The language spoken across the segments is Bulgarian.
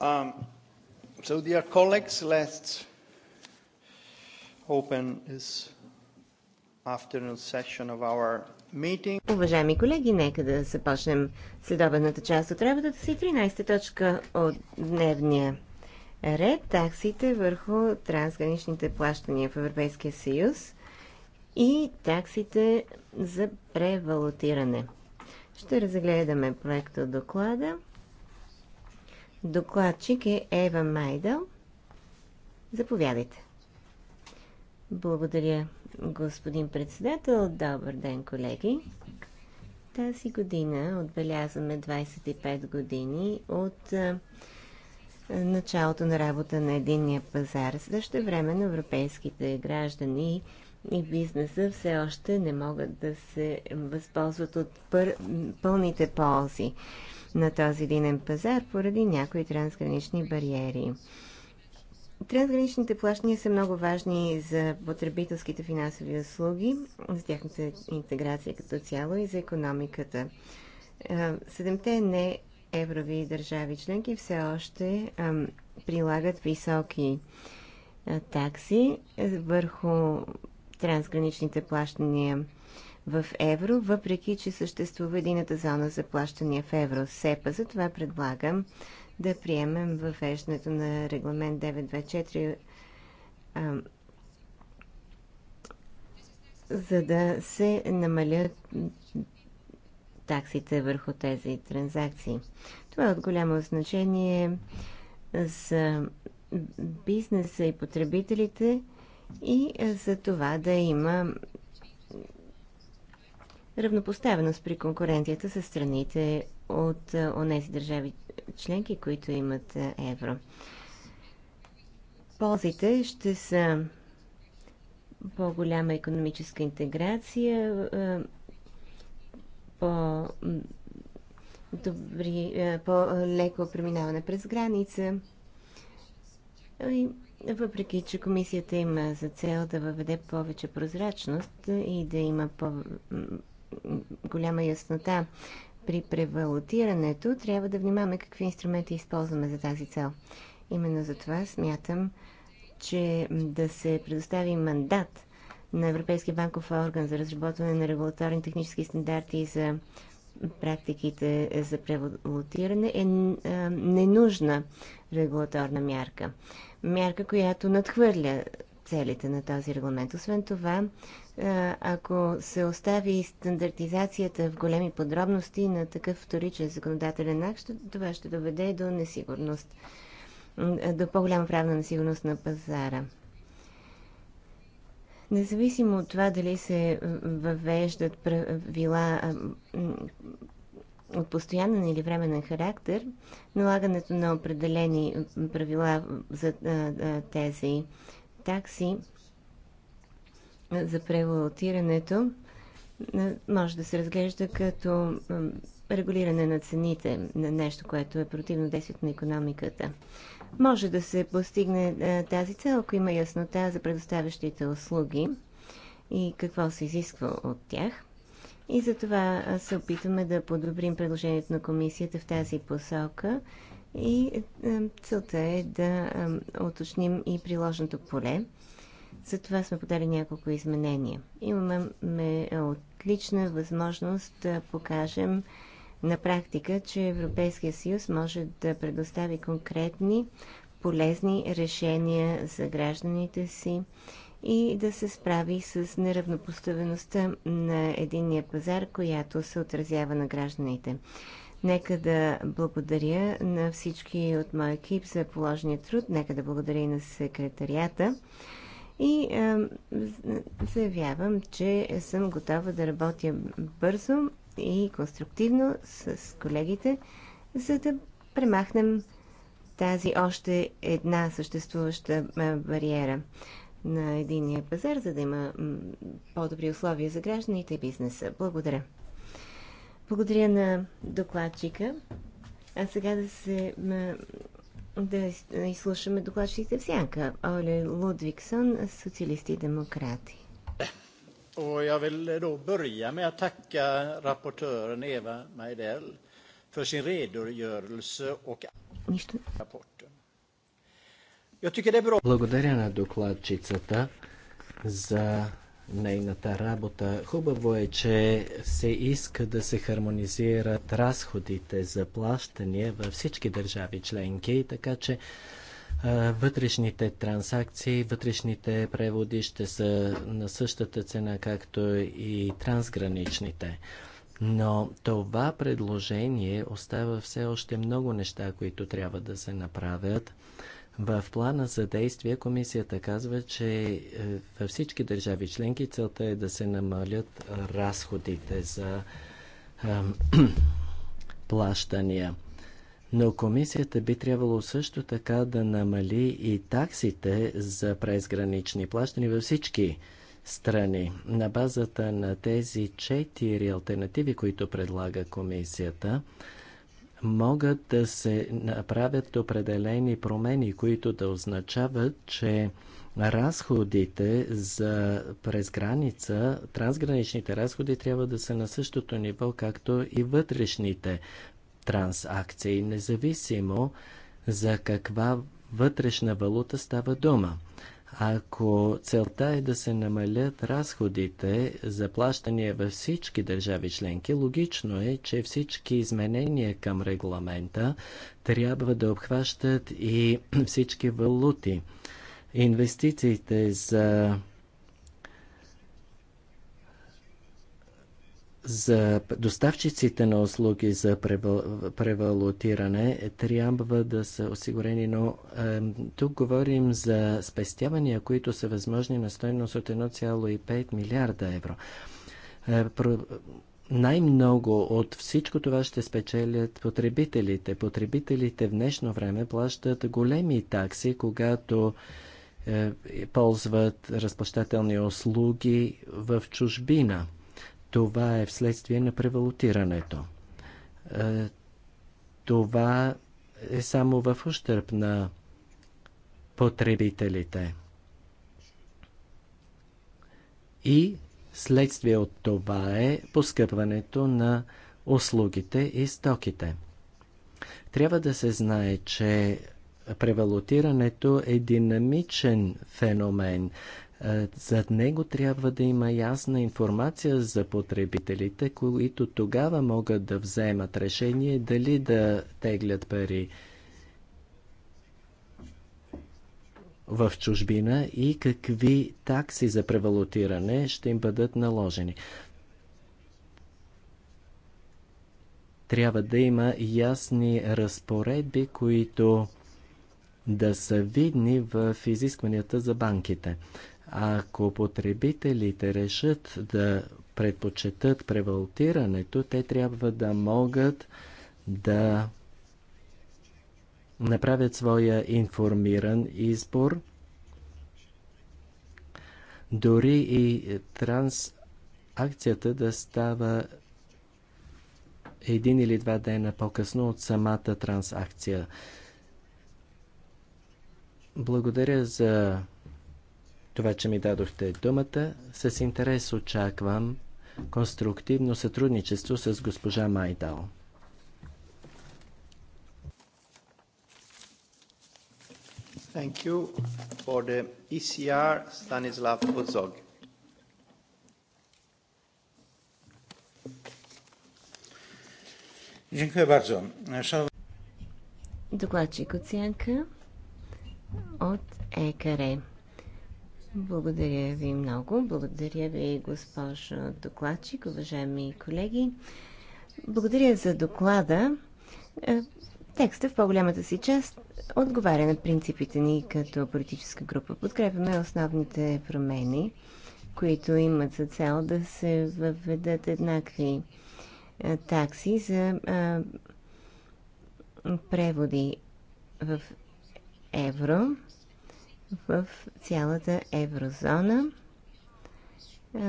um, so, dear colleagues, let's open this afternoon session of our meeting. Уважаеми колеги, нека да започнем следобедната част от работата си. 13 точка от дневния ред – таксите върху трансграничните плащания в Европейския съюз – и таксите за превалутиране. Ще разгледаме проекта доклада. Докладчик е Ева Майдъл. Заповядайте. Благодаря, господин председател. Добър ден, колеги. Тази година отбелязваме 25 години от началото на работа на единния пазар. Също време на европейските граждани и бизнеса все още не могат да се възползват от пър... пълните ползи на този единен пазар поради някои трансгранични бариери. Трансграничните плащания са много важни за потребителските финансови услуги, за тяхната интеграция като цяло и за економиката. Е, седемте не еврови държави членки все още е, прилагат високи е, такси върху трансграничните плащания в евро, въпреки че съществува едината зона за плащания в евро СЕПА. Затова предлагам да приемем въвеждането на регламент 924 а, за да се намалят таксите върху тези транзакции. Това е от голямо значение за бизнеса и потребителите, и е, за това да има равнопоставеност при конкуренцията с страните от е, онези държави членки, които имат е, евро. Ползите ще са по-голяма економическа интеграция, по добри, по-леко преминаване през граница и въпреки, че комисията има за цел да въведе повече прозрачност и да има по- голяма яснота при превалутирането, трябва да внимаваме какви инструменти използваме за тази цел. Именно за това смятам, че да се предостави мандат на Европейския банков орган за разработване на регулаторни технически стандарти за практиките за превалутиране е ненужна регулаторна мярка мярка, която надхвърля целите на този регламент. Освен това, ако се остави стандартизацията в големи подробности на такъв вторичен законодателен акт, това ще доведе до несигурност, до по-голяма правна несигурност на пазара. Независимо от това дали се въвеждат правила от постоянен или временен характер, налагането на определени правила за тези такси за превалутирането може да се разглежда като регулиране на цените на нещо, което е противно действието на економиката. Може да се постигне тази цел, ако има яснота за предоставящите услуги и какво се изисква от тях – и затова се опитваме да подобрим предложението на комисията в тази посока. И целта е да уточним и приложното поле. Затова сме подали няколко изменения. Имаме отлична възможност да покажем на практика, че Европейския съюз може да предостави конкретни полезни решения за гражданите си и да се справи с неравнопоставеността на единния пазар, която се отразява на гражданите. Нека да благодаря на всички от моя екип за положения труд, нека да благодаря и на секретарията и е, заявявам, че съм готова да работя бързо и конструктивно с колегите, за да премахнем тази още една съществуваща бариера на единия пазар, за да има по-добри условия за гражданите и бизнеса. Благодаря. Благодаря на докладчика. А сега да се да изслушаме докладчиците в сянка. Оле Лудвиксон, социалисти и демократи. Och jag vill då börja med att tacka rapportören Eva Majdell för sin redogörelse och rapport. Благодаря на докладчицата за нейната работа. Хубаво е, че се иска да се хармонизират разходите за плащания във всички държави членки, така че вътрешните транзакции, вътрешните преводи ще са на същата цена, както и трансграничните. Но това предложение остава все още много неща, които трябва да се направят. В плана за действие комисията казва, че е, във всички държави членки целта е да се намалят разходите за плащания. Но комисията би трябвало също така да намали и таксите за презгранични плащания във всички страни. На базата на тези четири альтернативи, които предлага комисията, могат да се направят определени промени, които да означават, че разходите за през граница, трансграничните разходи трябва да са на същото ниво, както и вътрешните трансакции, независимо за каква вътрешна валута става дума. Ако целта е да се намалят разходите за плащания е във всички държави членки, логично е, че всички изменения към регламента трябва да обхващат и всички валути. Инвестициите за за доставчиците на услуги за превалутиране трябва да са осигурени, но е, тук говорим за спестявания, които са възможни на стоеност от 1,5 милиарда евро. Е, про... Най-много от всичко това ще спечелят потребителите. Потребителите в днешно време плащат големи такси, когато е, ползват разплащателни услуги в чужбина – това е вследствие на превалутирането. Е, това е само в ущърп на потребителите. И следствие от това е поскъпването на услугите и стоките. Трябва да се знае, че превалутирането е динамичен феномен. Е, Зад него трябва да има ясна информация за потребителите, които тогава могат да вземат решение дали да теглят пари в чужбина и какви такси за превалутиране ще им бъдат наложени. Трябва да има ясни разпоредби, които да са видни в изискванията за банките. Ако потребителите решат да предпочитат превалтирането, те трябва да могат да направят своя информиран избор. Дори и трансакцията да става един или два дена по-късно от самата трансакция. Благодаря за това, че ми дадохте думата. С интерес очаквам конструктивно сътрудничество с госпожа Майдал. Thank you for the ECR Stanislav Ozog. Dziękuję bardzo. Докладчик оценка от ЕКРЕ. Благодаря ви много. Благодаря ви, госпожо докладчик, уважаеми колеги. Благодаря за доклада. Е, текста в по-голямата си част отговаря на принципите ни като политическа група. Подкрепяме основните промени, които имат за цел да се въведат еднакви е, такси за е, преводи в евро в цялата еврозона.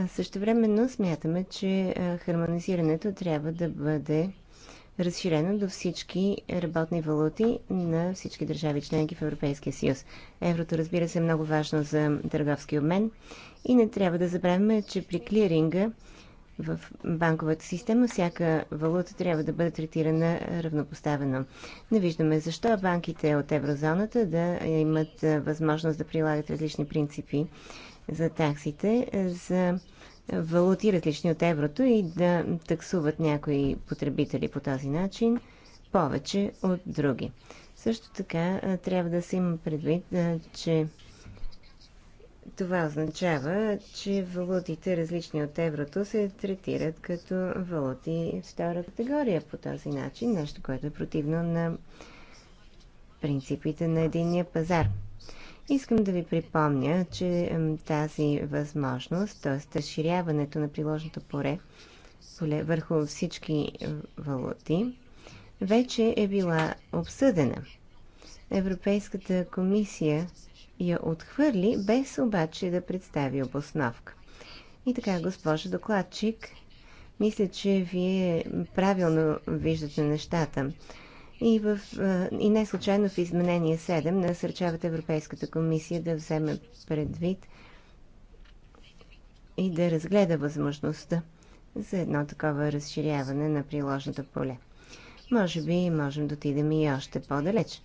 Същевременно смятаме, че хармонизирането трябва да бъде разширено до всички работни валути на всички държави членки в Европейския съюз. Еврото, разбира се, е много важно за търговски обмен и не трябва да забравяме, че при клиринга в банковата система, всяка валута трябва да бъде третирана равнопоставено. Не виждаме защо банките от еврозоната да имат възможност да прилагат различни принципи за таксите, за валути различни от еврото и да таксуват някои потребители по този начин повече от други. Също така трябва да се има предвид, че това означава, че валутите, различни от еврото, се третират като валути втора категория по този начин, нещо, което е противно на принципите на единния пазар. Искам да ви припомня, че тази възможност, т.е. разширяването на приложното поле, върху всички е, валути, вече е била обсъдена. Европейската комисия я отхвърли, без обаче да представи обосновка. И така, госпожа докладчик, мисля, че вие правилно виждате нещата. И, в, и не случайно в изменение 7 насърчавате Европейската комисия да вземе предвид и да разгледа възможността за едно такова разширяване на приложното поле. Може би можем да отидем и още по-далеч.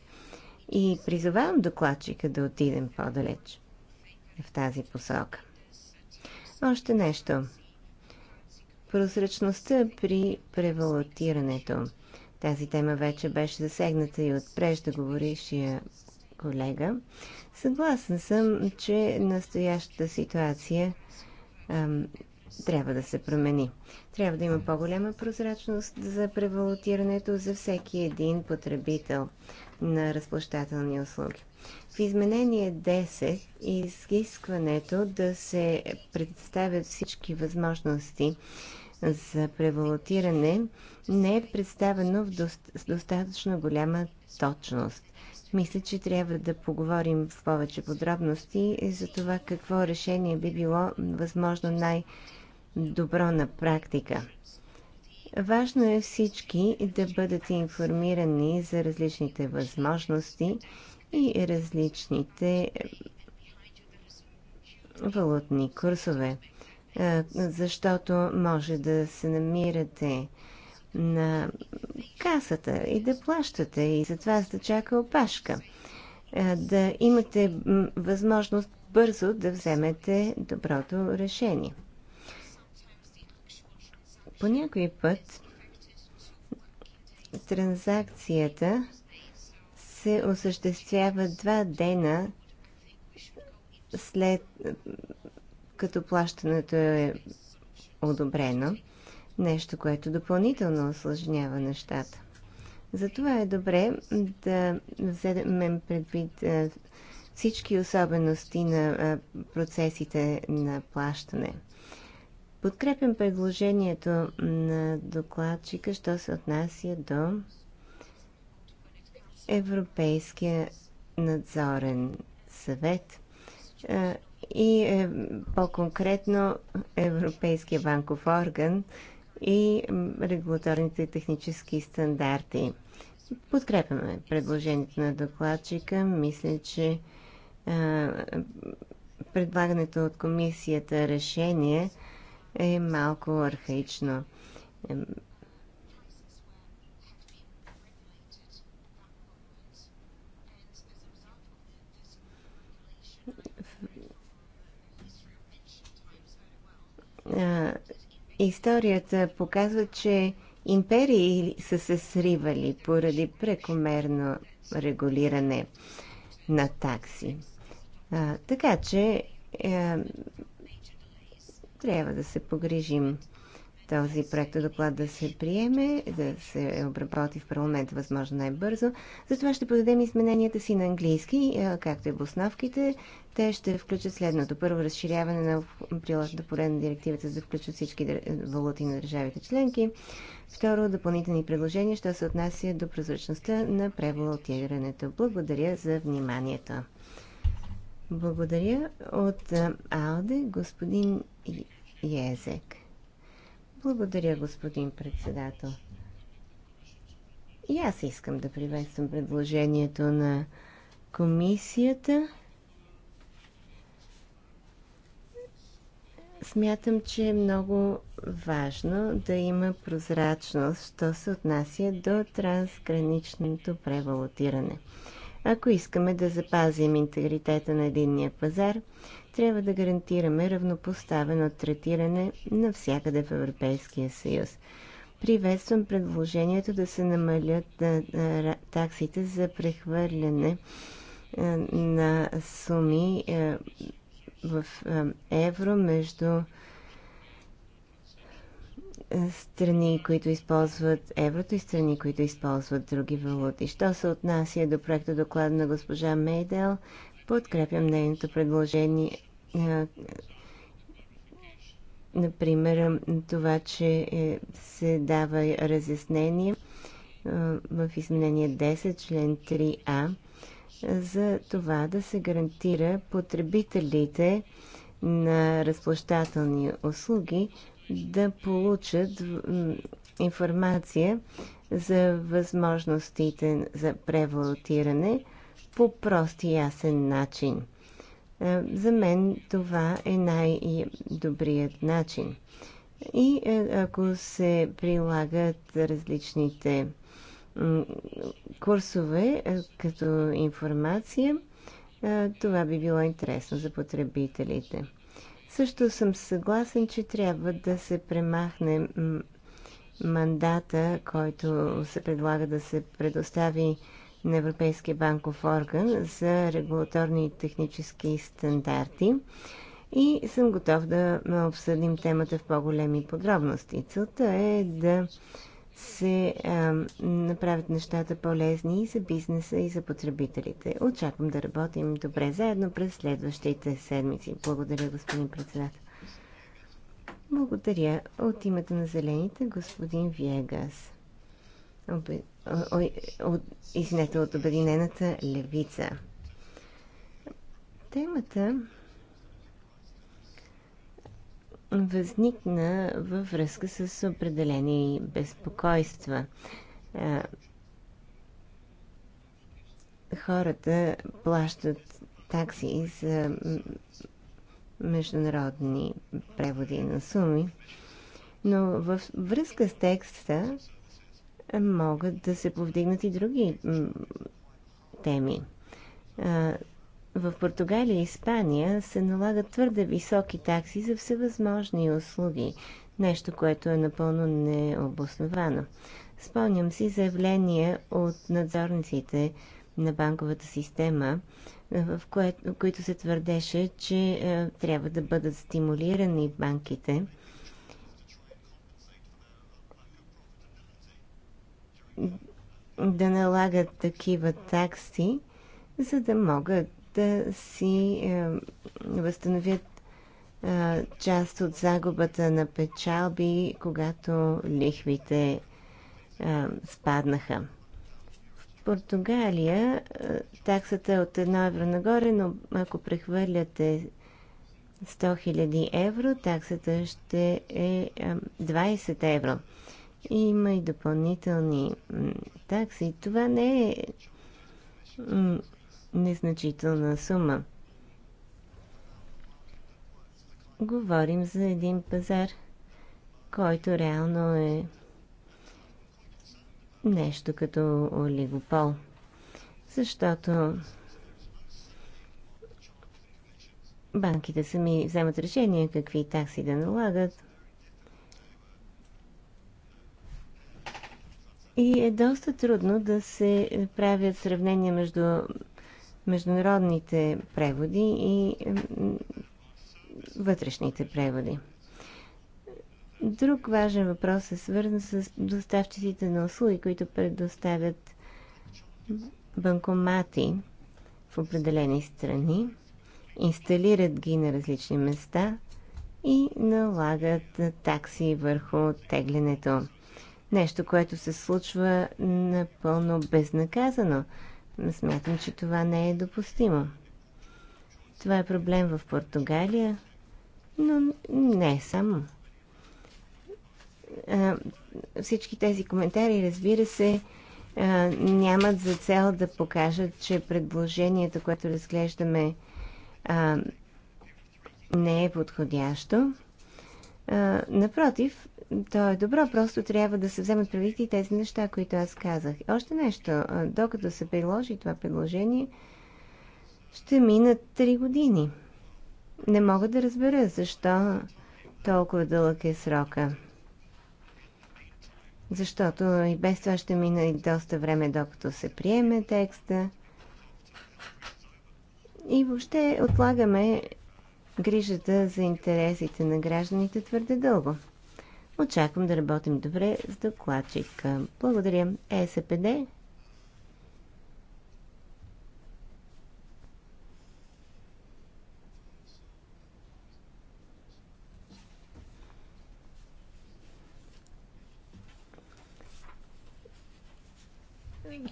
И призовавам докладчика да отидем по-далеч в тази посока. Още нещо. Прозрачността при превалутирането. Тази тема вече беше засегната и от преждоговорившия колега. Съгласна съм, че настоящата ситуация ам, трябва да се промени. Трябва да има по-голяма прозрачност за превалутирането за всеки един потребител на разплащателни услуги. В изменение 10 изискването да се представят всички възможности за превалутиране не е представено в достатъчно голяма точност. Мисля, че трябва да поговорим в повече подробности за това какво решение би било възможно най-добро на практика. Важно е всички да бъдат информирани за различните възможности и различните валутни курсове, защото може да се намирате на касата и да плащате и за това да чака опашка. Да имате възможност бързо да вземете доброто решение. По някой път транзакцията се осъществява два дена след като плащането е одобрено, нещо, което допълнително осложнява нещата. Затова е добре да вземем предвид е, всички особености на е, процесите на плащане – Подкрепям предложението на докладчика, що се отнася до Европейския надзорен съвет и е, по-конкретно Европейския банков орган и регулаторните и технически стандарти. Подкрепяме предложението на докладчика. Мисля, че предлагането от комисията решение – е малко архаично. историята показва, че империи са се сривали поради прекомерно регулиране на такси. А, така че трябва да се погрежим този проект доклад да се приеме, да се обработи в парламент възможно най-бързо. Затова ще подадем измененията си на английски, както и обосновките. Те ще включат следното. Първо, разширяване на приложната поред на директивата, за да включат всички валути на държавите членки. Второ, допълнителни предложения, що се отнася до прозрачността на превалутирането. Благодаря за вниманието. Благодаря от Алде, господин Язек. Благодаря, господин председател. И аз искам да приветствам предложението на комисията. Смятам, че е много важно да има прозрачност, що се отнася до трансграничното превалутиране. Ако искаме да запазим интегритета на единния пазар, трябва да гарантираме равнопоставено третиране навсякъде в Европейския съюз. Приветствам предложението да се намалят таксите за прехвърляне на суми в евро между е, страни, които използват еврото и страни, които използват други валути. Що се отнася до проекта доклада на госпожа Мейдел, подкрепям нейното предложение. Е, например, това, че е, се дава разяснение в изменение 10, член 3а, за това да се гарантира потребителите на разплащателни услуги да получат информация за възможностите за превалутиране по прост и ясен начин. Е, за мен това е най-добрият начин. И е, ако се прилагат различните курсове е, като информация, това би било интересно за потребителите. Също съм съгласен, че трябва да се премахне мандата, който се предлага да се предостави на Европейския банков орган за регулаторни и технически стандарти. И съм готов да обсъдим темата в по-големи подробности. Целта е да се а, направят нещата по-лесни и за бизнеса, и за потребителите. Очаквам да работим добре заедно през следващите седмици. Благодаря, господин председател. Благодаря. От името на зелените, господин Виегас. Обе... Извинете, от Обединената левица. Темата възникна във връзка с определени безпокойства. Е, хората плащат такси за международни преводи на суми, но във връзка с текста е, могат да се повдигнат и други теми. Е, в Португалия и Испания се налагат твърде високи такси за всевъзможни услуги, нещо, което е напълно необосновано. Спомням си заявление от надзорниците на банковата система, е, в което, които се твърдеше, че е, трябва да бъдат стимулирани банките да налагат такива такси, за да могат да си е, възстановят е, част от загубата на печалби, когато лихвите е, спаднаха. В Португалия е, таксата е от 1 евро нагоре, но ако прехвърляте 100 000 евро, таксата ще е 20 е, евро. Има и допълнителни такси. Това не е незначителна сума. Говорим за един пазар, който реално е нещо като олигопол. Защото банките сами вземат решение какви такси да налагат. И е доста трудно да се правят сравнения между международните преводи и вътрешните преводи. Друг важен въпрос е свързан с доставчиците на услуги, които предоставят банкомати в определени страни, инсталират ги на различни места и налагат такси върху теглянето. Нещо, което се случва напълно безнаказано. Смятам, че това не е допустимо. Това е проблем в Португалия, но не е само. Всички тези коментари, разбира се, нямат за цел да покажат, че предложението, което разглеждаме, не е подходящо. Напротив, то е добро, просто трябва да се вземат предвид и тези неща, които аз казах. Още нещо, докато се приложи това предложение, ще минат три години. Не мога да разбера защо толкова дълъг е срока. Защото и без това ще мина и доста време, докато се приеме текста. И въобще отлагаме грижата за интересите на гражданите твърде дълго. Очаквам да работим добре с докладчика. Благодаря. ЕСПД.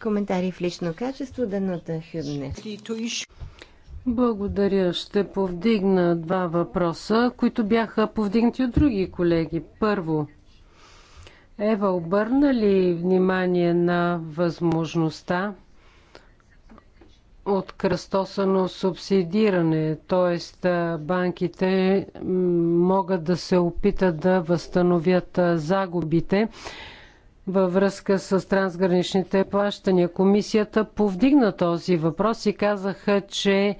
Коментари в лично качество, нота Хюбне. Благодаря. Ще повдигна два въпроса, които бяха повдигнати от други колеги. Първо, Ева обърна ли внимание на възможността от кръстосано субсидиране, т.е. банките могат да се опитат да възстановят загубите във връзка с трансграничните плащания. Комисията повдигна този въпрос и казаха, че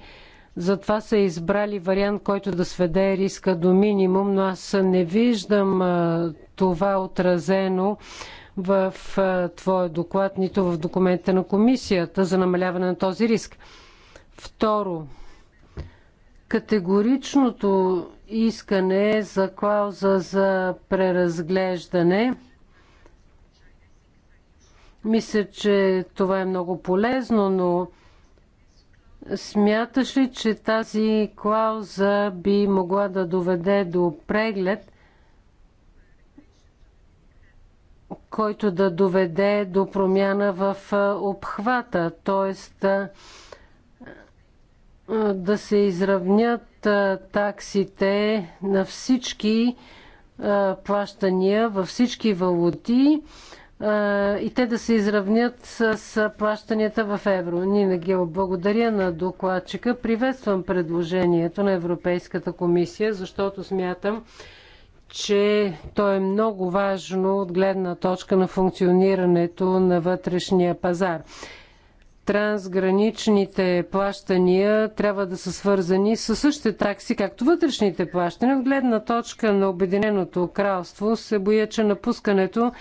затова са избрали вариант, който да сведе риска до минимум, но аз не виждам това отразено в твоя доклад, нито в документа на комисията за намаляване на този риск. Второ, категоричното искане за клауза за преразглеждане – мисля, че това е много полезно, но смяташ ли, че тази клауза би могла да доведе до преглед, който да доведе до промяна в обхвата, т.е. да се изравнят таксите на всички плащания във всички валути, и те да се изравнят с плащанията в евро. Нина Гел, благодаря на докладчика. Приветствам предложението на Европейската комисия, защото смятам, че то е много важно от гледна точка на функционирането на вътрешния пазар. Трансграничните плащания трябва да са свързани с същите такси, както вътрешните плащания. От гледна точка на Обединеното кралство се боя, че напускането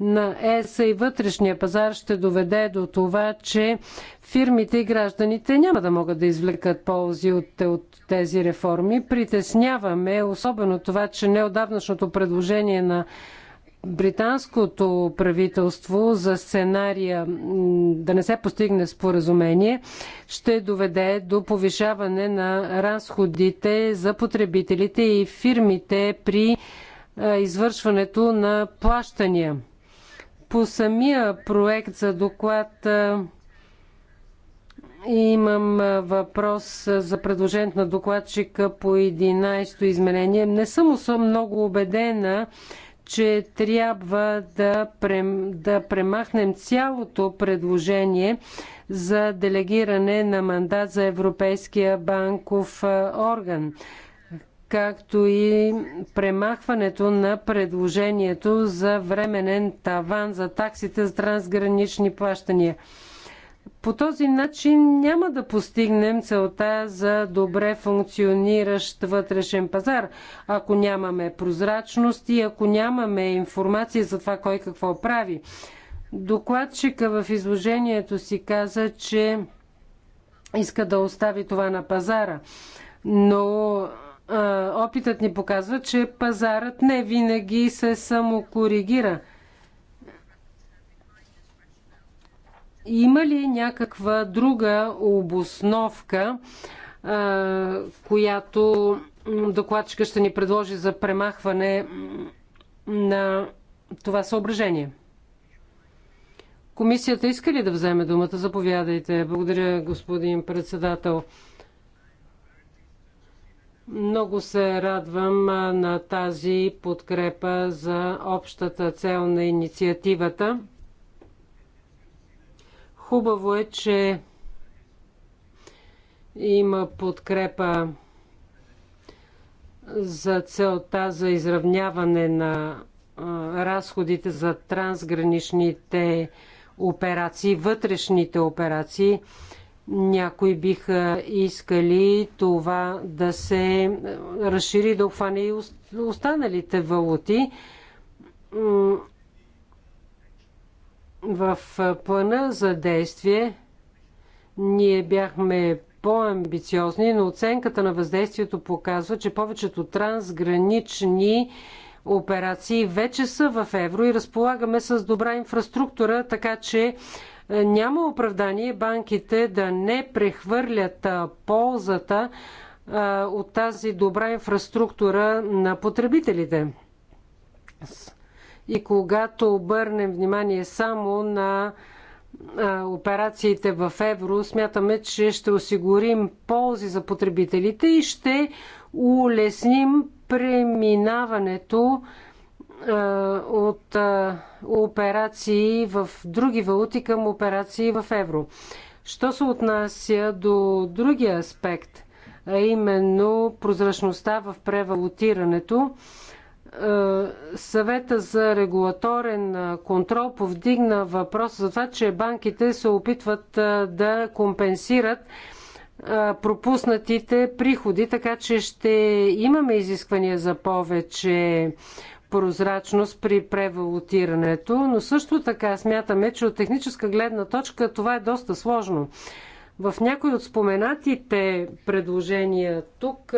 на ЕС и вътрешния пазар ще доведе до това, че фирмите и гражданите няма да могат да извлекат ползи от, от тези реформи. Притесняваме особено това, че неодавнашното предложение на британското правителство за сценария да не се постигне споразумение ще доведе до повишаване на разходите за потребителите и фирмите при извършването на плащания. По самия проект за доклад имам въпрос за предложението на докладчика по 11-то изменение. Не съм особено много убедена, че трябва да, прем, да премахнем цялото предложение за делегиране на мандат за Европейския банков орган както и премахването на предложението за временен таван за таксите за трансгранични плащания. По този начин няма да постигнем целта за добре функциониращ вътрешен пазар, ако нямаме прозрачност и ако нямаме информация за това кой какво прави. Докладчика в изложението си каза, че иска да остави това на пазара, но опитът ни показва, че пазарът не винаги се самокоригира. Има ли някаква друга обосновка, която докладчика ще ни предложи за премахване на това съображение? Комисията иска ли да вземе думата? Заповядайте. Благодаря, господин председател. Много се радвам на тази подкрепа за общата цел на инициативата. Хубаво е, че има подкрепа за целта за изравняване на разходите за трансграничните операции, вътрешните операции. Някои биха искали това да се разшири, да обхване и останалите валути. В плана за действие ние бяхме по-амбициозни, но оценката на въздействието показва, че повечето трансгранични операции вече са в евро и разполагаме с добра инфраструктура, така че е, няма оправдание банките да не прехвърлят ползата е, от тази добра инфраструктура на потребителите. И когато обърнем внимание само на е, операциите в евро, смятаме, че ще осигурим ползи за потребителите и ще улесним преминаването е, от е, операции в други валути към операции в евро. Що се отнася до другия аспект, а именно прозрачността в превалутирането, е, съвета за регулаторен контрол повдигна въпрос за това, че банките се опитват да компенсират пропуснатите приходи, така че ще имаме изисквания за повече прозрачност при превалутирането, но също така смятаме, че от техническа гледна точка това е доста сложно. В някои от споменатите предложения тук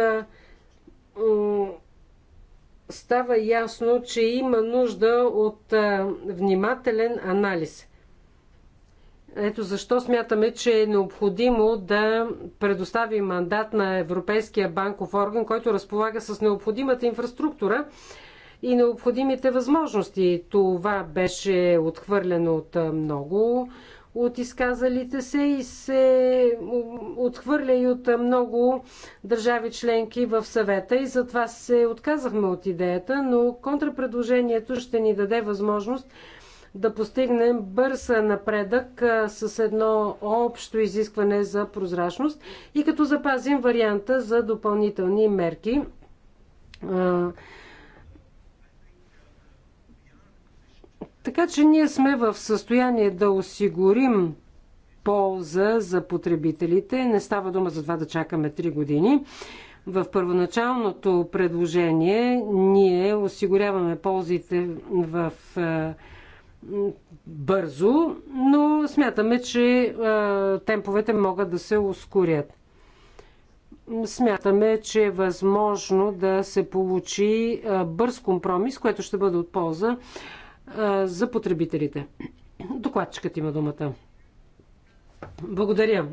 става ясно, че има нужда от внимателен анализ. Ето защо смятаме, че е необходимо да предостави мандат на Европейския банков орган, който разполага с необходимата инфраструктура, и необходимите възможности. Това беше отхвърлено от много от изказалите се и се отхвърля и от много държави членки в съвета и затова се отказахме от идеята, но контрапредложението ще ни даде възможност да постигнем бърз напредък с едно общо изискване за прозрачност и като запазим варианта за допълнителни мерки Така че ние сме в състояние да осигурим полза за потребителите. Не става дума за това да чакаме 3 години. В първоначалното предложение ние осигуряваме ползите в бързо, но смятаме, че темповете могат да се ускорят. Смятаме, че е възможно да се получи бърз компромис, което ще бъде от полза за потребителите. Докладчикът има думата. Благодаря,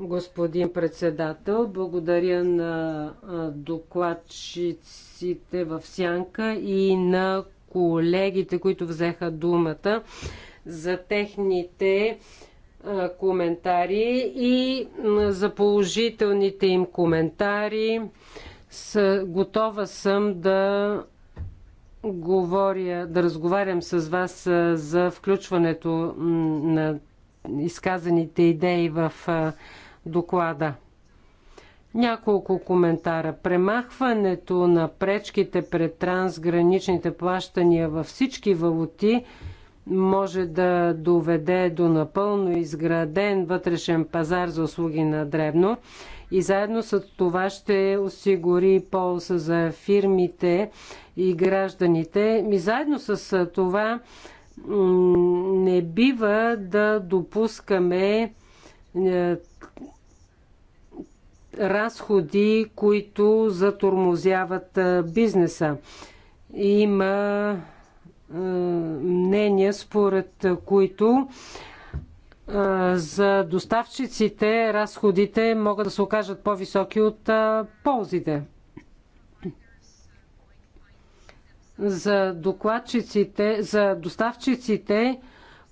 господин председател. Благодаря на докладчиците в Сянка и на колегите, които взеха думата за техните коментари и за положителните им коментари. готова съм да говоря, да разговарям с вас за включването на изказаните идеи в доклада. Няколко коментара. Премахването на пречките пред трансграничните плащания във всички валути може да доведе до напълно изграден вътрешен пазар за услуги на дребно и заедно с това ще осигури полза за фирмите и гражданите. И заедно с това не бива да допускаме е, разходи, които затормозяват бизнеса. Има мнения, според които за доставчиците разходите могат да се окажат по-високи от ползите. За докладчиците, за доставчиците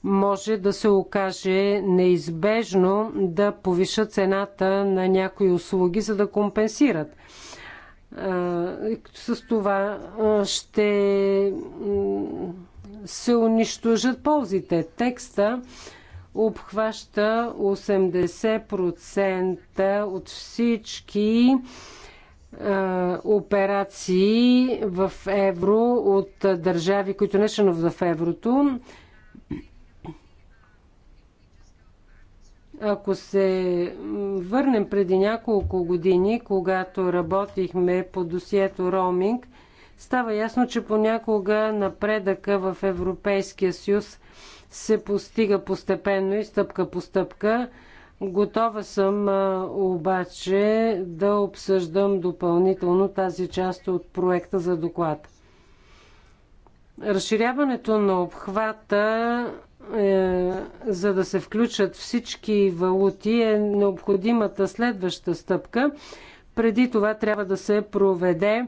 може да се окаже неизбежно да повишат цената на някои услуги, за да компенсират. С това ще се унищожат ползите. Текста обхваща 80% от всички е, операции в евро от държави, които не членуват в еврото. Ако се върнем преди няколко години, когато работихме по досието роуминг, става ясно, че понякога напредъка в Европейския съюз – се постига постепенно и стъпка по стъпка. Готова съм обаче да обсъждам допълнително тази част от проекта за доклад. Разширяването на обхвата, е, за да се включат всички валути, е необходимата следваща стъпка. Преди това трябва да се проведе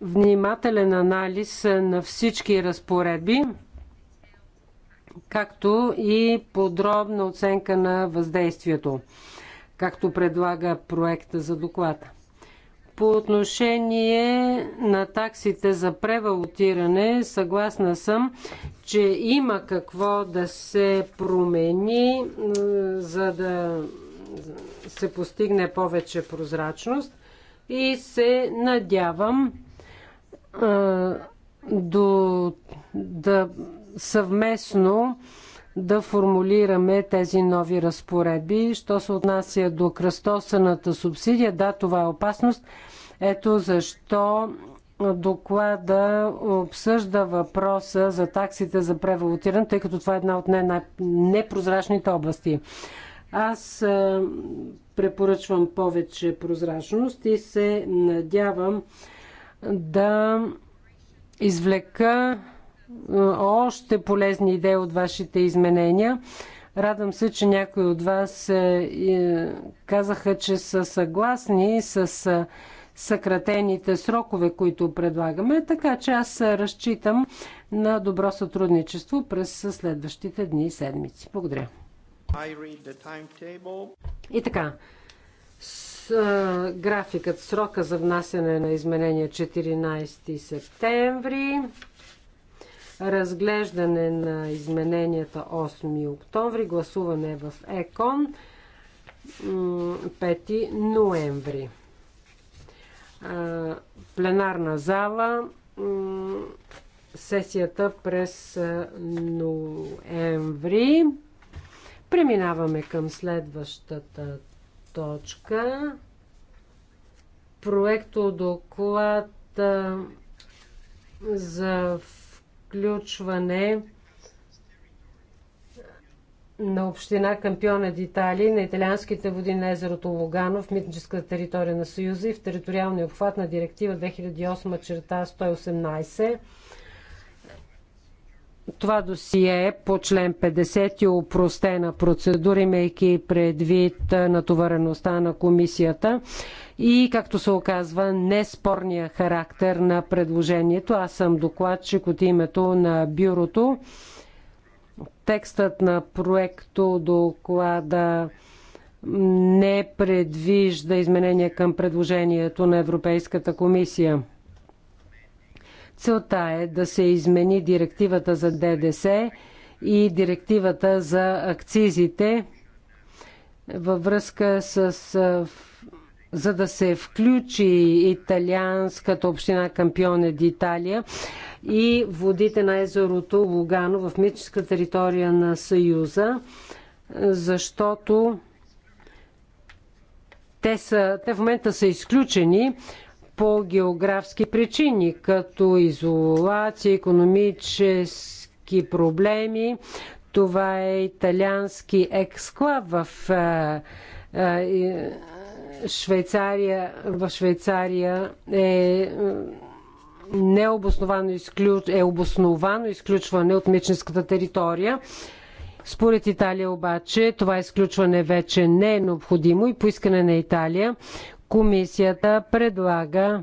внимателен анализ на всички разпоредби както и подробна оценка на въздействието, както предлага проекта за доклада. По отношение на таксите за превалутиране, съгласна съм, че има какво да се промени, за да се постигне повече прозрачност и се надявам до, да съвместно да формулираме тези нови разпоредби. Що се отнася до кръстосаната субсидия, да, това е опасност. Ето защо доклада обсъжда въпроса за таксите за превалутиране, тъй като това е една от най-непрозрачните области. Аз е, препоръчвам повече прозрачност и се надявам да извлека още полезни идеи от вашите изменения. Радвам се, че някои от вас е, е, казаха, че са съгласни с е, съкратените срокове, които предлагаме, така че аз разчитам на добро сътрудничество през следващите дни и седмици. Благодаря. И така, с, графикът, срока за внасяне на изменения 14 септември разглеждане на измененията 8 октомври, гласуване в ЕКОН 5 ноември. Пленарна зала сесията през ноември. Преминаваме към следващата точка. Проекто доклад за включване на община Кампиона Дитали на италианските води на езерото Лугано в митническата територия на Съюза и в териториалния обхват на директива 2008 черта 118. Това досие е по член 50 и е упростена процедура, имайки предвид натовареността на комисията и, както се оказва, неспорния характер на предложението. Аз съм докладчик от името на бюрото. Текстът на проекто доклада не предвижда изменения към предложението на Европейската комисия. Целта е да се измени директивата за ДДС и директивата за акцизите във връзка с за да се включи италианската община Кампионе Италия и водите на езерото Лугано в митническа територия на Съюза, защото те, са, те в момента са изключени по географски причини, като изолация, економически проблеми. Това е италиански ексклав в е, е, Швейцария, в Швейцария е необосновано изключ... е обосновано изключване от митническата територия. Според Италия обаче това изключване вече не е необходимо и по искане на Италия комисията предлага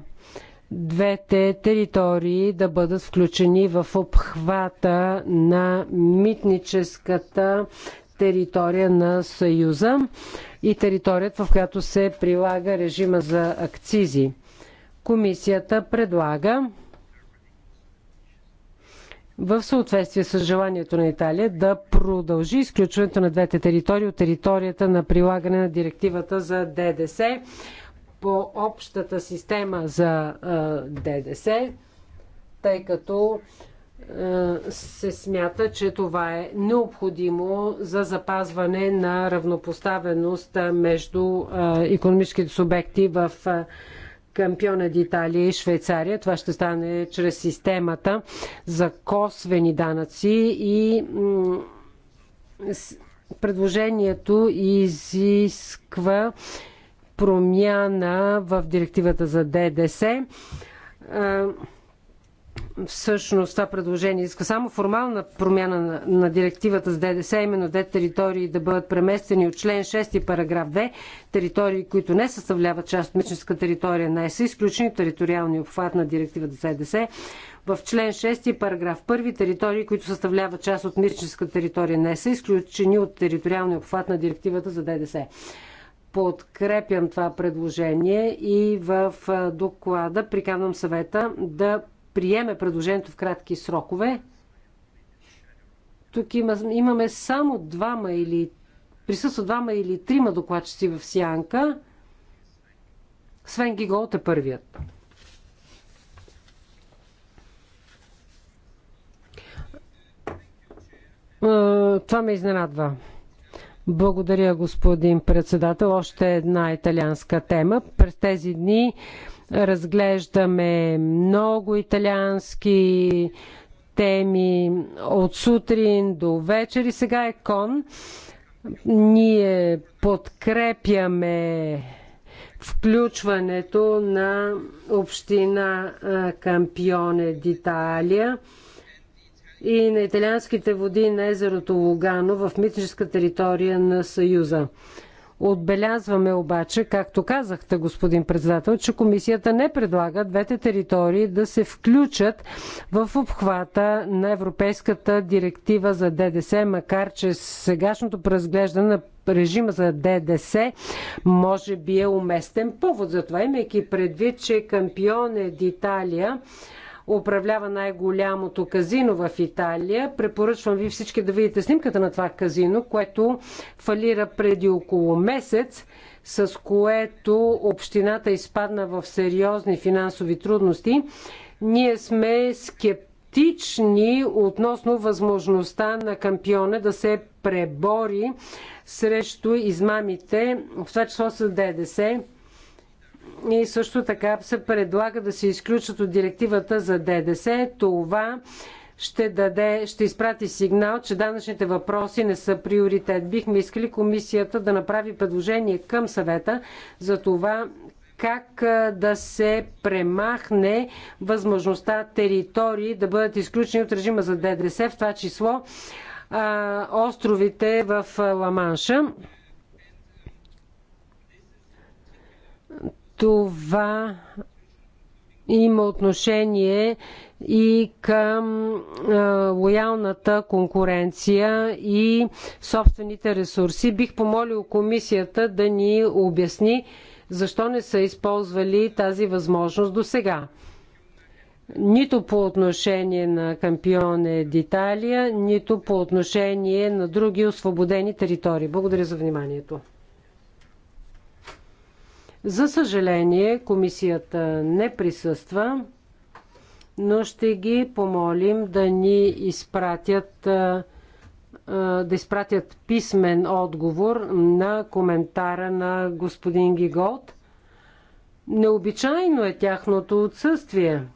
двете територии да бъдат включени в обхвата на митническата територия на Съюза и територията, в която се прилага режима за акцизи. Комисията предлага в съответствие с желанието на Италия да продължи изключването на двете територии от територията на прилагане на директивата за ДДС по общата система за ДДС, тъй като се смята, че това е необходимо за запазване на равнопоставеност между економическите субекти в Кампиона Италия и Швейцария. Това ще стане чрез системата за косвени данъци и предложението изисква промяна в директивата за ДДС всъщност това предложение иска само формална промяна на, на директивата с ДДС, именно де територии да бъдат преместени от член 6 параграф 2, територии, които не съставляват част от митническа територия на ЕС, изключени териториални обхват на директивата с ДДС, в член 6 параграф 1 територии, които съставляват част от митническа територия на ЕС, изключени от териториалния обхват на директивата за ДДС подкрепям това предложение и в доклада приканвам съвета да приеме предложението в кратки срокове, тук има, имаме само двама или присъства двама или трима докладчици в Сянка. Свен Гиголт е първият. Е, това ме изненадва. Благодаря, господин председател. Още една италианска тема. През тези дни Разглеждаме много италиански теми от сутрин до вечер и сега е кон. Ние подкрепяме включването на община Кампионе Диталия и на италианските води на езерото Лугано в митническа територия на Съюза. Отбелязваме обаче, както казахте, господин председател, че комисията не предлага двете територии да се включат в обхвата на Европейската директива за ДДС, макар че сегашното преразглеждане на режима за ДДС може би е уместен повод за това, имайки предвид, че е кампион е Италия управлява най-голямото казино в Италия. Препоръчвам ви всички да видите снимката на това казино, което фалира преди около месец, с което общината изпадна в сериозни финансови трудности. Ние сме скептични относно възможността на кампиона да се пребори срещу измамите, в това число с ДДС и също така се предлага да се изключат от директивата за ДДС. Това ще, даде, ще изпрати сигнал, че данъчните въпроси не са приоритет. Бихме искали комисията да направи предложение към съвета за това как да се премахне възможността територии да бъдат изключени от режима за ДДС, в това число а, островите в Ламанша. Това има отношение и към лоялната конкуренция и собствените ресурси. Бих помолил комисията да ни обясни защо не са използвали тази възможност до сега. Нито по отношение на Кампионе Диталия, нито по отношение на други освободени територии. Благодаря за вниманието. За съжаление, комисията не присъства, но ще ги помолим да ни изпратят да изпратят писмен отговор на коментара на господин Гиголд. Необичайно е тяхното отсъствие –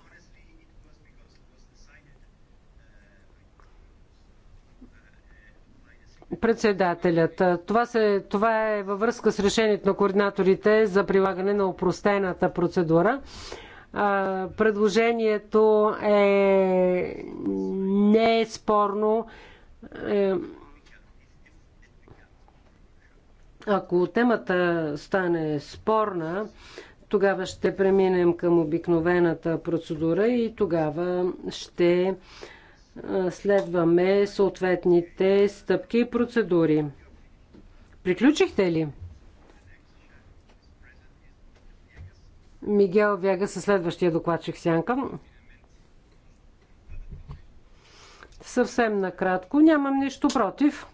Председателят. Това, се, това е във връзка с решението на координаторите за прилагане на упростената процедура. Предложението е не е спорно. Е, ако темата стане спорна, тогава ще преминем към обикновената процедура и тогава ще следваме съответните стъпки и процедури. Приключихте ли? Мигел Вяга със следващия докладчик Сянка. Съвсем накратко, нямам нищо против.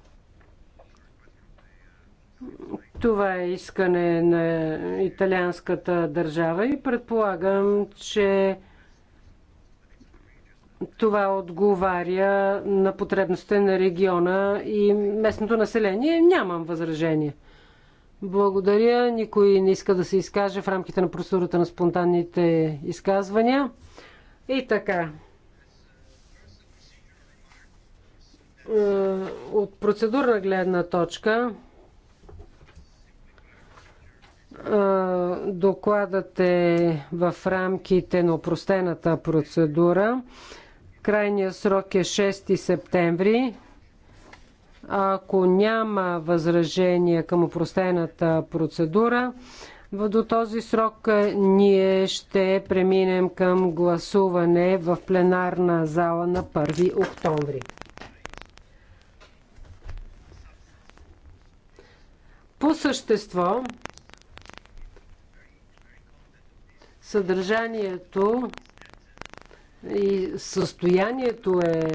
Това е искане на италианската държава и предполагам, че това отговаря на потребностите на региона и местното население. Нямам възражение. Благодаря. Никой не иска да се изкаже в рамките на процедурата на спонтанните изказвания. И така. Е, от процедурна гледна точка е, докладът е в рамките на опростената процедура. Крайният срок е 6 септември. Ако няма възражение към упростената процедура, до този срок е, ние ще преминем към гласуване в пленарна зала на 1 октомври. По същество, съдържанието и състоянието е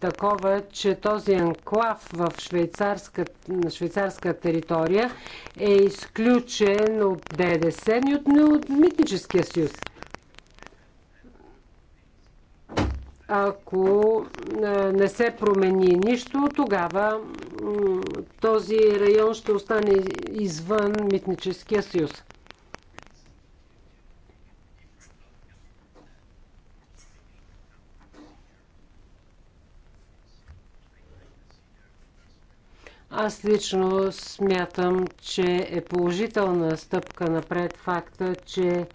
такова, че този анклав в швейцарска, на швейцарска територия е изключен от ДДС и от, от Митническия съюз. Ако е, не се промени нищо, тогава този район ще остане извън Митническия съюз. Аз лично смятам, че е положителна стъпка напред факта, че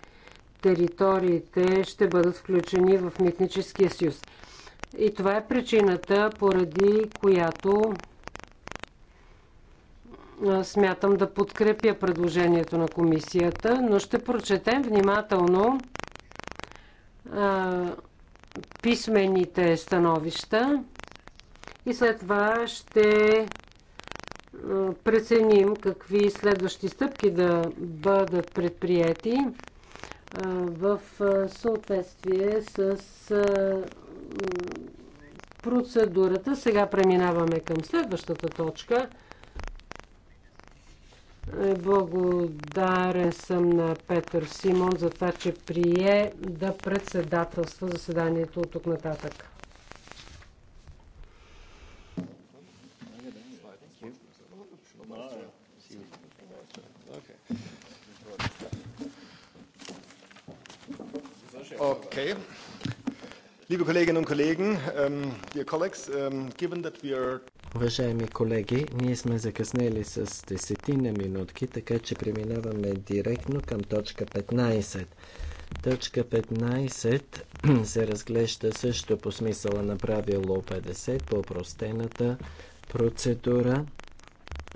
териториите ще бъдат включени в Митническия съюз. И това е причината, поради която смятам да подкрепя предложението на комисията, но ще прочетем внимателно а, писмените становища и след това ще преценим какви следващи стъпки да бъдат предприяти в съответствие с процедурата. Сега преминаваме към следващата точка. Е, благодарен съм на Петър Симон за това, че прие да председателства заседанието от тук нататък. Ähm, ähm, Уважаеми колеги, ние сме закъснели с десетина минутки, така че преминаваме директно към точка 15. Точка 15 се разглежда също по смисъла на правило 50 по простената процедура.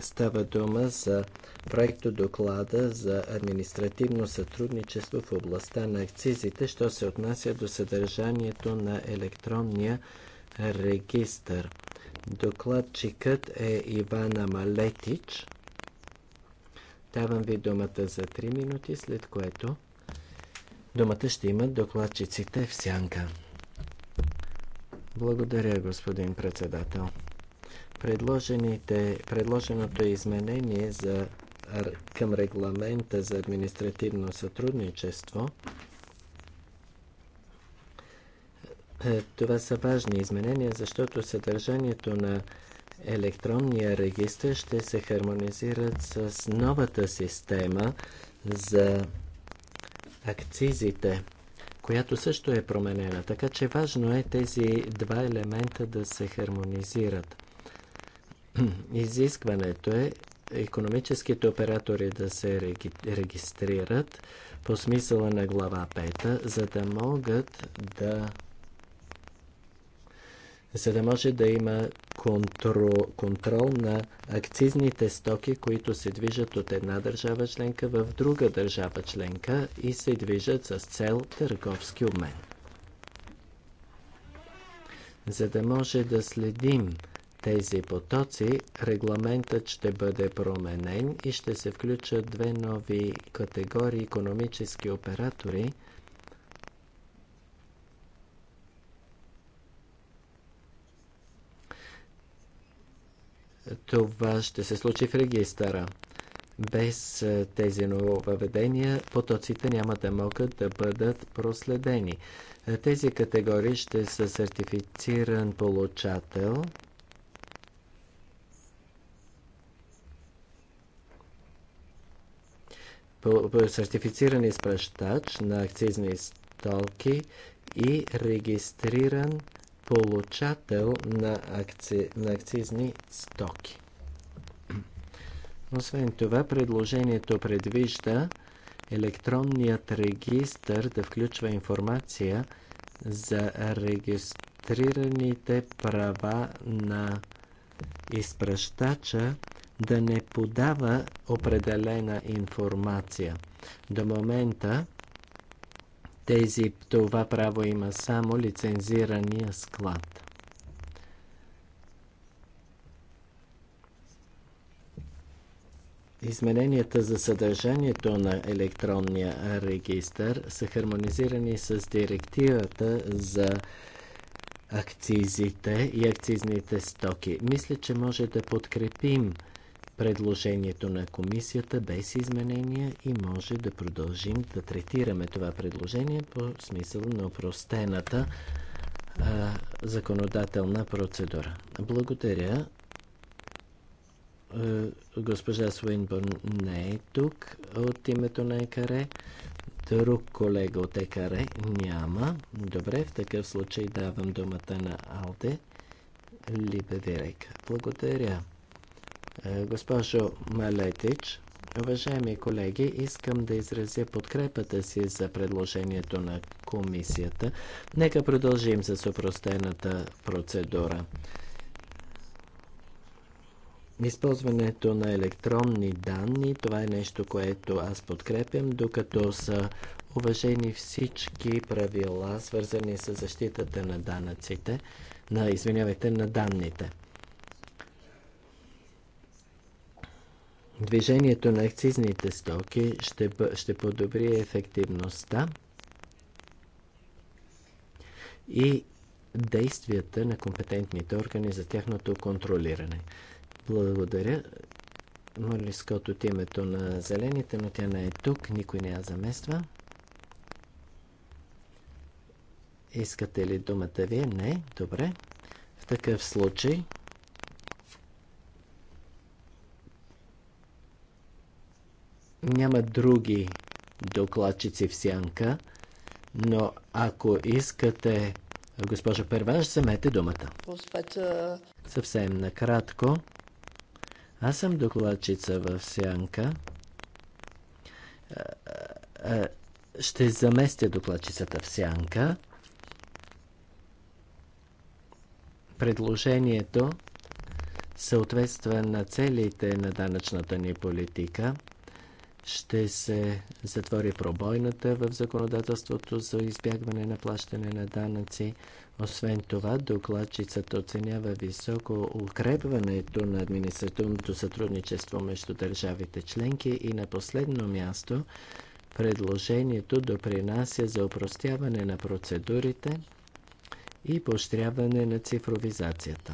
Става дума за проекто доклада за административно сътрудничество в областта на акцизите, що се отнася до съдържанието на електронния регистър. Докладчикът е Ивана Малетич. Давам ви думата за 3 минути, след което думата ще имат докладчиците в сянка. Благодаря, господин председател. Предложеното изменение за, към регламента за административно сътрудничество е, това са важни изменения, защото съдържанието на електронния регистр ще се хармонизират с новата система за акцизите, която също е променена. Така че важно е тези два елемента да се хармонизират. Изискването е економическите оператори да се реги... регистрират по смисъла на глава 5, за да могат да за да може да има контрол, контрол на акцизните стоки, които се движат от една държава членка в друга държава членка и се движат с цел търговски обмен. За да може да следим тези потоци, регламентът ще бъде променен и ще се включат две нови категории економически оператори, Това ще се случи в регистъра. Без е, тези нововведения потоците няма да могат да бъдат проследени. Е, тези категории ще са сертифициран получател – сертифициран изпращач на акцизни стоки и регистриран получател на, акци... на акцизни стоки. Освен това, предложението предвижда електронният регистър да включва информация за регистрираните права на изпращача да не подава определена информация. До момента тези, това право има само лицензирания склад. Измененията за съдържанието на електронния регистър са хармонизирани с директивата за акцизите и акцизните стоки. Мисля, че може да подкрепим предложението на комисията без изменения и може да продължим да третираме това предложение по смисъл на опростената а, законодателна процедура. Благодаря. Госпожа Суинбърн не е тук от името на ЕКАРЕ. Друг колега от ЕКАРЕ няма. Добре, в такъв случай давам думата на Алде Либедирек. Благодаря. Е, госпожо Малетич, уважаеми колеги, искам да изразя подкрепата си за предложението на комисията. Нека продължим с упростената процедура. Използването на електронни данни, това е нещо, което аз подкрепям, докато са уважени всички правила, свързани с защитата на данъците, на, извинявайте, на данните. Движението на акцизните стоки ще, ще подобри ефективността и действията на компетентните органи за тяхното контролиране. Благодаря. Моли Скот от името на зелените, но тя не е тук, никой не я замества. Искате ли думата вие? Не. Добре. В такъв случай Няма други докладчици в сянка, но ако искате, госпожа Перванш, вземете думата. Съвсем накратко. Аз съм докладчица в сянка. Ще заместя докладчицата в сянка. Предложението съответства на целите на данъчната ни политика – ще се затвори пробойната в законодателството за избягване на плащане на данъци. Освен това, докладчицата оценява високо укрепването на административното сътрудничество между държавите членки и на последно място предложението допринася за упростяване на процедурите и поощряване на цифровизацията.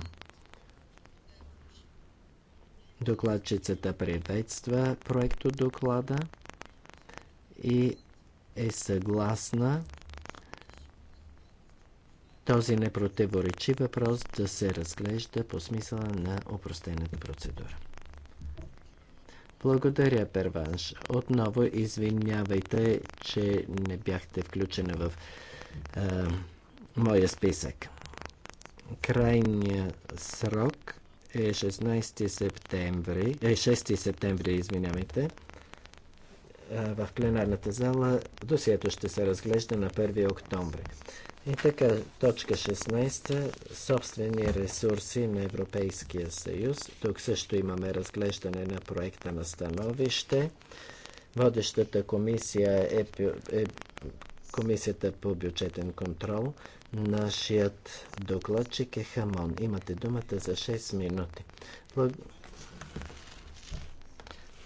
Докладчицата приветства проекто доклада и е съгласна този непротиворечи въпрос да се разглежда по смисъла на опростената процедура. Благодаря, Перванш. Отново извинявайте, че не бяхте включена в е, моя списък. Крайният срок е 16 септември, е 6 септември, извинявайте, в пленарната зала. Досието ще се разглежда на 1 октомври. И така, точка 16. Собствени ресурси на Европейския съюз. Тук също имаме разглеждане на проекта на становище. Водещата комисия е, е Комисията по бюджетен контрол. Нашият докладчик е Хамон. Имате думата за 6 минути. Благ...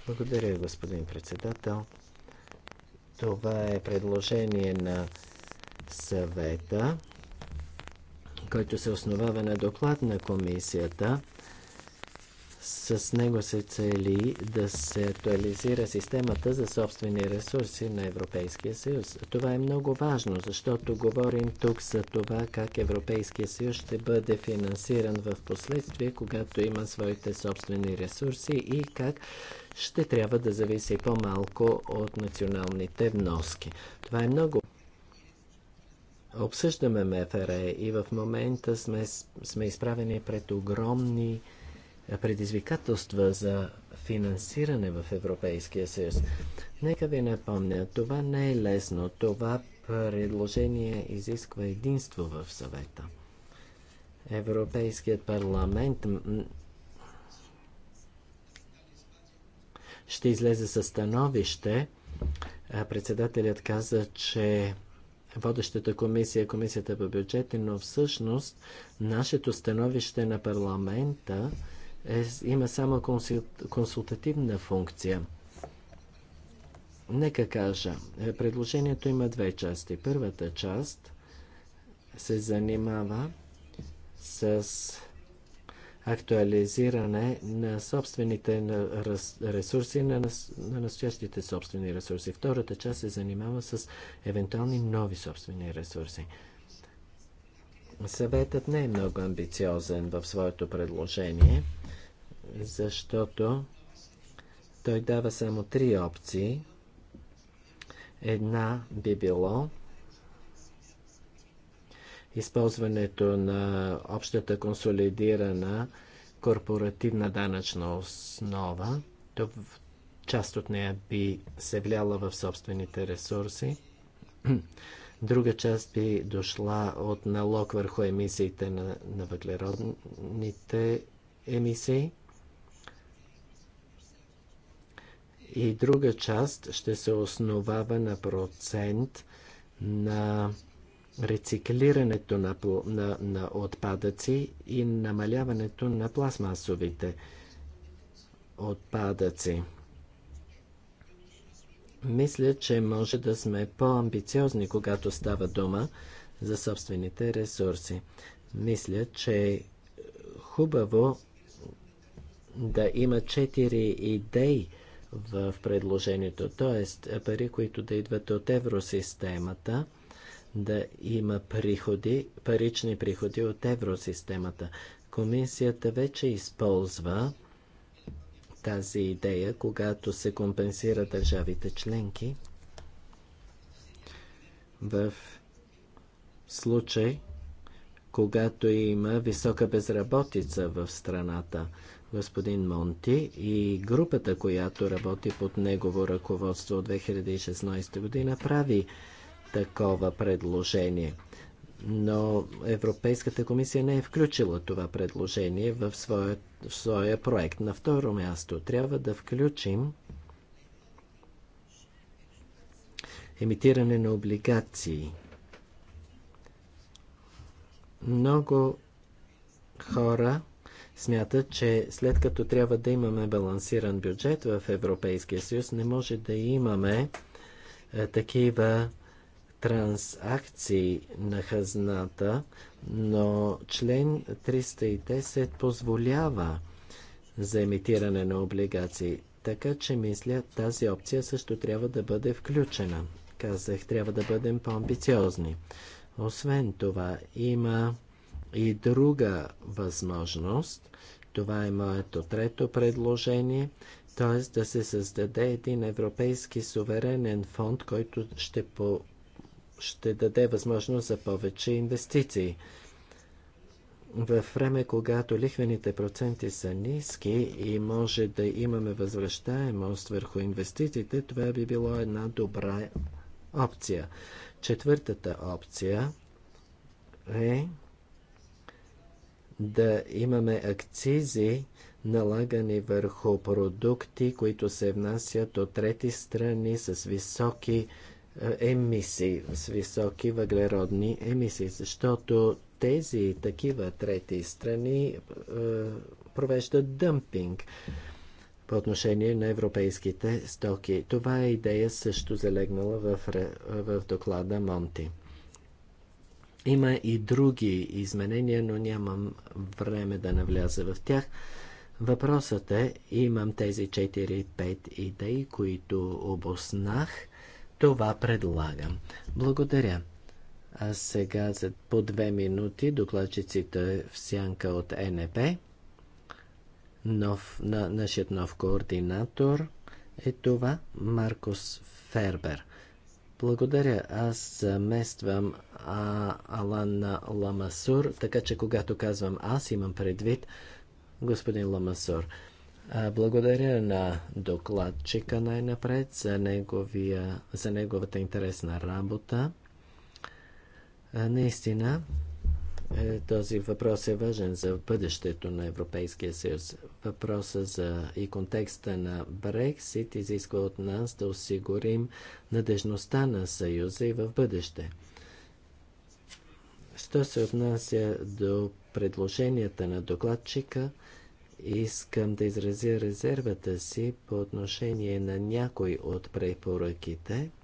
Благодаря, господин председател. Това е предложение на съвета, който се основава на доклад на комисията с него се цели да се актуализира системата за собствени ресурси на Европейския съюз. Това е много важно, защото говорим тук за това как Европейския съюз ще бъде финансиран в последствие, когато има своите собствени ресурси и как ще трябва да зависи по-малко от националните вноски. Това е много обсъждаме МФР и в момента сме, сме изправени пред огромни предизвикателства за финансиране в Европейския съюз. Нека ви напомня, това не е лесно. Това предложение изисква единство в съвета. Европейският парламент ще излезе със становище. Председателят каза, че водещата комисия е комисията по бюджети, но всъщност нашето становище на парламента е, има само консултативна функция. Нека кажа, е, предложението има две части. Първата част се занимава с актуализиране на собствените ресурси, на, настоящите собствени ресурси. Втората част се занимава с евентуални нови собствени ресурси. Съветът не е много амбициозен в своето предложение защото той дава само три опции. Една би било използването на общата консолидирана корпоративна данъчна основа. Част от нея би се вляла в собствените ресурси. Друга част би дошла от налог върху емисиите на, на въглеродните емисии. и друга част ще се основава на процент на рециклирането на, на, на отпадъци и намаляването на пластмасовите отпадъци. Мисля, че може да сме по-амбициозни, когато става дума за собствените ресурси. Мисля, че е хубаво да има четири идеи в предложението. Тоест, пари, които да идват от евросистемата, да има приходи, парични приходи от евросистемата. Комисията вече използва тази идея, когато се компенсира държавите членки в случай, когато има висока безработица в страната господин Монти и групата, която работи под негово ръководство от 2016 година, прави такова предложение. Но Европейската комисия не е включила това предложение в своя, в своя проект. На второ място трябва да включим емитиране на облигации. Много хора Смята, че след като трябва да имаме балансиран бюджет в Европейския съюз, не може да имаме е, такива трансакции на хазната, но член 310 позволява за емитиране на облигации. Така че мисля, тази опция също трябва да бъде включена. Казах, трябва да бъдем по-амбициозни. Освен това, има и друга възможност, това е моето трето предложение, т.е. да се създаде един европейски суверенен фонд, който ще, по, ще даде възможност за повече инвестиции. В време, когато лихвените проценти са ниски и може да имаме възвръщаемост върху инвестициите, това би било една добра опция. Четвъртата опция е да имаме акцизи, налагани върху продукти, които се внасят от трети страни с високи е, емисии, с високи въглеродни емисии, защото тези такива трети страни е, провеждат дъмпинг по отношение на европейските стоки. Това е идея също залегнала в, в доклада Монти. Има и други изменения, но нямам време да навляза в тях. Въпросът е, имам тези 4-5 идеи, които обоснах. Това предлагам. Благодаря. А сега за по две минути докладчиците в сянка от НП. Нов, на, нашият нов координатор е това Маркус Фербер. Благодаря. Аз замествам а, Алана Ламасур, така че когато казвам аз, имам предвид господин Ламасур. А, благодаря на докладчика най-напред за, неговия, за неговата интересна работа. А, наистина, е, този въпрос е важен за бъдещето на Европейския съюз. Въпроса за и контекста на Брексит изисква от нас да осигурим надежността на съюза и в бъдеще. Що се отнася до предложенията на докладчика, искам да изразя резервата си по отношение на някой от препоръките –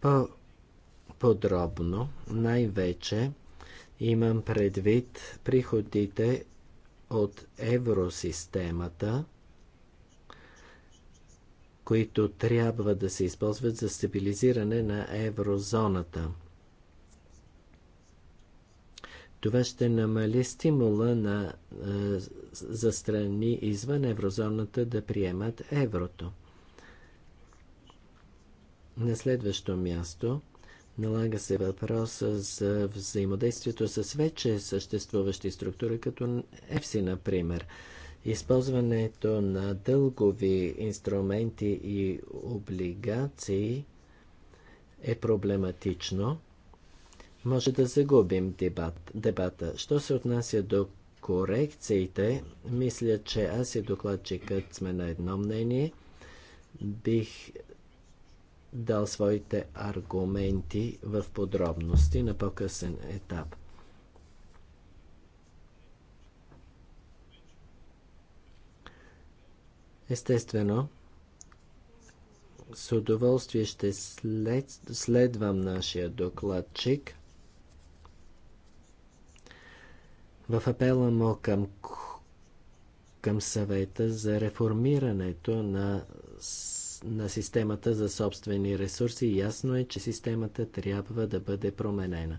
по-подробно. Най-вече имам предвид приходите от евросистемата, които трябва да се използват за стабилизиране на еврозоната. Това ще намали стимула на, за страни извън еврозоната да приемат еврото. На следващо място налага се въпроса за взаимодействието с вече съществуващи структури, като ЕФСИ, например. Използването на дългови инструменти и облигации е проблематично. Може да загубим дебат, дебата. Що се отнася до корекциите, мисля, че аз и докладчикът сме на едно мнение. Бих дал своите аргументи в подробности на по-късен етап. Естествено, с удоволствие ще след, следвам нашия докладчик. В апела му към, към съвета за реформирането на на системата за собствени ресурси. Ясно е, че системата трябва да бъде променена.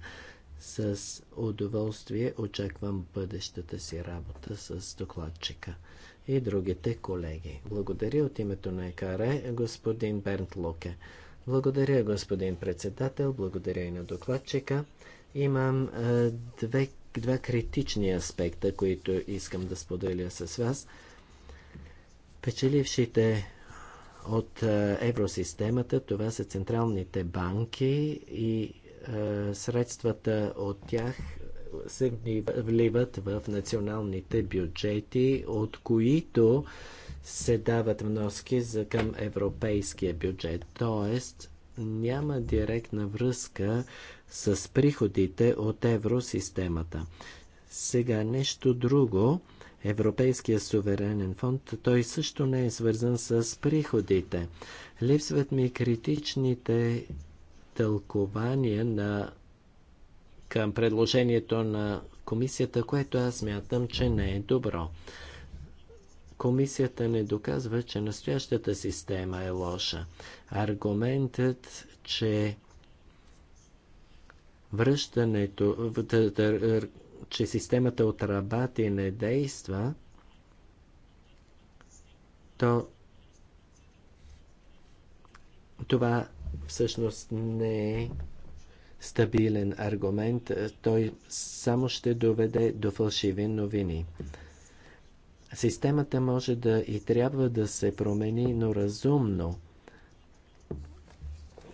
С удоволствие очаквам бъдещата си работа с докладчика и другите колеги. Благодаря от името на ЕКАРЕ господин Бернт Локе. Благодаря господин председател, благодаря и на докладчика. Имам е, две, два критични аспекта, които искам да споделя с вас. Печелившите от е, евросистемата. Това са централните банки и е, средствата от тях се вливат в националните бюджети, от които се дават вноски за към европейския бюджет. Тоест, няма директна връзка с приходите от евросистемата. Сега нещо друго Европейския суверенен фонд, той също не е свързан с приходите. Липсват ми критичните тълкования на към предложението на комисията, което аз мятам, че не е добро. Комисията не доказва, че настоящата система е лоша. Аргументът, че връщането, че системата отработи и не действа, то това всъщност не е стабилен аргумент. Той само ще доведе до фалшиви новини. Системата може да и трябва да се промени, но разумно,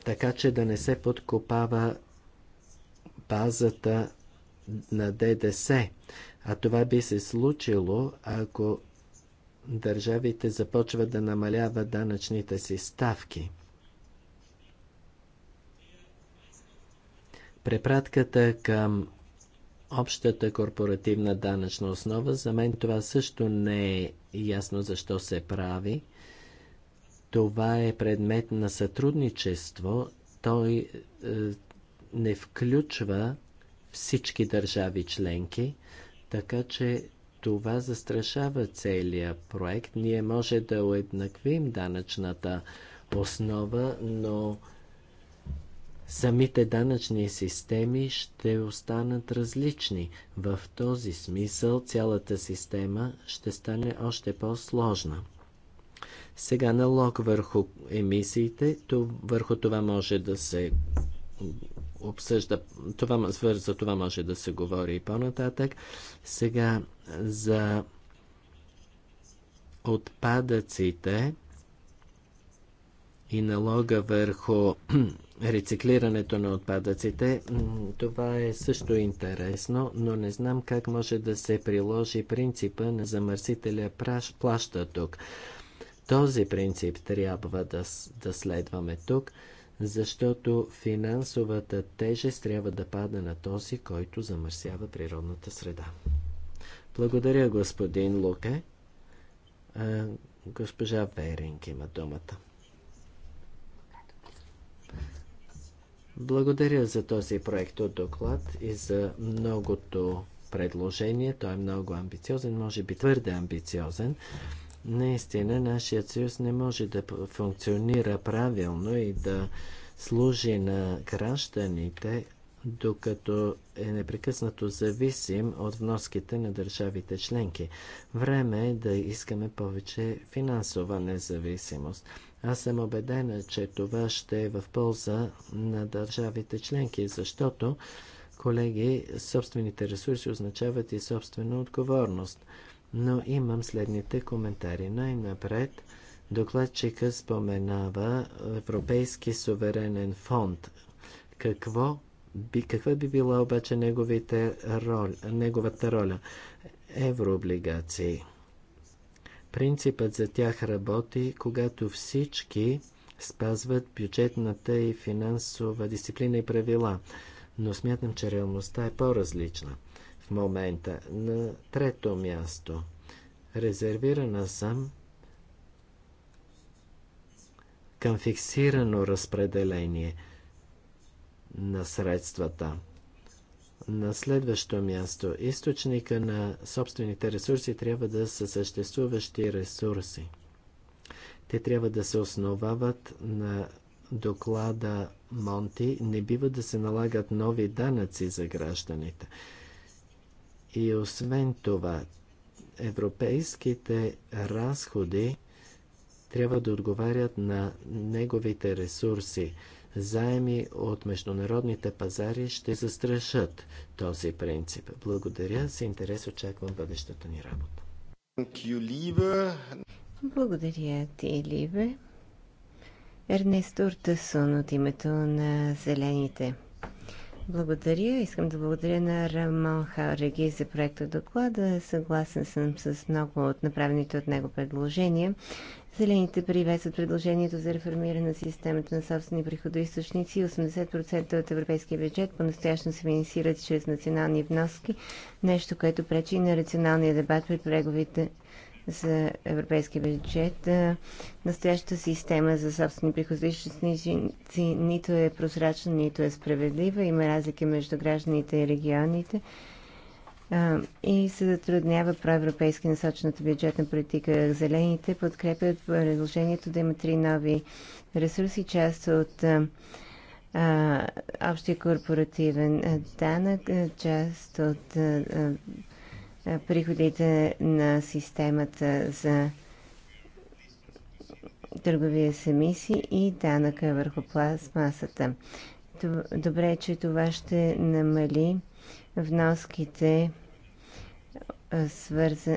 така че да не се подкопава базата на ДДС. А това би се случило, ако държавите започват да намаляват данъчните си ставки. Препратката към общата корпоративна данъчна основа, за мен това също не е ясно защо се прави. Това е предмет на сътрудничество. Той е, не включва всички държави членки, така че това застрашава целия проект. Ние може да уеднаквим данъчната основа, но самите данъчни системи ще останат различни. В този смисъл цялата система ще стане още по-сложна. Сега налог върху емисиите, то върху това може да се обсъжда. Това, за това може да се говори и по-нататък. Сега за отпадъците и налога върху рециклирането на отпадъците. Това е също интересно, но не знам как може да се приложи принципа на замърсителя плаща тук. Този принцип трябва да, да следваме тук защото финансовата тежест трябва да пада на този, който замърсява природната среда. Благодаря, господин Луке. А, госпожа Веринг има думата. Благодаря за този проект от доклад и за многото предложение. Той е много амбициозен, може би твърде амбициозен. Наистина, нашият съюз не може да функционира правилно и да служи на гражданите, докато е непрекъснато зависим от вноските на държавите членки. Време е да искаме повече финансова независимост. Аз съм убедена, че това ще е в полза на държавите членки, защото, колеги, собствените ресурси означават и собствена отговорност но имам следните коментари. Най-напред докладчика споменава Европейски суверенен фонд. Какво би, каква би била обаче неговите роль, неговата роля? Еврооблигации. Принципът за тях работи, когато всички спазват бюджетната и финансова дисциплина и правила, но смятам, че реалността е по-различна момента. На трето място. Резервирана съм към фиксирано разпределение на средствата. На следващо място, източника на собствените ресурси трябва да са съществуващи ресурси. Те трябва да се основават на доклада Монти. Не бива да се налагат нови данъци за гражданите. И освен това, европейските разходи трябва да отговарят на неговите ресурси. Заеми от международните пазари ще застрашат този принцип. Благодаря. С интерес очаквам бъдещата ни работа. Благодаря ти, Ливе. Ернест Уртасон от името на Зелените. Благодаря. Искам да благодаря на Рамон Хареги за проекта доклада. Съгласен съм с много от направените от него предложения. Зелените приветстват предложението за реформиране на системата на собствени приходоисточници. 80% от европейския бюджет по-настоящно се финансират чрез национални вноски, нещо, което пречи на рационалния дебат при преговорите за европейския бюджет. Настоящата система за собствени приходоисточници нито е прозрачна, нито е справедлива. Има разлики между гражданите и регионите и се затруднява проевропейски насочената бюджетна политика. Зелените подкрепят предложението да има три нови ресурси, част от общия корпоративен данък, част от е, приходите на системата за търговия с емисии и данъка върху пластмасата. Добре, е, че това ще намали вноските е,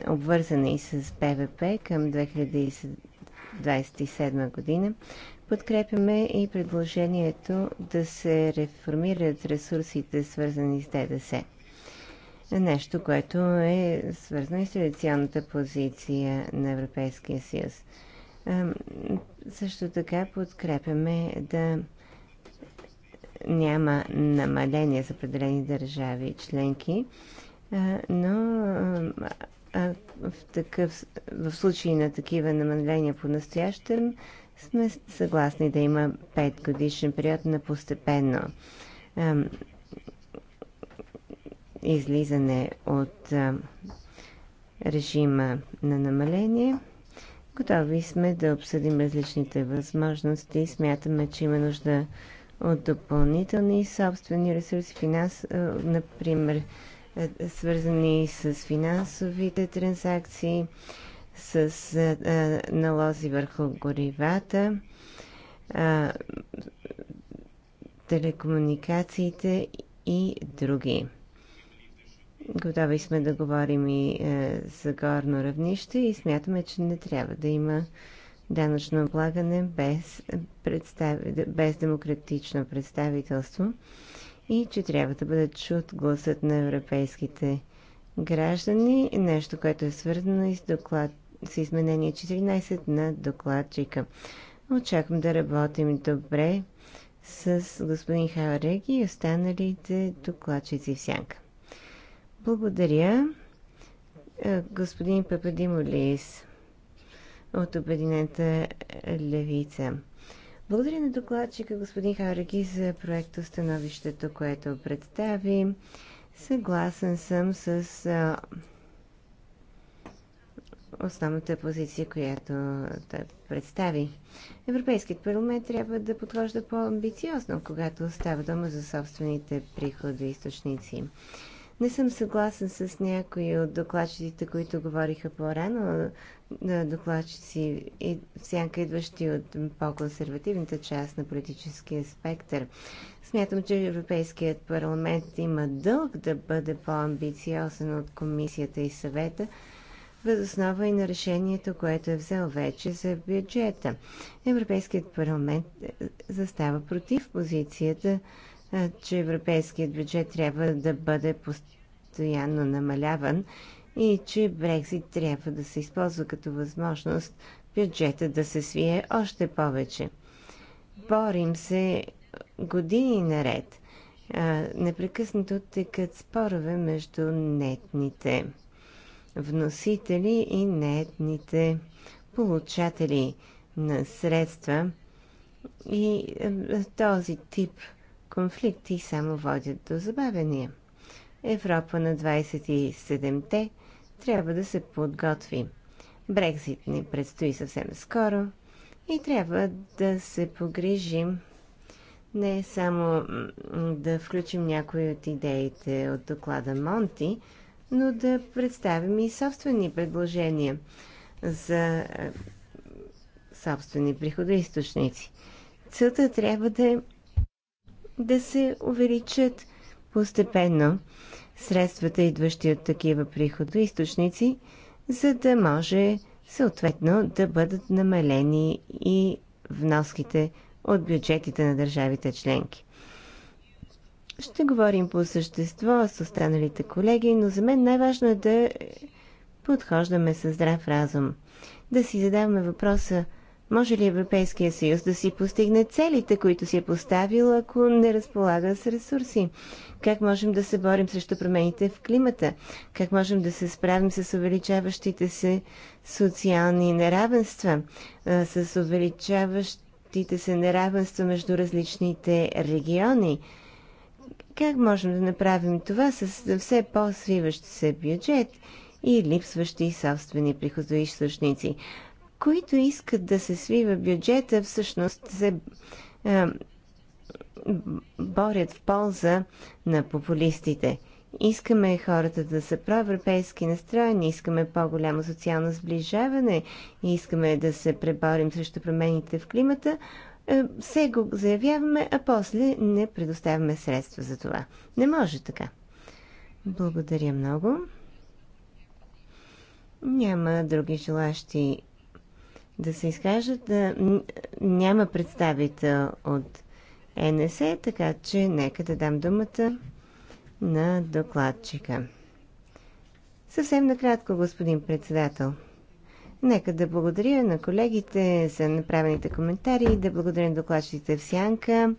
обвързани с ПВП към 2027 година. Подкрепяме и предложението да се реформират ресурсите, свързани с ДДС нещо, което е свързано и с традиционната позиция на Европейския съюз. Също така подкрепяме да няма намаление за определени държави и членки, но в, такъв, в случай на такива намаления по настоящем сме съгласни да има 5 годишен период на постепенно излизане от режима на намаление. Готови сме да обсъдим различните възможности. Смятаме, че има нужда от допълнителни собствени ресурси, финанс, например, свързани с финансовите транзакции, с налози върху горивата, телекомуникациите и други. Готови сме да говорим и е, за горно равнище и смятаме, че не трябва да има данъчно облагане без, представ... без демократично представителство и че трябва да бъде чут гласът на европейските граждани, нещо, което е свързано и с, доклад, с изменение 14 на докладчика. Очаквам да работим добре с господин Хаореги и останалите докладчици в сянка. Благодаря. Е, господин Пападимолис от Обединената левица. Благодаря на докладчика господин Хараги за проекто становището, което представи. Съгласен съм с а, основната позиция, която да представи. Европейският парламент трябва да подхожда по-амбициозно, когато става дума за собствените приходи и източници. Не съм съгласен с някои от докладчиците, които говориха по-рано, докладчици и сянка идващи от по-консервативната част на политическия спектър. Смятам, че Европейският парламент има дълг да бъде по-амбициозен от комисията и съвета, възоснова и на решението, което е взел вече за бюджета. Европейският парламент е, застава против позицията е, че европейският бюджет трябва да бъде постоянно намаляван и че Брекзит трябва да се използва като възможност бюджета да се свие още повече. Борим се години наред. Е, непрекъснато текат спорове между нетните вносители и нетните получатели на средства. И е, този тип конфликти само водят до забавения. Европа на 27-те трябва да се подготви. Брекзит ни предстои съвсем скоро и трябва да се погрижим не само да включим някои от идеите от доклада Монти, но да представим и собствени предложения за е, собствени приходоисточници. Целта трябва да е да се увеличат постепенно средствата, идващи от такива приходоисточници, за да може съответно да бъдат намалени и вноските от бюджетите на държавите членки. Ще говорим по същество с останалите колеги, но за мен най-важно е да подхождаме със здрав разум. Да си задаваме въпроса – може ли Европейския съюз да си постигне целите, които си е поставил, ако не разполага с ресурси? Как можем да се борим срещу промените в климата? Как можем да се справим с увеличаващите се социални неравенства, с увеличаващите се неравенства между различните региони? Как можем да направим това с все по-свиващ се бюджет и липсващи собствени приходоисточници? които искат да се свива бюджета, всъщност се е, борят в полза на популистите. Искаме хората да са проевропейски настроени, искаме по-голямо социално сближаване, искаме да се преборим срещу промените в климата. Е, се го заявяваме, а после не предоставяме средства за това. Не може така. Благодаря много. Няма други желащи да се изкажат. Няма представител от НСЕ, така че нека да дам думата на докладчика. Съвсем накратко, господин председател. Нека да благодаря на колегите за направените коментари, да благодаря на докладчиците в Сянка.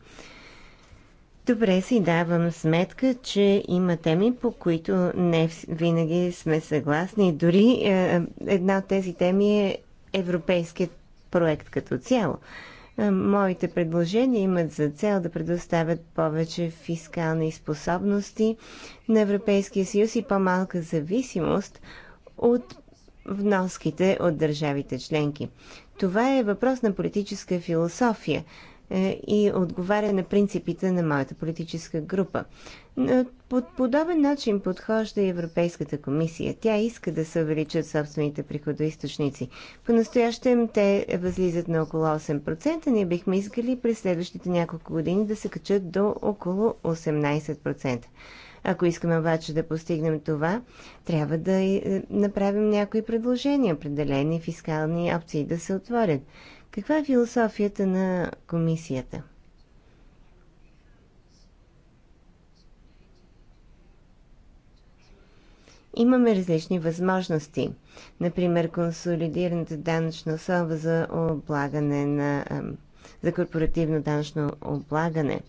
Добре си давам сметка, че има теми, по които не винаги сме съгласни. Дори е, е, една от тези теми е европейският проект като цяло. Моите предложения имат за цел да предоставят повече фискални способности на Европейския съюз и по-малка зависимост от вноските от държавите членки. Това е въпрос на политическа философия е, и отговаря на принципите на моята политическа група. Е, По подобен начин подхожда и Европейската комисия. Тя иска да се увеличат собствените приходоисточници. По-настоящем те възлизат на около 8%. Ние бихме искали през следващите няколко години да се качат до около 18%. Ако искаме обаче да постигнем това, трябва да е, направим някои предложения, определени фискални опции да се отворят. Каква е философията на комисията? имаме различни възможности. Например, консолидираната данъчна основа за облагане на за корпоративно данъчно облагане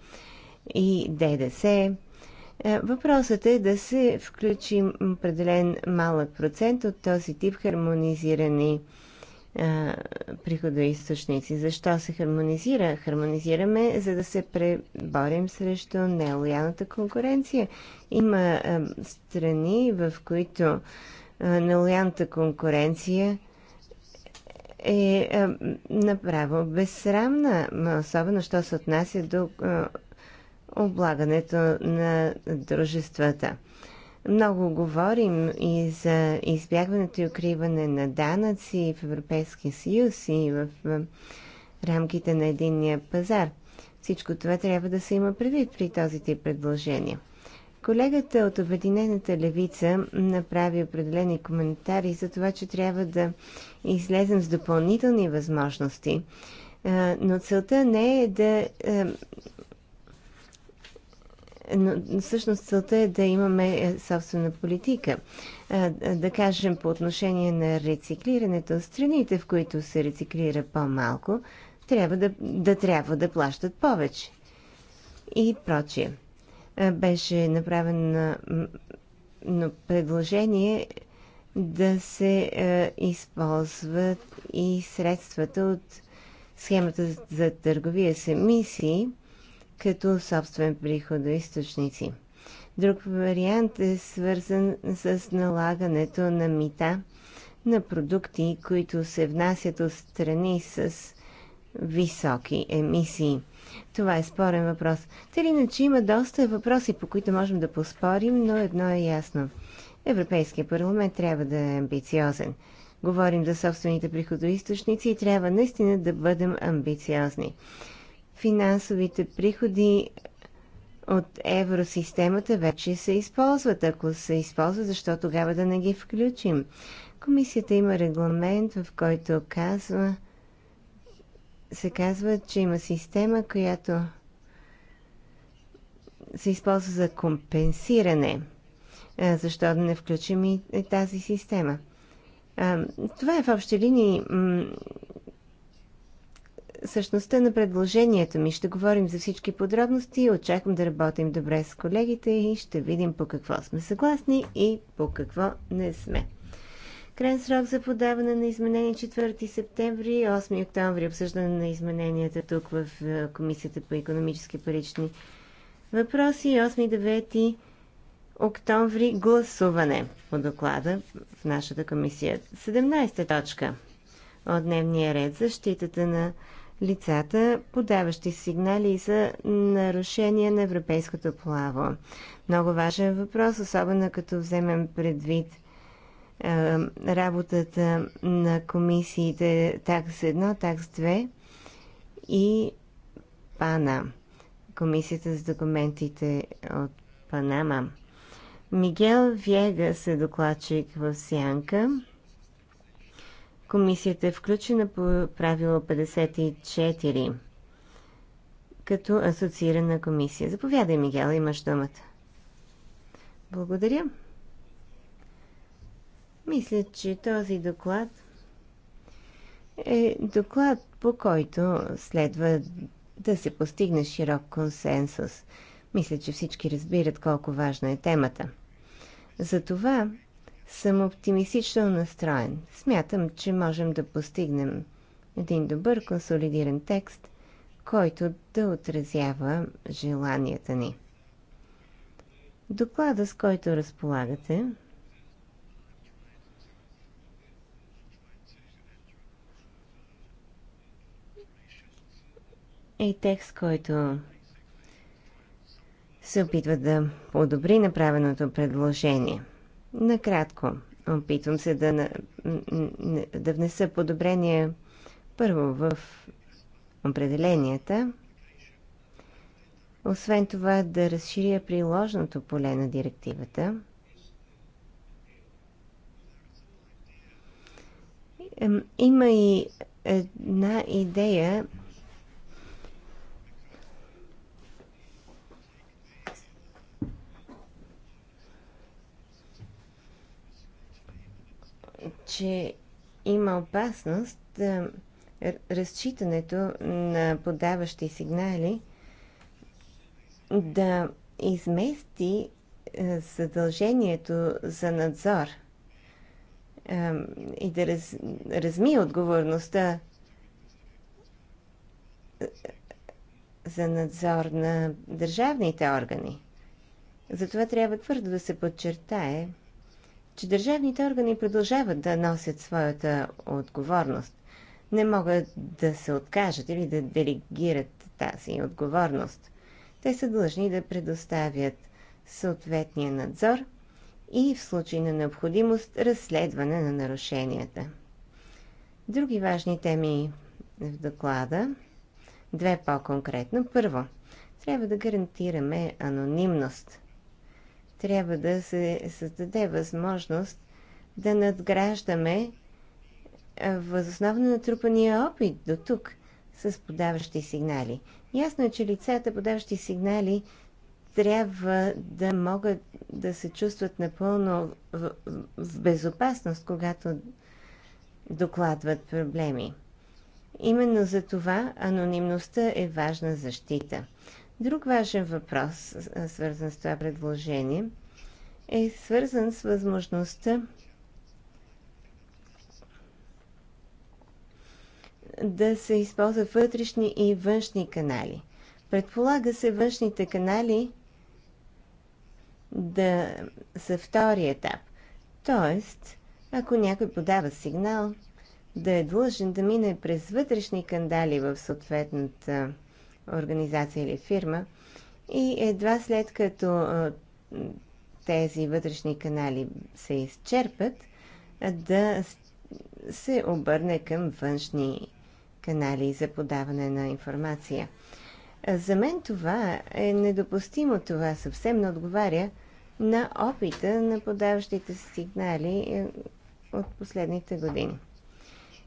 и ДДС. Е, въпросът е да се включи определен малък процент от този тип хармонизирани приходоисточници. Защо се хармонизира? Хармонизираме, за да се преборим срещу нелоялната конкуренция. Има а, страни, в които нелоялната конкуренция е а, направо безсрамна, особено що се отнася до облагането на дружествата. Много говорим и за избягването и укриване на данъци в Европейския съюз и в рамките на единния пазар. Всичко това трябва да се има предвид при този тип предложения. Колегата от Обединената левица направи определени коментари за това, че трябва да излезем с допълнителни възможности. Но целта не е да но всъщност целта е да имаме е, собствена политика. Да кажем по отношение на рециклирането, страните, в които се рециклира по-малко, трябва да, да трябва да плащат повече. И прочие. Беше направено предложение да се използват и средствата от схемата за търговия с емисии – като собствен приходоисточници. Друг вариант е свързан с налагането на мита на продукти, които се внасят от страни с високи емисии. Това е спорен въпрос. Тъй иначе има доста въпроси, по които можем да поспорим, но едно е ясно. Европейския парламент трябва да е амбициозен. Говорим за собствените приходоисточници и трябва наистина да бъдем амбициозни финансовите приходи от евросистемата вече се използват. Ако се използват, защо тогава да не ги включим? Комисията има регламент, в който казва, се казва, че има система, която се използва за компенсиране. Защо да не включим и тази система? Това е в общи линии същността на предложението ми. Ще говорим за всички подробности. Очаквам да работим добре с колегите и ще видим по какво сме съгласни и по какво не сме. Крайен срок за подаване на изменения 4 е септември, 8 октомври обсъждане на измененията тук в е, Комисията по економически парични въпроси, 8-9 октомври гласуване по доклада в нашата комисия. 17 точка от дневния ред защитата на лицата, подаващи сигнали за нарушение на европейското плаво. Много важен въпрос, особено като вземем предвид е, работата на комисиите ТАКС 1, ТАКС 2 и ПАНА, комисията за документите от Панама. Мигел Виега се докладчик в Сянка. Комисията е включена по правило 54 като асоциирана комисия. Заповядай, Мигела, имаш думата. Благодаря. Мисля, че този доклад е доклад, по който следва да се постигне широк консенсус. Мисля, че всички разбират колко важна е темата. Затова съм оптимистично настроен. Смятам, че можем да постигнем един добър консолидиран текст, който да отразява желанията ни. Доклада, с който разполагате, е текст, който се опитва да подобри направеното предложение – Накратко, опитвам се да, да внеса подобрения първо в определенията, освен това да разширя приложното поле на директивата. Има и една идея че има опасност да е, разчитането на подаващи сигнали да измести е, задължението за надзор е, и да раз, размие отговорността за надзор на държавните органи. Затова трябва твърдо да се подчертае, че държавните органи продължават да носят своята отговорност. Не могат да се откажат или да делегират тази отговорност. Те са длъжни да предоставят съответния надзор и в случай на необходимост разследване на нарушенията. Други важни теми в доклада, две по-конкретно. Първо, трябва да гарантираме анонимност трябва да се създаде възможност да надграждаме възоснова натрупания опит до тук с подаващи сигнали. Ясно е, че лицата, подаващи сигнали, трябва да могат да се чувстват напълно в, в безопасност, когато докладват проблеми. Именно за това анонимността е важна защита. Друг важен въпрос, свързан с това предложение, е свързан с възможността да се използват вътрешни и външни канали. Предполага се външните канали да са втори етап. Тоест, ако някой подава сигнал, да е длъжен да мине през вътрешни кандали в съответната организация или фирма. И едва след като тези вътрешни канали се изчерпат, да се обърне към външни канали за подаване на информация. За мен това е недопустимо. Това съвсем не отговаря на опита на подаващите сигнали от последните години.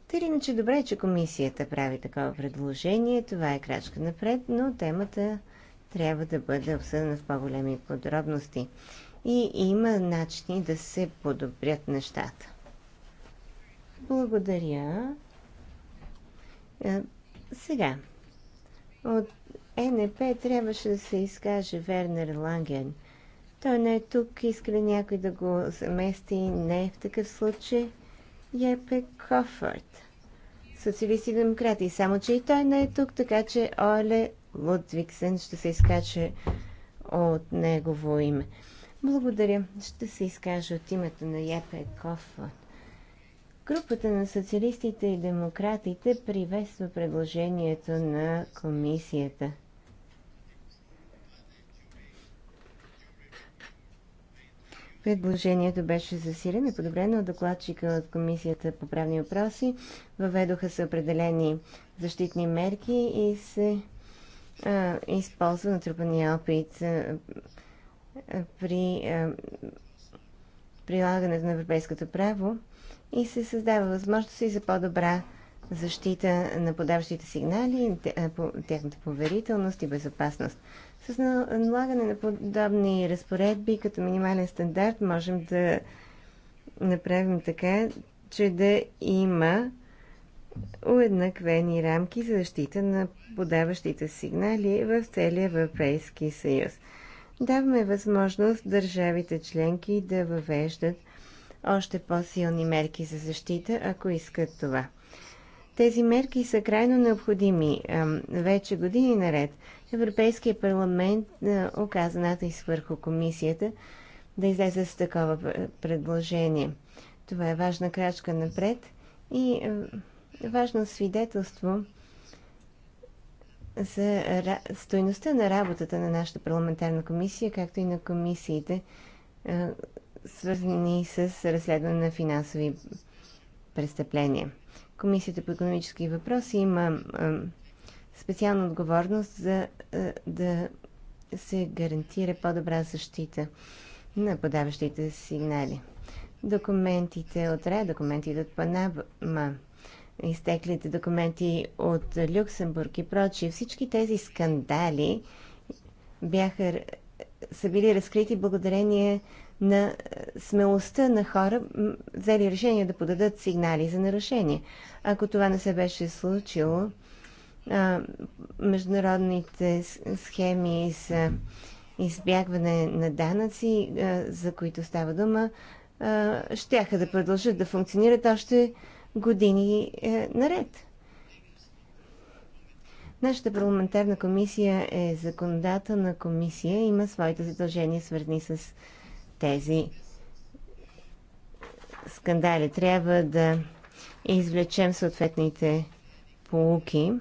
Тъй че добре, е, че комисията прави такова предложение. Това е крачка напред, но темата трябва да бъде обсъдена в по-големи подробности. И има начини да се подобрят нещата. Благодаря. Е, сега, от НП трябваше да се изкаже Вернер Ланген. Той не е тук, иска някой да го замести? Не, в такъв случай. Епе Кофърт. Социалисти и демократи. Само, че и той не е тук, така че Оле Лудвиксен ще се изкаче от негово име. Благодаря. Ще се изкаже от името на Япе Кофърт. Групата на социалистите и демократите приветства предложението на комисията – Предложението беше засилено и подобрено от докладчика от Комисията по правни въпроси. Въведоха се определени защитни мерки и се а, използва натрупания опит а, при а, прилагането на европейското право и се създава възможност и за по-добра защита на подаващите сигнали, тяхната поверителност и безопасност. С налагане на подобни разпоредби като минимален стандарт можем да направим така, че да има уеднаквени рамки за защита на подаващите сигнали в целия Европейски съюз. Даваме възможност държавите членки да въвеждат още по-силни мерки за защита, ако искат това. Тези мерки са крайно необходими вече години наред. Европейския парламент е, оказа натиск върху комисията да излезе с такова предложение. Това е важна крачка напред и е, важно свидетелство за стойността на работата на нашата парламентарна комисия, както и на комисиите, е, свързани с разследване на финансови престъпления. Комисията по економически въпроси има специална отговорност за е, да се гарантира по-добра защита на подаващите сигнали. Документите от Ре, документите от Панама, изтеклите документи от Люксембург и прочие, всички тези скандали бяха, е, са били разкрити благодарение на е, смелостта на хора, взели решение да подадат сигнали за нарушение. Ако това не се беше случило, а, международните схеми за избягване на данъци, а, за които става дума, а, щяха да продължат да функционират още години а, е, наред. Нашата парламентарна комисия е законодателна комисия, и има своите задължения, свързани с тези скандали. Трябва да извлечем съответните полуки.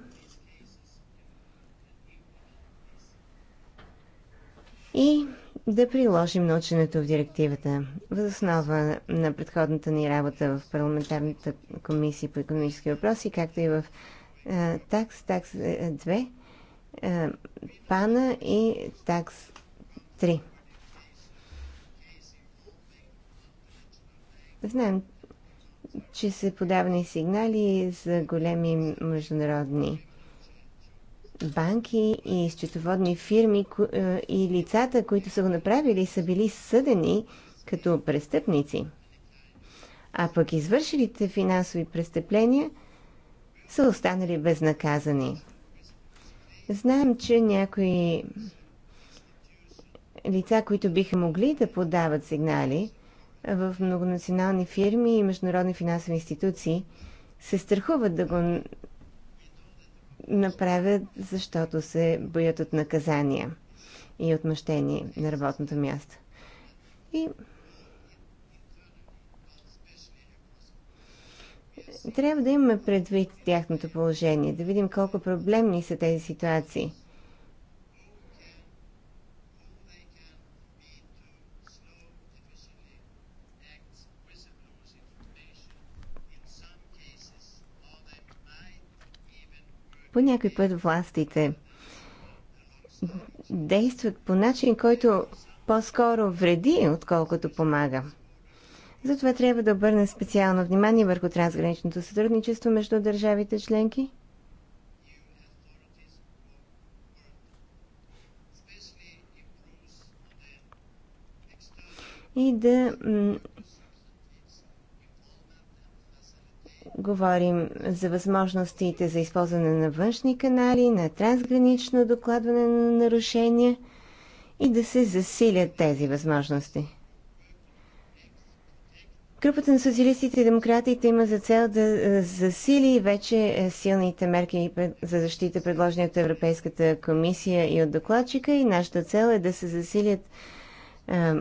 и да приложим наученето в директивата. Въз основа на предходната ни работа в парламентарната комисия по економически въпроси, както и в е, такс, такс 2, е, е, пана и такс 3. Знаем, че са подавани сигнали за големи международни банки и счетоводни фирми е, и лицата, които са го направили, са били съдени като престъпници. А пък извършилите финансови престъпления са останали безнаказани. Знаем, че някои лица, които биха могли да подават сигнали в многонационални фирми и международни финансови институции, се страхуват да го направят, защото се боят от наказания и отмъщение на работното място. И трябва да имаме предвид тяхното положение, да видим колко проблемни са тези ситуации – по някой път властите действат по начин, който по-скоро вреди, отколкото помага. Затова трябва да обърнем специално внимание върху трансграничното сътрудничество между държавите членки. И да Говорим за възможностите за използване на външни канали, на трансгранично докладване на нарушения и да се засилят тези възможности. Групата на социалистите и демократите има за цел да е, засили вече е, силните мерки за защита, предложени от Европейската комисия и от докладчика. И нашата цел е да се засилят е,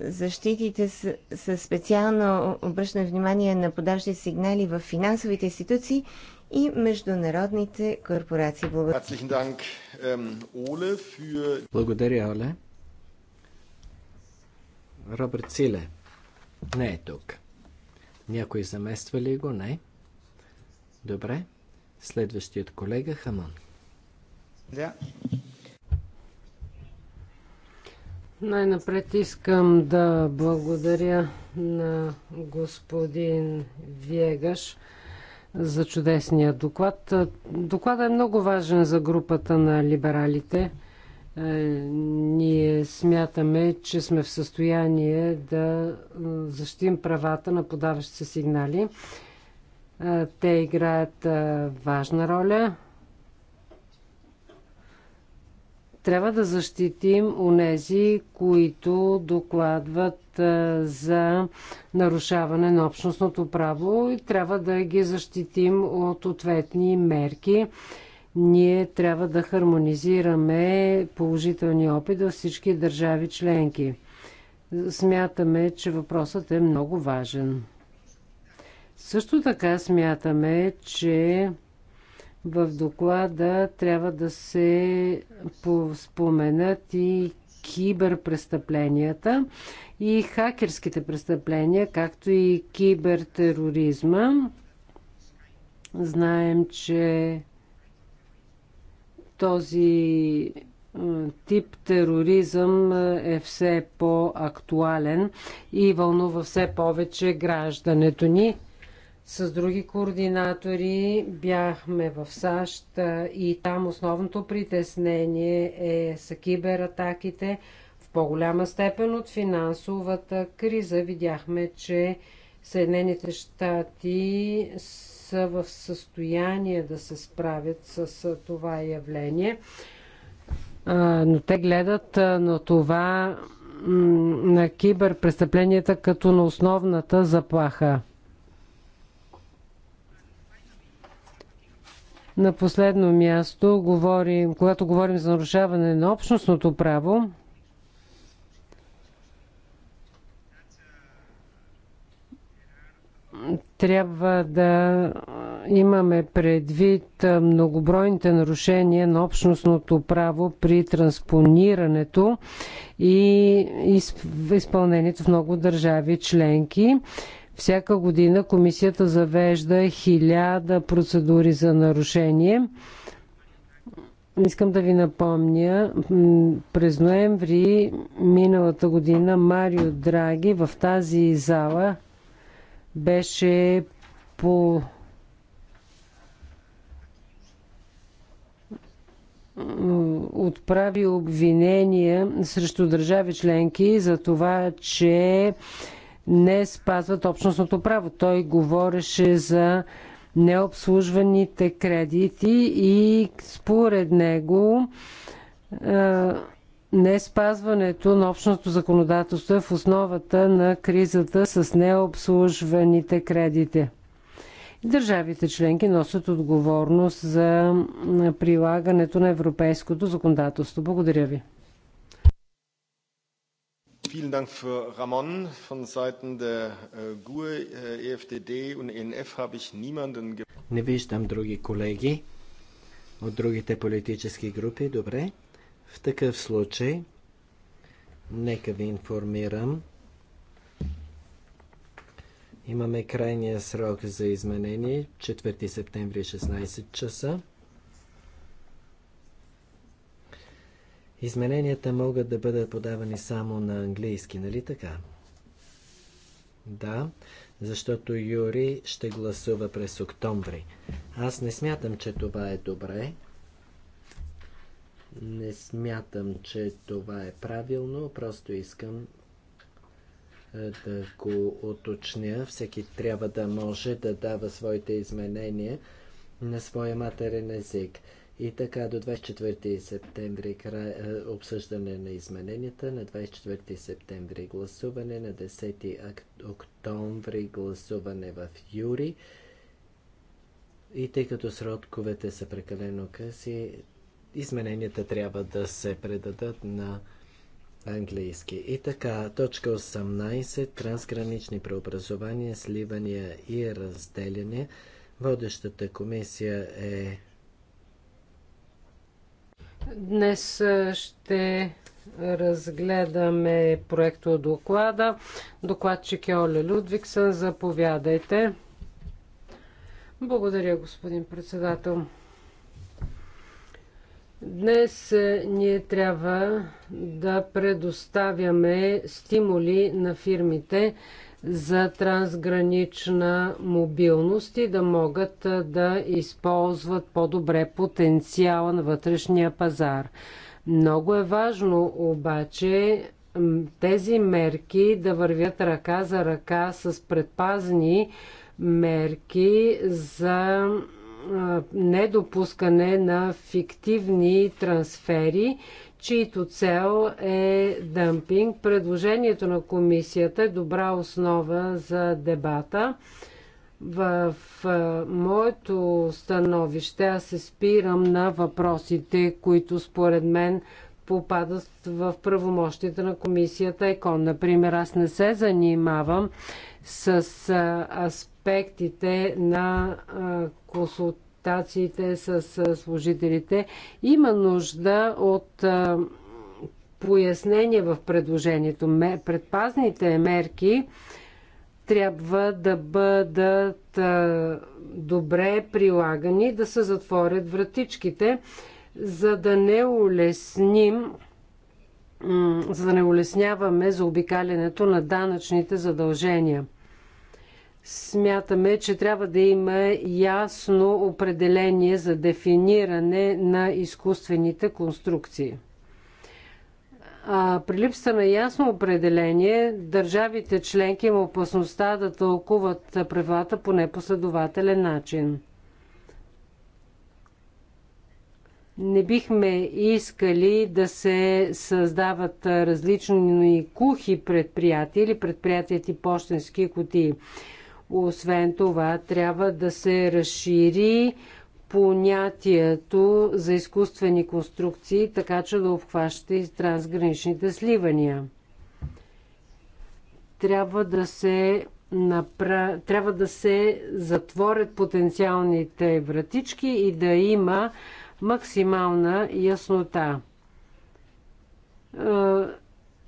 защитите с, с специално обръщане внимание на подаващи сигнали в финансовите институции и международните корпорации. Благодаря. Ähm, Благодаря, Оле. Робърт Силе не е тук. Някой замества ли го? Не. Добре. Следващият колега Хамон. Да. Yeah. Най-напред искам да благодаря на господин Вегаш за чудесния доклад. Докладът е много важен за групата на либералите. Е, ние смятаме, че сме в състояние да е, защитим правата на подаващите сигнали. Е, те играят важна роля Трябва да защитим онези, които докладват за нарушаване на общностното право и трябва да ги защитим от ответни мерки. Ние трябва да хармонизираме положителния опит във всички държави членки. Смятаме, че въпросът е много важен. Също така смятаме, че в доклада трябва да се споменат и киберпрестъпленията и хакерските престъпления, както и кибертероризма. Знаем, че този тип тероризъм е все по-актуален и вълнува все повече граждането ни с други координатори бяхме в САЩ и там основното притеснение е са кибератаките. В по-голяма степен от финансовата криза видяхме, че Съединените щати са в състояние да се справят с това явление, но те гледат на това на киберпрестъпленията като на основната заплаха. На последно място, говорим, когато говорим за нарушаване на общностното право, трябва да имаме предвид многобройните нарушения на общностното право при транспонирането и изпълнението в много държави членки. Всяка година комисията завежда хиляда процедури за нарушение. Искам да ви напомня, през ноември миналата година Марио Драги в тази зала беше по отправи обвинения срещу държави членки за това, че не спазват общностното право. Той говореше за необслужваните кредити и според него е, не спазването на общностното законодателство е в основата на кризата с необслужваните кредити. Държавите членки носят отговорност за прилагането на европейското законодателство. Благодаря ви vielen Dank für Ramon. Von Seiten der äh, GUE, äh, EFDD und ENF habe ich niemanden. Не виждам други колеги от другите политически групи. Добре. В такъв случай, нека ви информирам. Имаме крайния срок за изменение 4 септември 16 часа. Измененията могат да бъдат подавани само на английски, нали така? Да, защото Юри ще гласува през октомври. Аз не смятам, че това е добре. Не смятам, че това е правилно. Просто искам е, да го уточня. Всеки трябва да може да дава своите изменения на своя матерен език. И така до 24 септември край, е, обсъждане на измененията, на 24 септември гласуване, на 10 октомври гласуване в Юри. И тъй като сродковете са прекалено къси, измененията трябва да се предадат на английски. И така, точка 18, трансгранични преобразования, сливания и разделяне. Водещата комисия е Днес ще разгледаме проекто доклада. Докладчик е Оля Людвигсън. Заповядайте. Благодаря, господин председател. Днес ние трябва да предоставяме стимули на фирмите за трансгранична мобилност и да могат да използват по-добре потенциала на вътрешния пазар. Много е важно обаче тези мерки да вървят ръка за ръка с предпазни мерки за недопускане на фиктивни трансфери чието цел е дъмпинг. Предложението на комисията е добра основа за дебата. В моето становище аз се спирам на въпросите, които според мен попадат в правомощите на комисията ЕКОН. Например, аз не се занимавам с аспектите на консултация консултациите с служителите. Има нужда от пояснение в предложението. Предпазните мерки трябва да бъдат добре прилагани, да се затворят вратичките, за да не улесним за да не улесняваме заобикалянето на данъчните задължения. Смятаме, че трябва да има ясно определение за дефиниране на изкуствените конструкции. А при липса на ясно определение, държавите членки има опасността да тълкуват правилата по непоследователен начин. Не бихме искали да се създават различни кухи предприятия или предприятия ти почтенски кутии. Освен това, трябва да се разшири понятието за изкуствени конструкции, така че да обхваща и трансграничните сливания. Трябва да се напра... трябва да се затворят потенциалните вратички и да има максимална яснота е,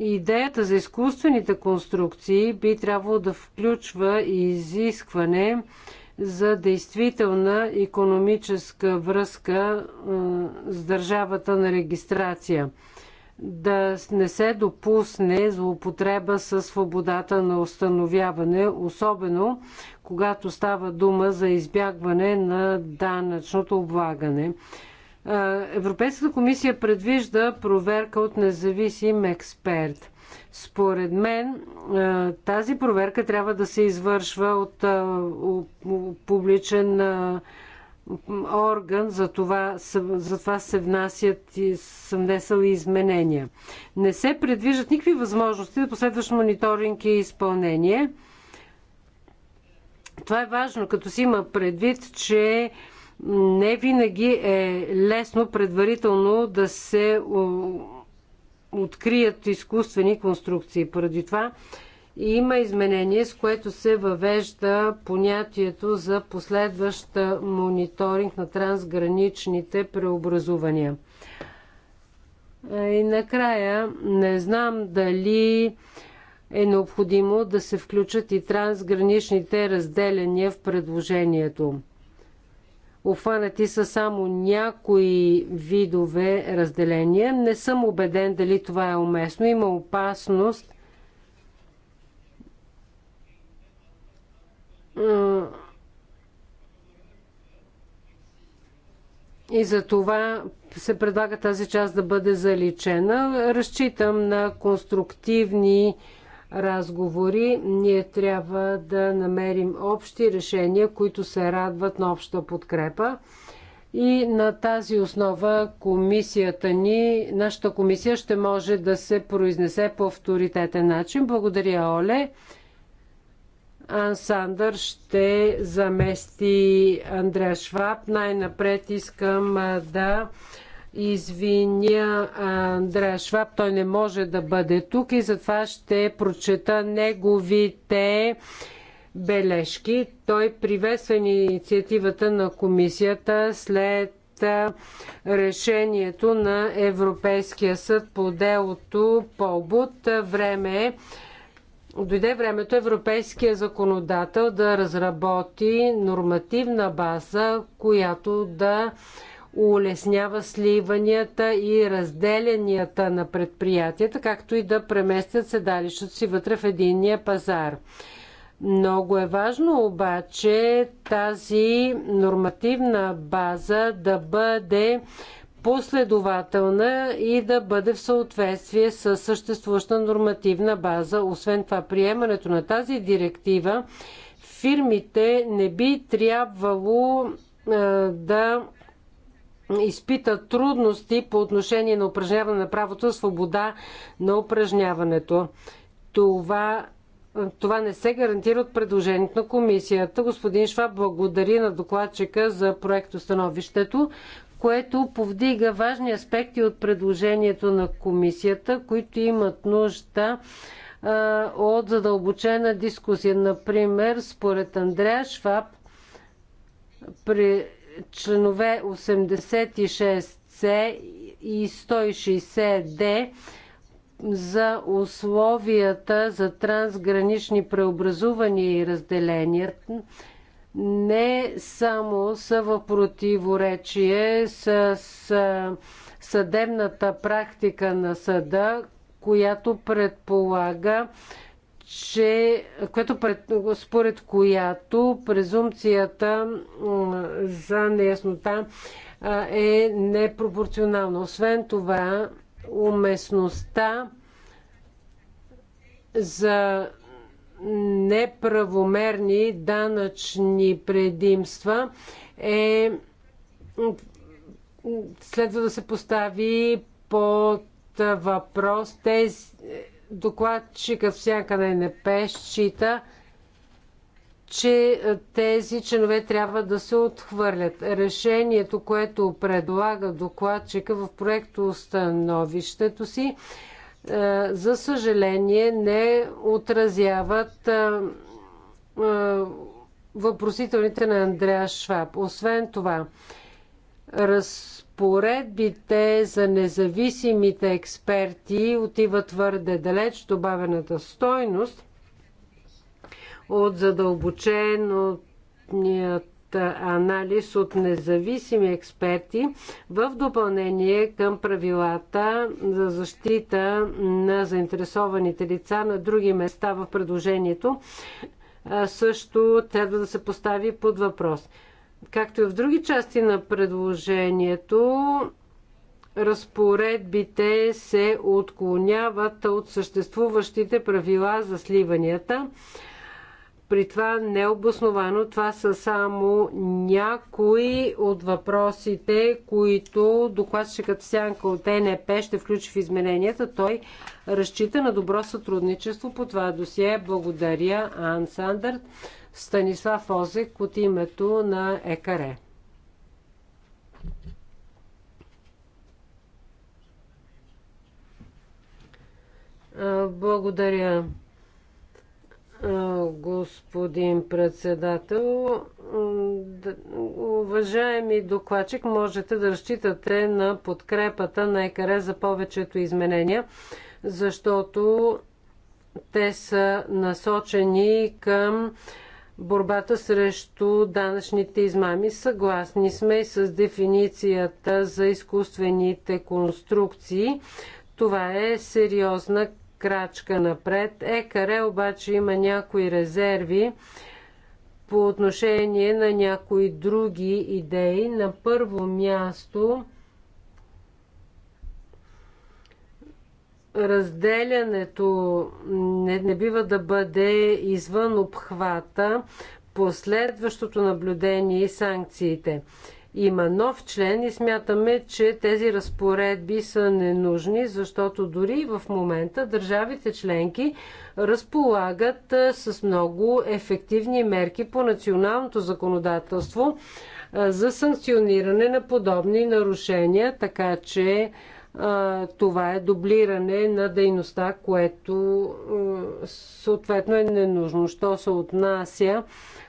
Идеята за изкуствените конструкции би трябвало да включва и изискване за действителна економическа връзка с държавата на регистрация. Да не се допусне злоупотреба с свободата на установяване, особено когато става дума за избягване на данъчното облагане. Европейската комисия предвижда проверка от независим експерт. Според мен тази проверка трябва да се извършва от публичен орган, за това, за това се внасят и съм внесал и изменения. Не се предвиждат никакви възможности да последващ мониторинг и изпълнение. Това е важно, като си има предвид, че не винаги е лесно предварително да се открият изкуствени конструкции. Поради това има изменение, с което се въвежда понятието за последващ мониторинг на трансграничните преобразувания. И накрая не знам дали е необходимо да се включат и трансграничните разделяния в предложението. Офанати са само някои видове разделения. Не съм убеден дали това е уместно. Има опасност И за това се предлага тази част да бъде заличена. Разчитам на конструктивни разговори, ние трябва да намерим общи решения, които се радват на обща подкрепа. И на тази основа комисията ни, нашата комисия ще може да се произнесе по авторитетен начин. Благодаря, Оле. Ан Сандър ще замести Андреа Шваб. Най-напред искам да извиня Андрея Шваб, той не може да бъде тук и затова ще прочета неговите бележки. Той приветства инициативата на комисията след решението на Европейския съд по делото Полбут. Време е Дойде времето европейския законодател да разработи нормативна база, която да улеснява сливанията и разделянията на предприятията, както и да преместят седалището си вътре в единния пазар. Много е важно обаче тази нормативна база да бъде последователна и да бъде в съответствие с съществуваща нормативна база. Освен това, приемането на тази директива фирмите не би трябвало е, да изпита трудности по отношение на упражняване на правото свобода на упражняването. Това това не се гарантира от предложението на комисията. Господин Шваб благодари на докладчика за проектостановището, което повдига важни аспекти от предложението на комисията, които имат нужда а, от задълбочена дискусия. Например, според Андрея Шваб, при членове 86C и 160D за условията за трансгранични преобразувания и разделения не само са в противоречие с съдебната практика на съда, която предполага че, което пред, според която презумпцията за неяснота е непропорционална. Освен това, уместността за неправомерни данъчни предимства е следва да се постави под въпрос тези докладчика всяка на НП счита, че е, тези чинове трябва да се отхвърлят. Решението, което предлага докладчика в проекто си, е, за съжаление не отразяват е, въпросителните на Андреа Шваб. Освен това, разпределението Поредбите за независимите експерти отива твърде далеч добавената стойност от задълбоченият анализ от независими експерти в допълнение към правилата за защита на заинтересованите лица на други места в предложението също трябва да се постави под въпрос. Както и в други части на предложението, разпоредбите се отклоняват от съществуващите правила за сливанията. При това не е обосновано. Това са само някои от въпросите, които докладчикът Сянка от ЕНП ще включи в измененията. Той разчита на добро сътрудничество по това досие. Благодаря, Ан Сандърт. Станислав Озек от името на ЕКАРЕ. Благодаря, господин председател. Уважаеми докладчик, можете да разчитате на подкрепата на ЕКР за повечето изменения, защото те са насочени към борбата срещу данъчните измами. Съгласни сме и с дефиницията за изкуствените конструкции. Това е сериозна крачка напред. ЕКАРЕ обаче има някои резерви по отношение на някои други идеи. На първо място разделянето не, не бива да бъде извън обхвата, последващото наблюдение и санкциите. Има нов член и смятаме, че тези разпоредби са ненужни, защото дори в момента държавите членки разполагат с много ефективни мерки по националното законодателство за санкциониране на подобни нарушения, така че това е дублиране на дейността, което съответно е ненужно. Що се отнася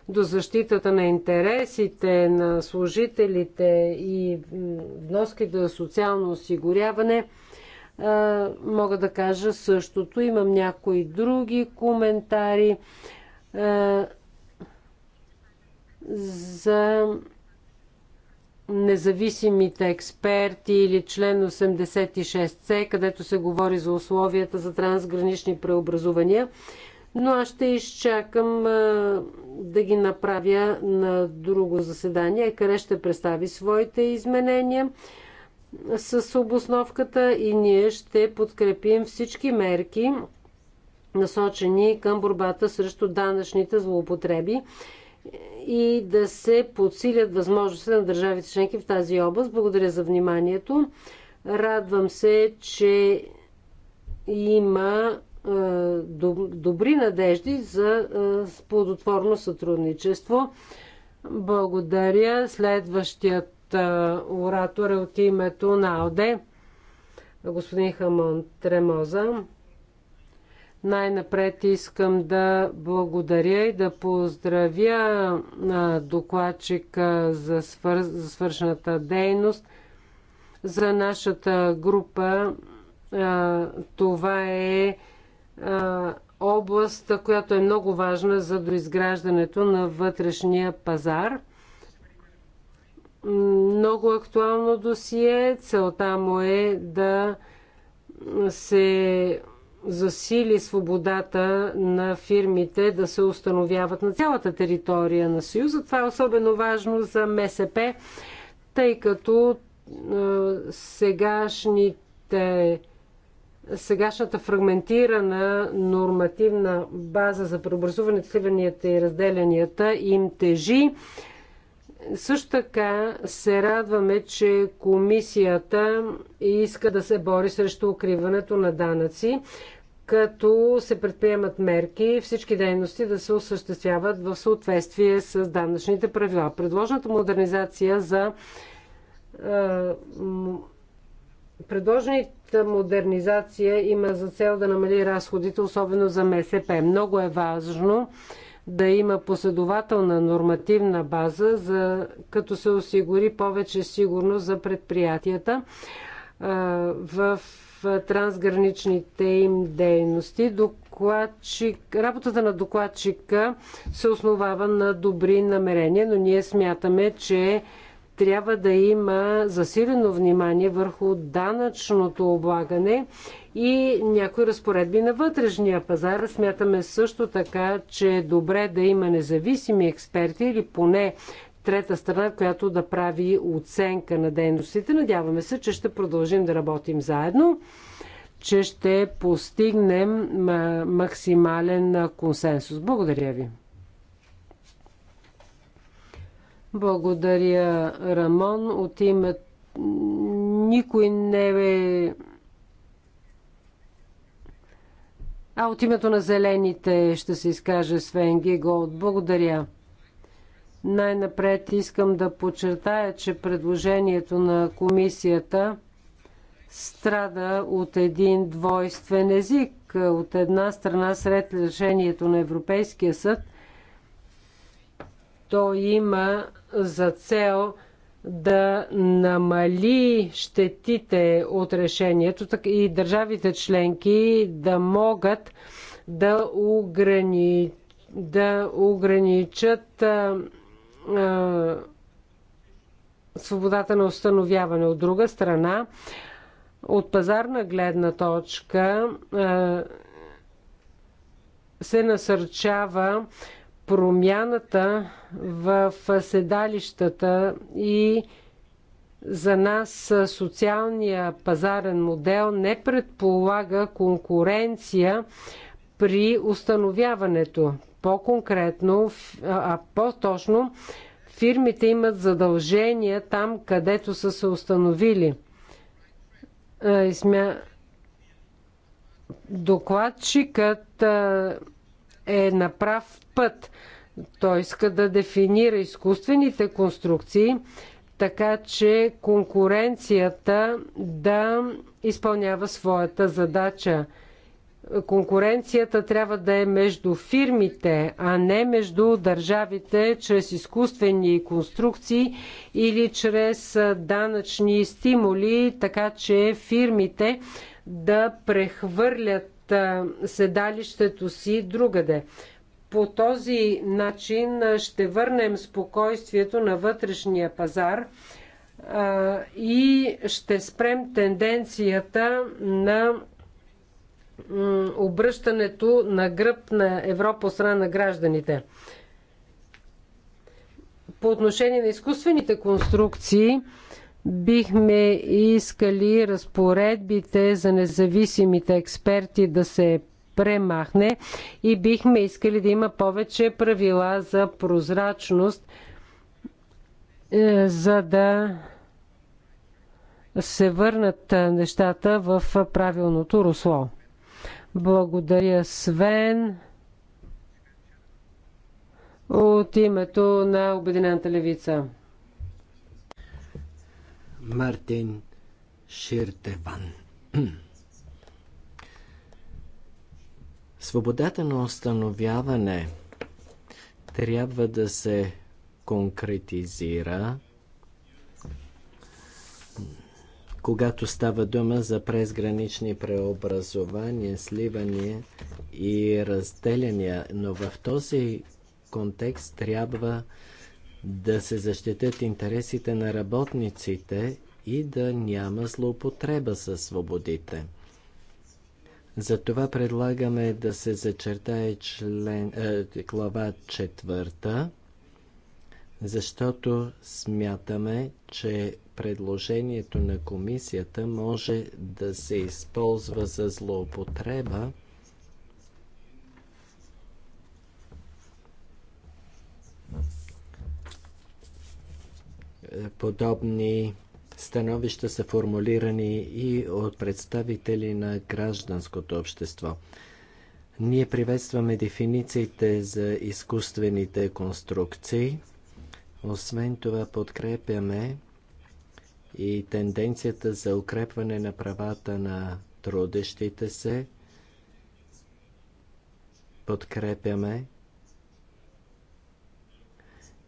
до защитата на интересите на служителите и вноски за социално осигуряване, мога да кажа същото. Имам някои други коментари за независимите експерти или член 86C, където се говори за условията за трансгранични преобразувания. Но аз ще изчакам а, да ги направя на друго заседание, къде ще представи своите изменения с обосновката и ние ще подкрепим всички мерки, насочени към борбата срещу данъчните злоупотреби и да се подсилят възможностите на държавите членки в тази област. Благодаря за вниманието. Радвам се, че има добри надежди за плодотворно сътрудничество. Благодаря. Следващият оратор е от името на АОДЕ, господин Хамон Тремоза. Най-напред искам да благодаря и да поздравя докладчика за, свър... за свършената дейност. За нашата група това е област, която е много важна за доизграждането на вътрешния пазар. Много актуално досие. Целта му е да се засили свободата на фирмите да се установяват на цялата територия на Съюза. Това е особено важно за МСП, тъй като сегашните сегашната фрагментирана нормативна база за преобразуването, сливанията и разделянията им тежи. Също така се радваме, че комисията иска да се бори срещу укриването на данъци, като се предприемат мерки всички дейности да се осъществяват в съответствие с данъчните правила. Предложената модернизация за Предложената модернизация има за цел да намали разходите, особено за МСП. Много е важно да има последователна нормативна база, за, като се осигури повече сигурност за предприятията в трансграничните им дейности. Докладчик, работата на докладчика се основава на добри намерения, но ние смятаме, че трябва да има засилено внимание върху данъчното облагане и някои разпоредби на вътрешния пазар. Смятаме също така, че е добре да има независими експерти или поне трета страна, която да прави оценка на дейностите. Надяваме се, че ще продължим да работим заедно, че ще постигнем максимален консенсус. Благодаря ви. Благодаря, Рамон. От името никой не е... А от името на зелените ще се изкаже Свен Голд. Благодаря. Най-напред искам да подчертая, че предложението на комисията страда от един двойствен език. От една страна сред решението на Европейския съд, то има за цел да намали щетите от решението и държавите членки да могат да, ограни... да ограничат а, а, свободата на установяване. От друга страна, от пазарна гледна точка а, се насърчава промяната в седалищата и за нас социалния пазарен модел не предполага конкуренция при установяването. По-конкретно, а по-точно, фирмите имат задължения там, където са се установили. Докладчикът е на прав път. Той иска да дефинира изкуствените конструкции, така че конкуренцията да изпълнява своята задача. Конкуренцията трябва да е между фирмите, а не между държавите чрез изкуствени конструкции или чрез данъчни стимули, така че фирмите да прехвърлят седалището си другаде. По този начин ще върнем спокойствието на вътрешния пазар и ще спрем тенденцията на обръщането на гръб на Европа страна на гражданите. По отношение на изкуствените конструкции, бихме искали разпоредбите за независимите експерти да се премахне и бихме искали да има повече правила за прозрачност, е, за да се върнат е, нещата в правилното русло. Благодаря, Свен. От името на Обединената левица. Мартин Ширтеван. Свободата на установяване трябва да се конкретизира, когато става дума за презгранични преобразования, сливания и разделяния, но в този контекст трябва да се защитят интересите на работниците и да няма злоупотреба със свободите. Затова предлагаме да се зачертае член, е, глава четвърта, защото смятаме, че предложението на комисията може да се използва за злоупотреба подобни становища са формулирани и от представители на гражданското общество. Ние приветстваме дефинициите за изкуствените конструкции. Освен това подкрепяме и тенденцията за укрепване на правата на трудещите се. Подкрепяме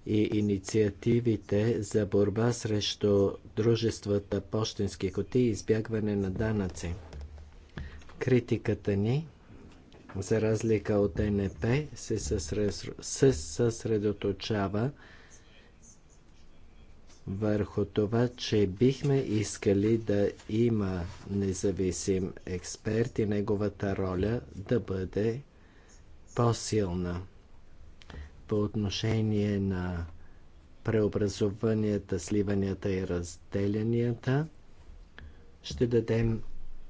и инициативите за борба срещу дружествата пощенски кутии и избягване на данъци. Критиката ни, за разлика от НП, се, съсред... се съсредоточава върху това, че бихме искали да има независим експерт и неговата роля да бъде по-силна по отношение на преобразуванията, сливанията и разделянията, ще дадем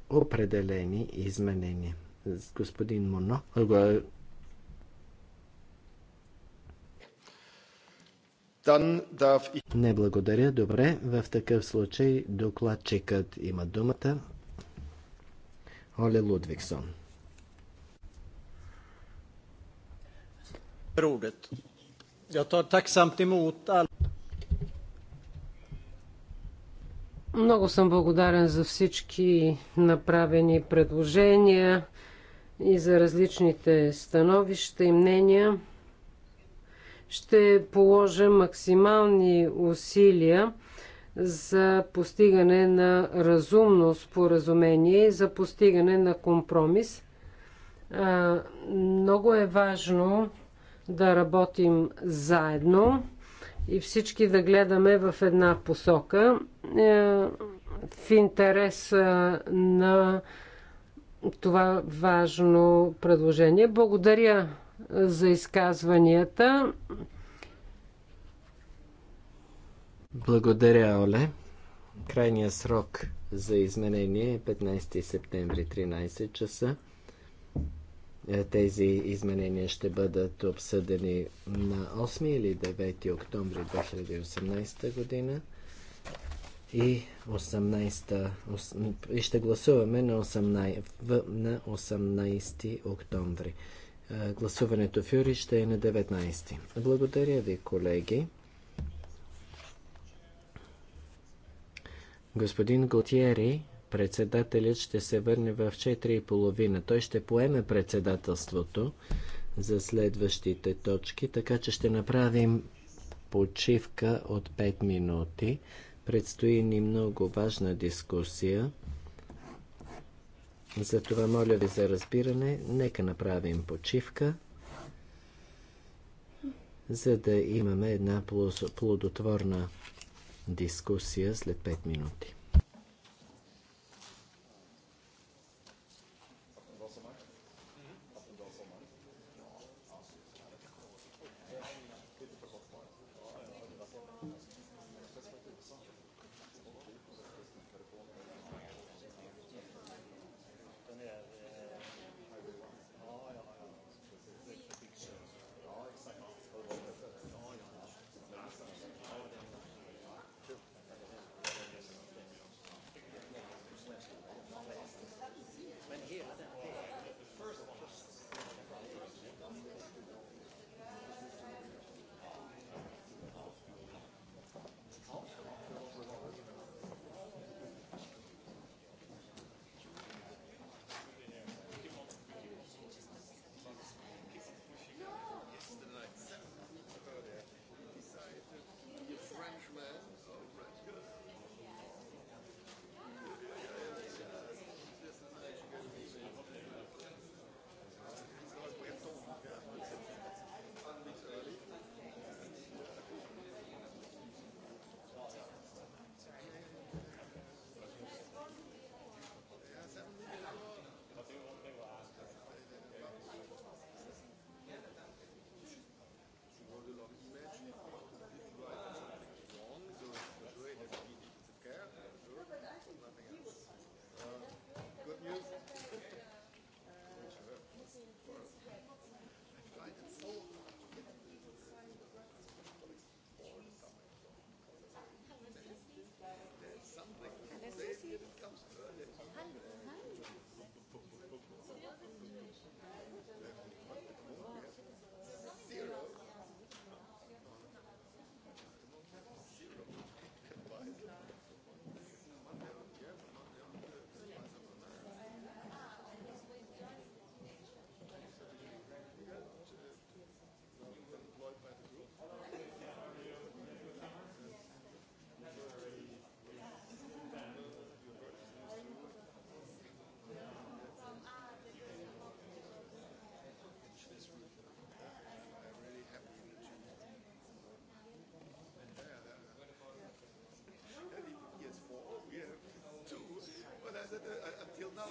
определени изменения. Господин Моно, Не благодаря. Добре, в такъв случай докладчикът има думата. Оле Лудвиксон. Много съм благодарен за всички направени предложения и за различните становища и мнения. Ще положа максимални усилия за постигане на разумно споразумение и за постигане на компромис. Много е важно да работим заедно и всички да гледаме в една посока е, в интерес е, на това важно предложение. Благодаря е, за изказванията. Благодаря, Оле. Крайният срок за изменение е 15 септември 13 часа. Е, тези изменения ще бъдат обсъдени на 8 или 9 октомври 2018 година и 18, и ще гласуваме на 18, в, на 18 октомври. Е, гласуването в Юри ще е на 19. Благодаря ви, колеги. Господин Готиери, Председателят ще се върне в 4.30. Той ще поеме председателството за следващите точки, така че ще направим почивка от 5 минути. Предстои ни много важна дискусия. Затова моля ви за разбиране. Нека направим почивка, за да имаме една плодотворна дискусия след 5 минути.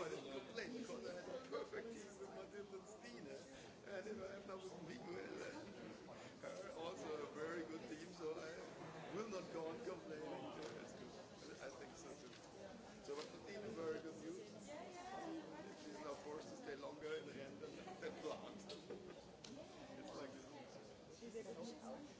but it's complete because I had perfect team with Matilda and Stine. And if I have now with Miguel also a very good team, so I will not go on complaining. It's good. I think so too. So, but the team is very good news. She's now forced to stay longer in Rennes than planned. it's like this.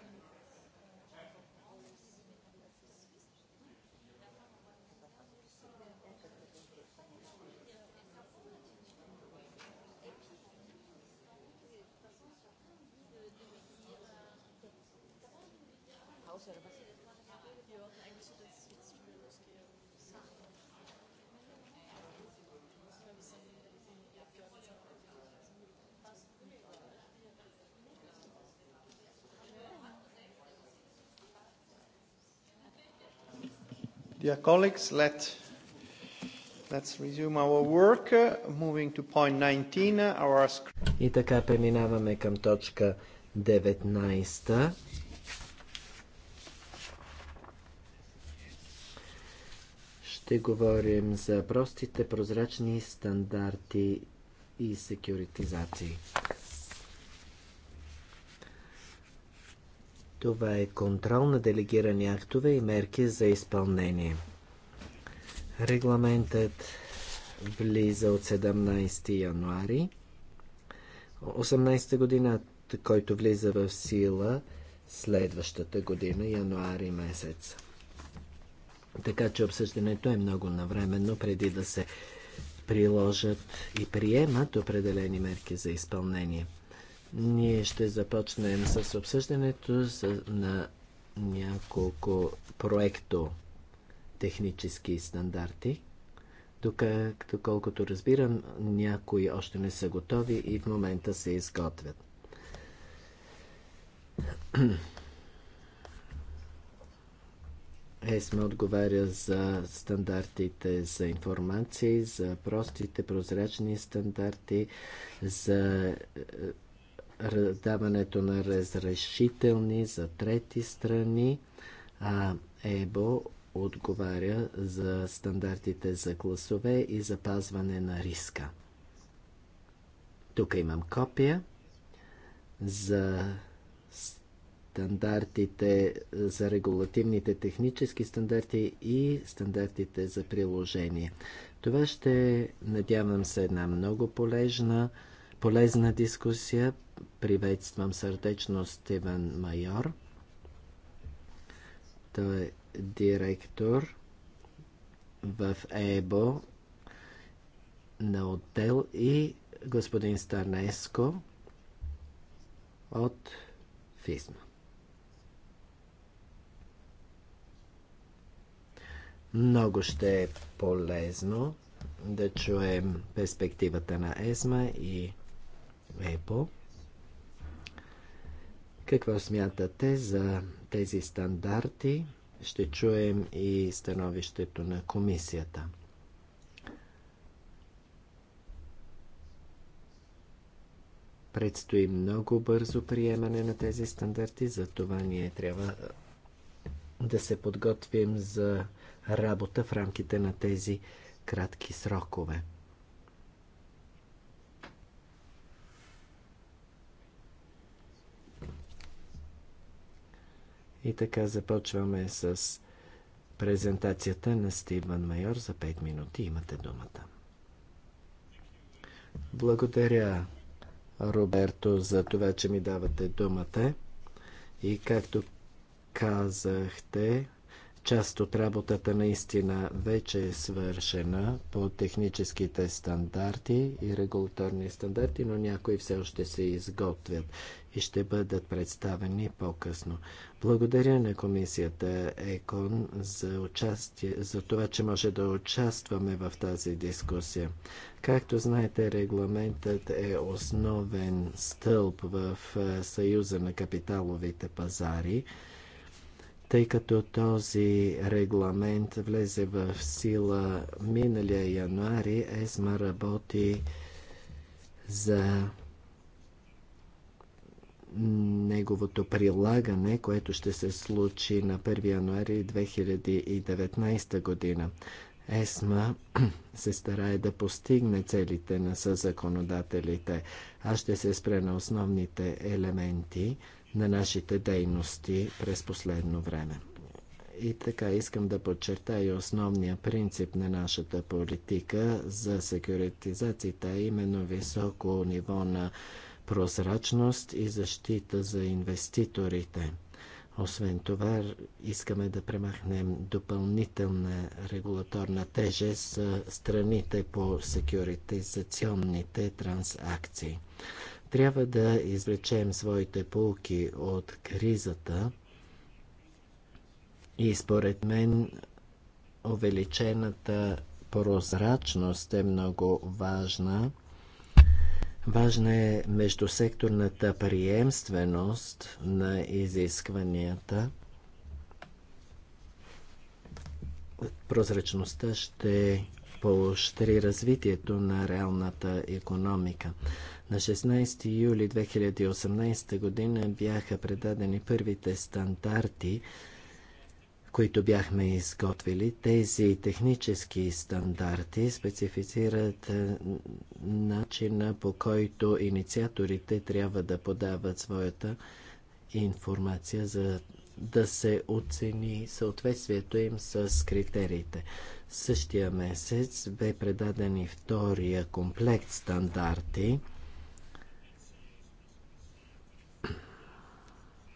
Dear colleagues, let, let's resume our work, moving to point 19, our... И така преминаваме към точка 19. Ще говорим за простите прозрачни стандарти и секюритизации. Това е контрол на делегирани актове и мерки за изпълнение. Регламентът влиза от 17 януари. 18 година, който влиза в сила следващата година, януари месец. Така че обсъждането е много навременно преди да се приложат и приемат определени мерки за изпълнение. Ние ще започнем с обсъждането на няколко проекто технически стандарти. Докато, колкото разбирам, някои още не са готови и в момента се изготвят. ЕСМА отговаря за стандартите за информации, за простите прозрачни стандарти, за е, даването на разрешителни за трети страни, а ЕБО отговаря за стандартите за класове и запазване на риска. Тук имам копия за стандартите за регулативните технически стандарти и стандартите за приложение. Това ще, надявам се, една много полезна, полезна дискусия. Приветствам сърдечно Стивен Майор. Той е директор в ЕБО на отдел и господин Старнеско от ФИСМА. Много ще е полезно да чуем перспективата на ЕСМА и ЕПО. Какво смятате за тези стандарти? Ще чуем и становището на комисията. Предстои много бързо приемане на тези стандарти, за това ние трябва да се подготвим за работа в рамките на тези кратки срокове. И така започваме с презентацията на Стивен Майор за 5 минути. Имате думата. Благодаря, Роберто, за това, че ми давате думата. И както казахте, част от работата наистина вече е свършена по техническите стандарти и регулаторни стандарти, но някои все още се изготвят и ще бъдат представени по-късно. Благодаря на комисията ЕКОН за, участие, за това, че може да участваме в тази дискусия. Както знаете, регламентът е основен стълб в е, Съюза на капиталовите пазари тъй като този регламент влезе в сила миналия януари, ЕСМА работи за неговото прилагане, което ще се случи на 1 януари 2019 година. ЕСМА се старае да постигне целите на съзаконодателите. Аз ще се спре на основните елементи на нашите дейности през последно време. И така искам да подчертая основния принцип на нашата политика за секюритизацията, именно високо ниво на прозрачност и защита за инвеститорите. Освен това, искаме да премахнем допълнителна регулаторна тежест за страните по секюритизационните трансакции. Трябва да извлечем своите полки от кризата и според мен увеличената прозрачност е много важна Важна е междусекторната приемственост на изискванията. Прозрачността ще поощри развитието на реалната економика. На 16 юли 2018 година бяха предадени първите стандарти които бяхме изготвили. Тези технически стандарти специфицират е, начина по който инициаторите трябва да подават своята информация за да се оцени съответствието им с критериите. Същия месец бе предаден и втория комплект стандарти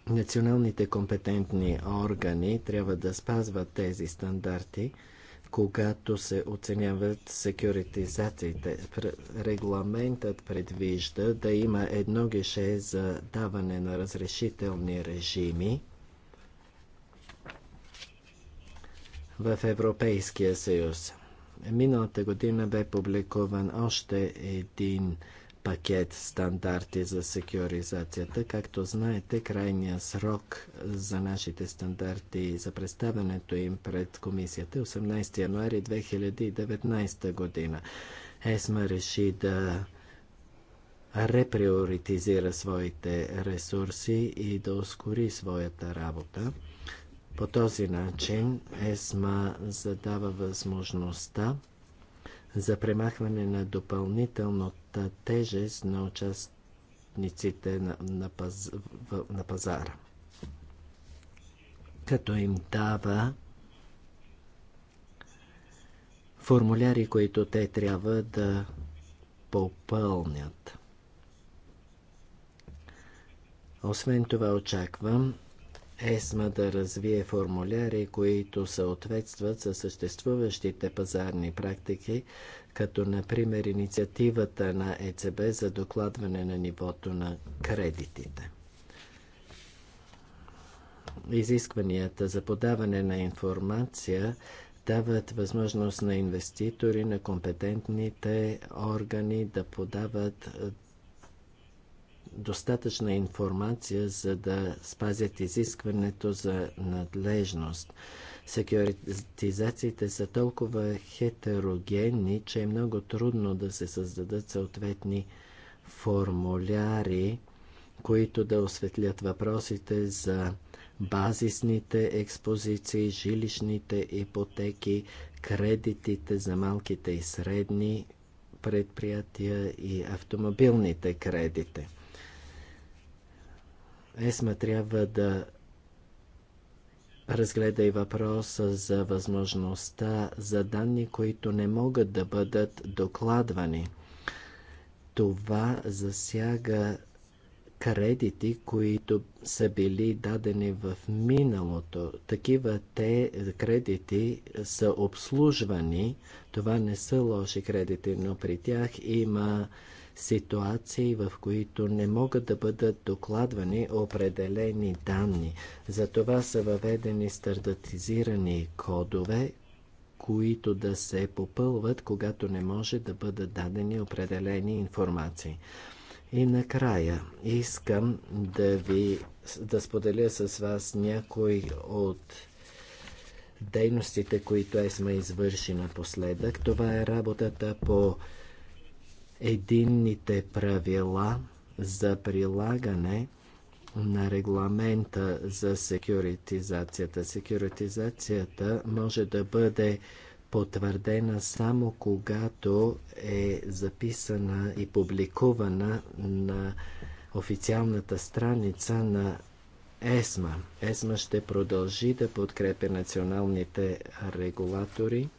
националните компетентни органи трябва да спазват тези стандарти, когато се оценяват секюритизациите. Регламентът предвижда да има едно геше за даване на разрешителни режими в Европейския съюз. Миналата година бе публикуван още един пакет стандарти за секюризацията. Както знаете, крайният срок за нашите стандарти и за представянето им пред комисията е 18 януари 2019 година. ЕСМА реши да реприоритизира своите ресурси и да ускори своята работа. По този начин ЕСМА задава възможността за премахване на допълнително данъчната тежест на участниците на, на, паз, в, на пазара, като им дава формуляри, които те трябва да попълнят. Освен това очаквам ЕСМА да развие формуляри, които съответстват със съществуващите пазарни практики, като например инициативата на ЕЦБ за докладване на нивото на кредитите. Изискванията за подаване на информация дават възможност на инвеститори, на компетентните органи да подават достатъчна информация, за да спазят изискването за надлежност. Секюритизациите са толкова хетерогенни, че е много трудно да се създадат съответни формуляри, които да осветлят въпросите за базисните експозиции, жилищните ипотеки, кредитите за малките и средни предприятия и автомобилните кредити. ЕСМА трябва да разгледа и въпроса за възможността за данни, които не могат да бъдат докладвани. Това засяга кредити, които са били дадени в миналото. Такива те кредити са обслужвани. Това не са лоши кредити, но при тях има ситуации, в които не могат да бъдат докладвани определени данни. Затова са въведени стандартизирани кодове, които да се попълват, когато не може да бъдат дадени определени информации. И накрая искам да ви да споделя с вас някои от дейностите, които е сме извърши напоследък. Това е работата по единните правила за прилагане на регламента за секюритизацията. Секюритизацията може да бъде потвърдена само когато е записана и публикувана на официалната страница на ЕСМА. ЕСМА ще продължи да подкрепя националните регулатори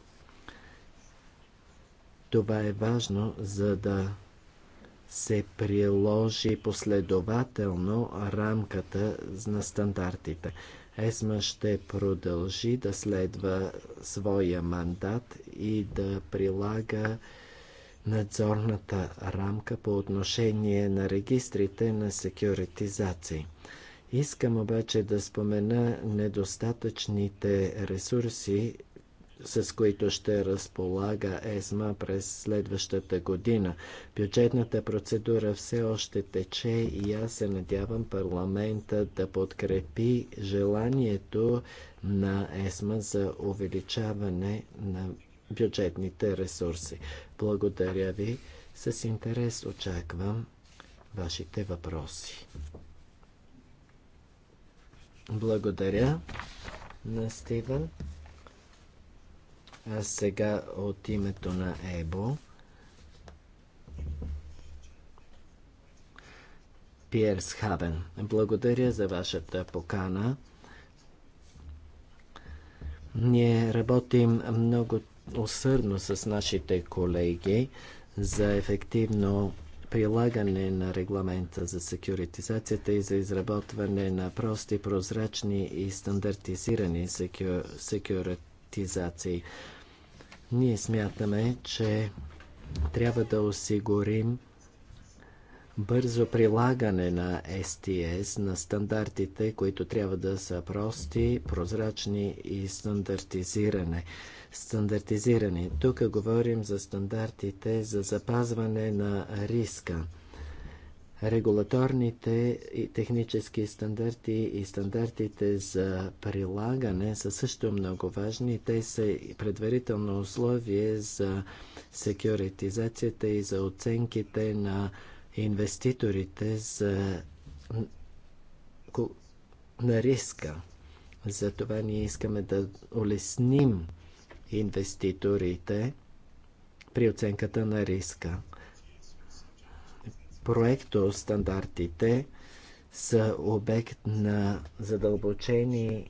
това е важно, за да се приложи последователно рамката на стандартите. ЕСМА ще продължи да следва своя мандат и да прилага надзорната рамка по отношение на регистрите на секюритизации. Искам обаче да спомена недостатъчните ресурси с които ще разполага ЕСМА през следващата година. Бюджетната процедура все още тече и аз се надявам парламента да подкрепи желанието на ЕСМА за увеличаване на бюджетните ресурси. Благодаря ви. С интерес очаквам вашите въпроси. Благодаря на Стивен. А сега от името на ЕБО. Пиерс Хабен. Благодаря за вашата покана. Ние работим много усърдно с нашите колеги за ефективно прилагане на регламента за секюритизацията и за изработване на прости, прозрачни и стандартизирани секю... секюритизации. Ние смятаме, че трябва да осигурим бързо прилагане на STS, на стандартите, които трябва да са прости, прозрачни и стандартизиране. стандартизирани. Тук говорим за стандартите за запазване на риска регулаторните и технически стандарти и стандартите за прилагане са също много важни. Те са предварително условие за секюритизацията и за оценките на инвеститорите за, на риска. Затова ние искаме да улесним инвеститорите при оценката на риска проекто стандартите са обект на задълбочени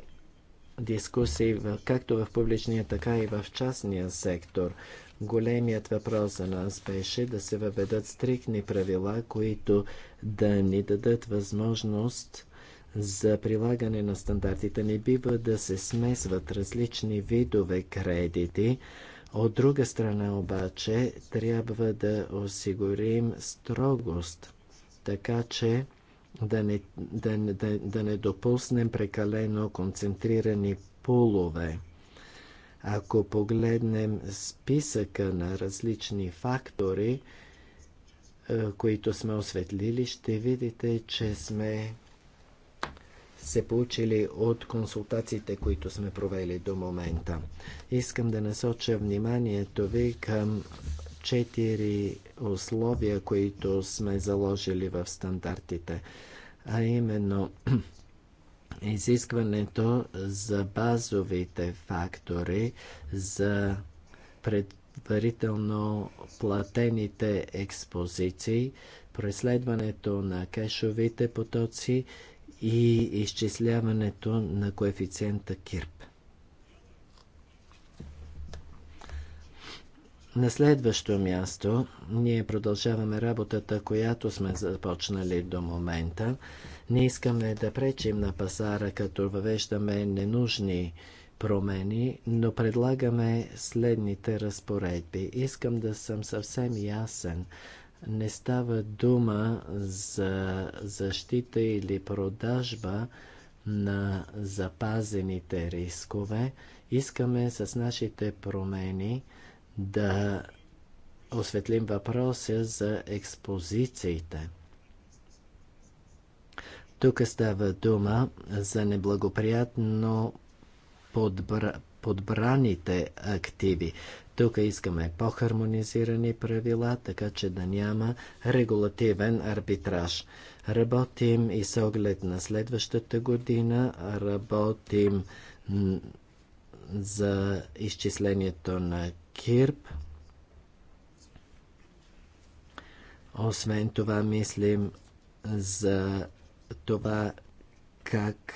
дискусии както в публичния, така и в частния сектор. Големият въпрос за нас беше да се въведат стриктни правила, които да ни дадат възможност за прилагане на стандартите. Не бива да се смесват различни видове кредити, от друга страна обаче трябва да осигурим строгост, така че да не, да, да, да не допуснем прекалено концентрирани полове. Ако погледнем списъка на различни фактори, е, които сме осветлили, ще видите, че сме се получили от консултациите, които сме провели до момента. Искам да насоча вниманието ви към четири условия, които сме заложили в стандартите, а именно изискването за базовите фактори за предварително платените експозиции, преследването на кешовите потоци и изчисляването на коефициента КИРП. На следващо място ние продължаваме работата, която сме започнали до момента. Не искаме да пречим на пазара, като въвеждаме ненужни промени, но предлагаме следните разпоредби. Искам да съм съвсем ясен не става дума за защита или продажба на запазените рискове. Искаме с нашите промени да осветлим въпроса за експозициите. Тук става дума за неблагоприятно подбра... подбраните активи. Тук искаме по-хармонизирани правила, така че да няма регулативен арбитраж. Работим и с оглед на следващата година, работим за изчислението на КИРП. Освен това, мислим за това как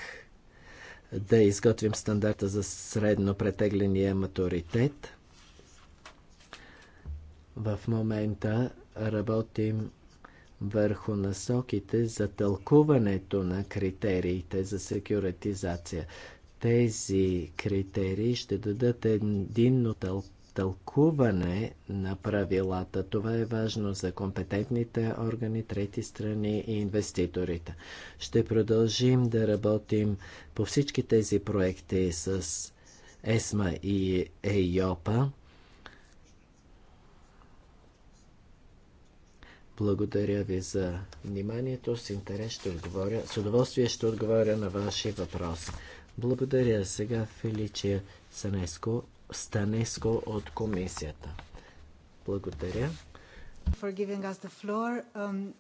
да изготвим стандарта за средно претегления матуритет – в момента работим върху насоките за тълкуването на критериите за секюритизация. Тези критерии ще дадат единно тълкуване тълкуване на правилата. Това е важно за компетентните органи, трети страни и инвеститорите. Ще продължим да работим по всички тези проекти с ЕСМА и ЕЙОПА. Благодаря ви за вниманието. С интерес ще отговоря. С удоволствие ще отговоря на ваши въпрос. Благодаря сега Феличия Санеско, Станеско от комисията. Благодаря. For giving us the floor. Um,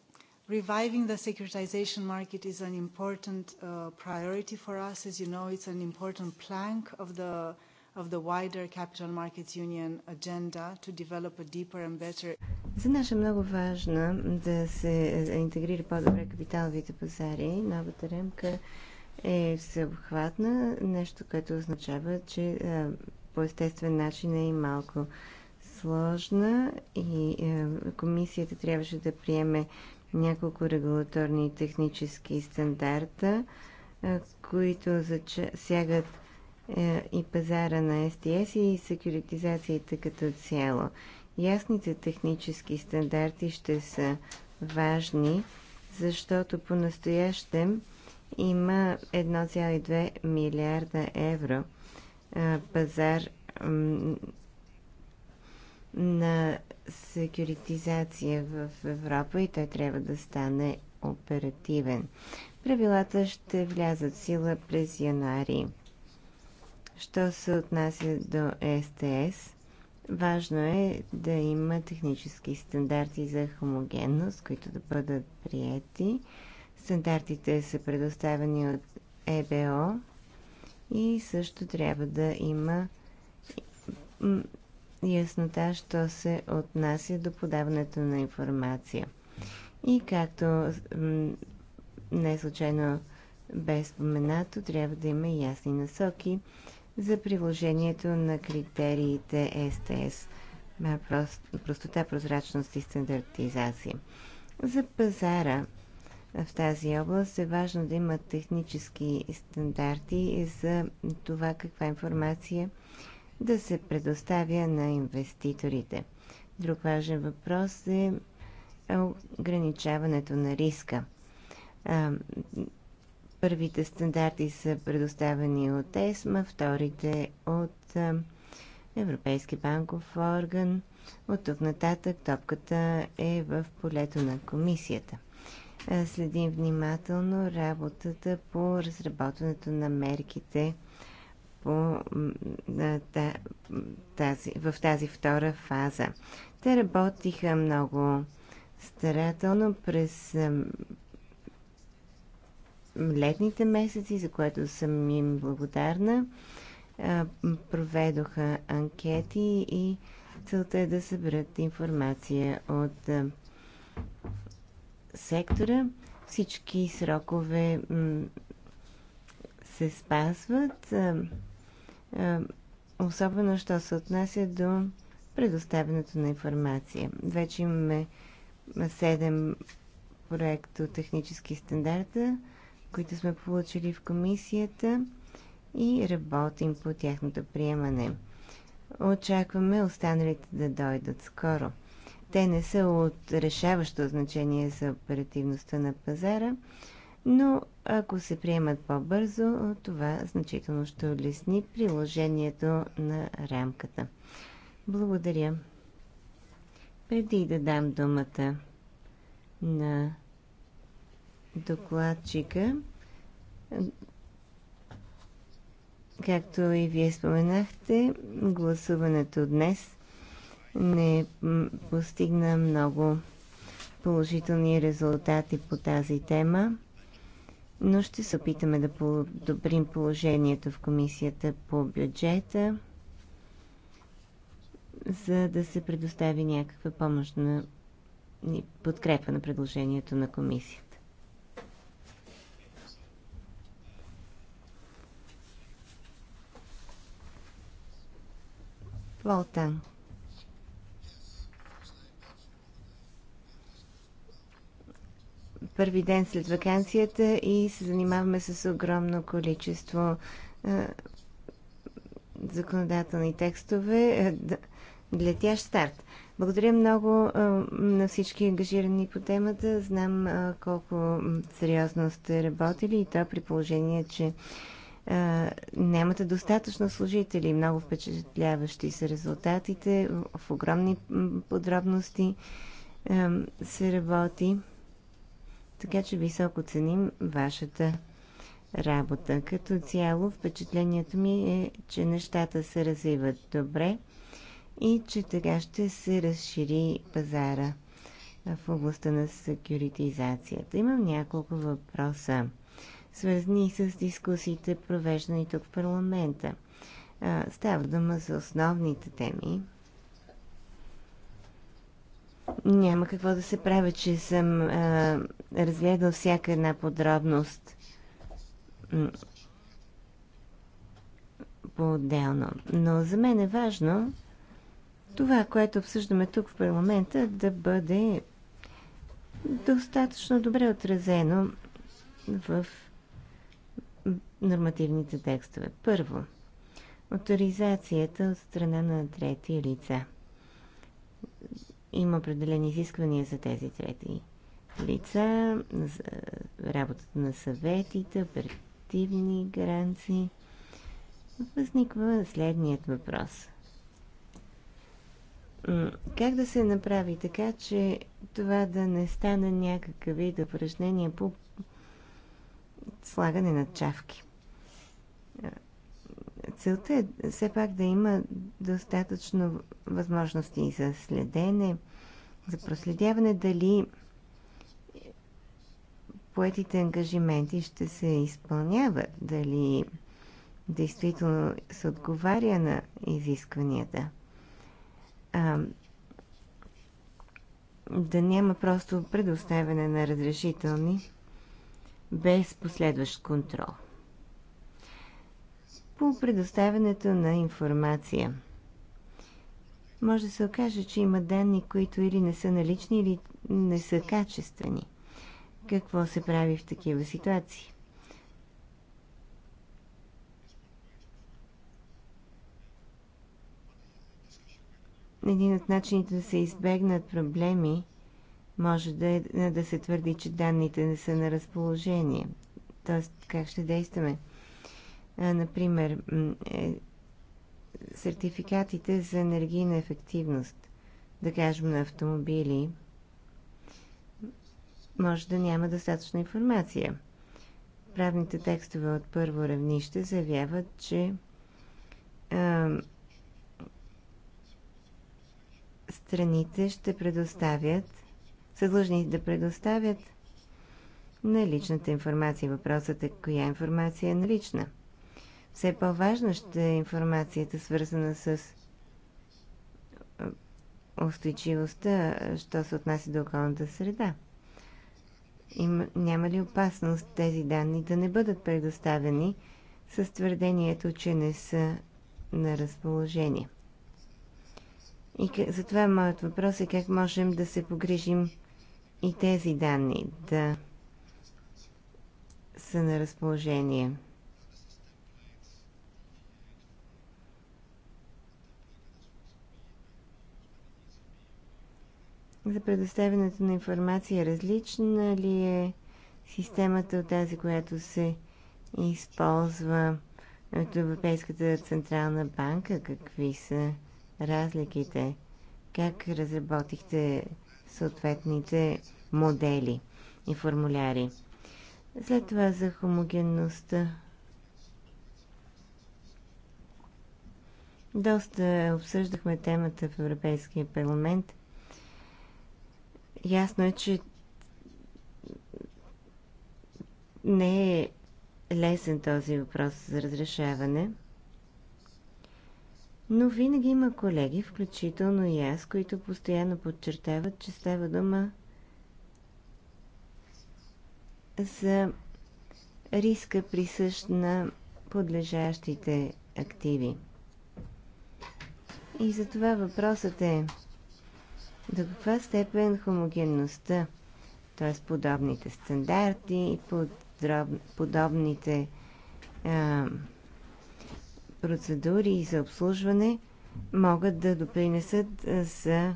reviving the securitization market is an important uh, priority for us. As you know, it's an important plank of the of the wider Capital Markets Union agenda to develop a deeper and better... За нас е много важно да се интегрира по-добре капиталовите пазари. Новата рамка е всеобхватна, нещо, което означава, че по естествен начин е и малко сложна и комисията трябваше да приеме няколко регулаторни и технически стандарта, които засягат е, и пазара на СТС и секюритизацията като цяло. Ясните технически стандарти ще са важни, защото по-настоящем има 1,2 милиарда евро пазар на секюритизация в Европа и той трябва да стане оперативен. Правилата ще влязат в сила през януари Що се отнася до СТС, важно е да има технически стандарти за хомогенност, които да бъдат приети. Стандартите са предоставени от ЕБО и също трябва да има яснота, що се отнася до подаването на информация. И както не случайно бе споменато, трябва да има ясни насоки за приложението на критериите СТС простота, прозрачност и стандартизация. За пазара в тази област е важно да има технически стандарти за това каква информация да се предоставя на инвеститорите. Друг важен въпрос е ограничаването на риска. Първите стандарти са предоставени от ЕСМА, вторите от Европейски банков орган. От тук нататък топката е в полето на комисията. Следим внимателно работата по разработването на мерките по, тази, в тази втора фаза. Те работиха много старателно през летните месеци, за което съм им благодарна. Проведоха анкети и целта е да съберат информация от сектора. Всички срокове се спазват, особено що се отнася до предоставянето на информация. Вече имаме 7 проекто технически стандарта, които сме получили в комисията и работим по тяхното приемане. Очакваме останалите да дойдат скоро. Те не са от решаващо значение за оперативността на пазара, но ако се приемат по-бързо, това значително ще улесни приложението на рамката. Благодаря. Преди да дам думата на докладчика. Както и вие споменахте, гласуването днес не постигна много положителни резултати по тази тема, но ще се опитаме да подобрим положението в комисията по бюджета, за да се предостави някаква помощ на подкрепа на предложението на комисия. Волтан. Първи ден след вакансията и се занимаваме с огромно количество е, законодателни текстове. Е, летящ старт. Благодаря много е, на всички ангажирани по темата. Знам е, колко сериозно сте работили и то при положение, че нямате достатъчно служители. Много впечатляващи са резултатите, в огромни подробности се работи. Така че високо ценим вашата работа. Като цяло впечатлението ми е, че нещата се развиват добре и че така ще се разшири пазара в областта на секюритизацията. Имам няколко въпроса свързани с дискусиите, провеждани тук в парламента. Става дума за основните теми. Няма какво да се правя, че съм а, разгледал всяка една подробност по-отделно. Но за мен е важно това, което обсъждаме тук в парламента, да бъде достатъчно добре отразено в нормативните текстове. Първо, авторизацията от страна на трети лица. Има определени изисквания за тези трети лица, за работата на съветите, оперативни гаранции. Възниква следният въпрос. Как да се направи така, че това да не стане някакъв вид упражнение по слагане на чавки. Целта е все пак да има достатъчно възможности за следене, за проследяване дали поетите ангажименти ще се изпълняват, дали действително се отговаря на изискванията. А, да няма просто предоставяне на разрешителни без последващ контрол. По предоставянето на информация. Може да се окаже, че има данни, които или не са налични, или не са качествени. Какво се прави в такива ситуации? един от начините да се избегнат проблеми може да, е, да се твърди, че данните не са на разположение. Тоест, как ще действаме? А, например, е, сертификатите за енергийна ефективност, да кажем на автомобили, може да няма достатъчна информация. Правните текстове от първо равнище заявяват, че а, страните ще предоставят са длъжни да предоставят наличната информация. Въпросът е коя информация е налична. Все по-важна ще е информацията, свързана с устойчивостта, що се отнася до околната среда. Им, няма ли опасност тези данни да не бъдат предоставени с твърдението, че не са на разположение? И затова моят въпрос е как можем да се погрижим и тези данни да са на разположение. За предоставянето на информация различна ли е системата от тази, която се използва от Европейската централна банка? Какви са разликите? Как разработихте съответните модели и формуляри. След това за хомогенността. Доста обсъждахме темата в Европейския парламент. Ясно е, че не е лесен този въпрос за разрешаване. Но винаги има колеги, включително и аз, които постоянно подчертават, че става дума за риска присъщ на подлежащите активи. И затова въпросът е до каква степен хомогенността, т.е. подобните стандарти и подробните подобните а, процедури и за обслужване могат да допринесат за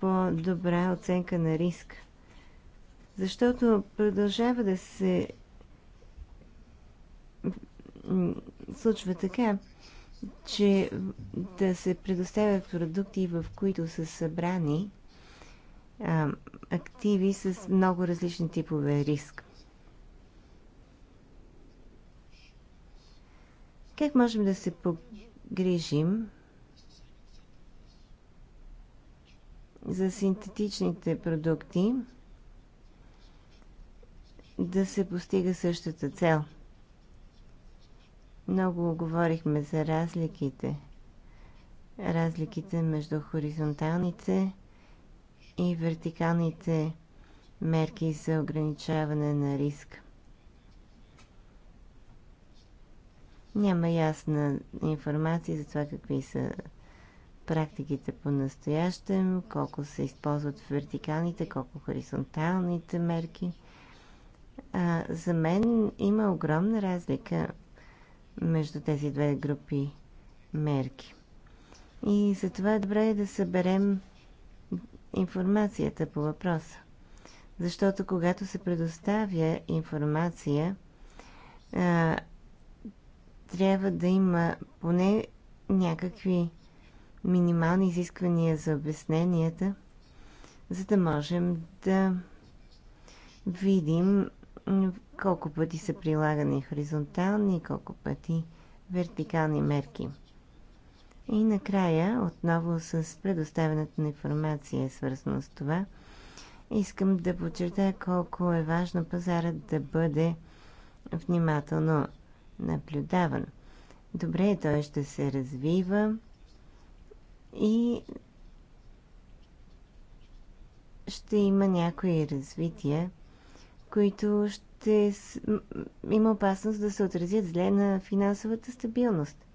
по-добра оценка на риск. Защото продължава да се случва така, че да се предоставят продукти, в които са събрани а, активи с много различни типове риск. Как можем да се погрижим за синтетичните продукти да се постига същата цел? Много говорихме за разликите. Разликите между хоризонталните и вертикалните мерки за ограничаване на риска. Няма ясна информация за това какви са практиките по настоящем, колко се използват вертикалните, колко хоризонталните мерки. А, за мен има огромна разлика между тези две групи мерки. И затова е добре да съберем информацията по въпроса. Защото когато се предоставя информация, а, трябва да има поне някакви минимални изисквания за обясненията, за да можем да видим колко пъти са прилагани хоризонтални и колко пъти вертикални мерки. И накрая, отново с предоставянето на информация, свързано с това, искам да подчертая колко е важно пазарът да бъде внимателно наблюдаван. Добре, той ще се развива и ще има някои развития, които ще има опасност да се отразят зле на финансовата стабилност.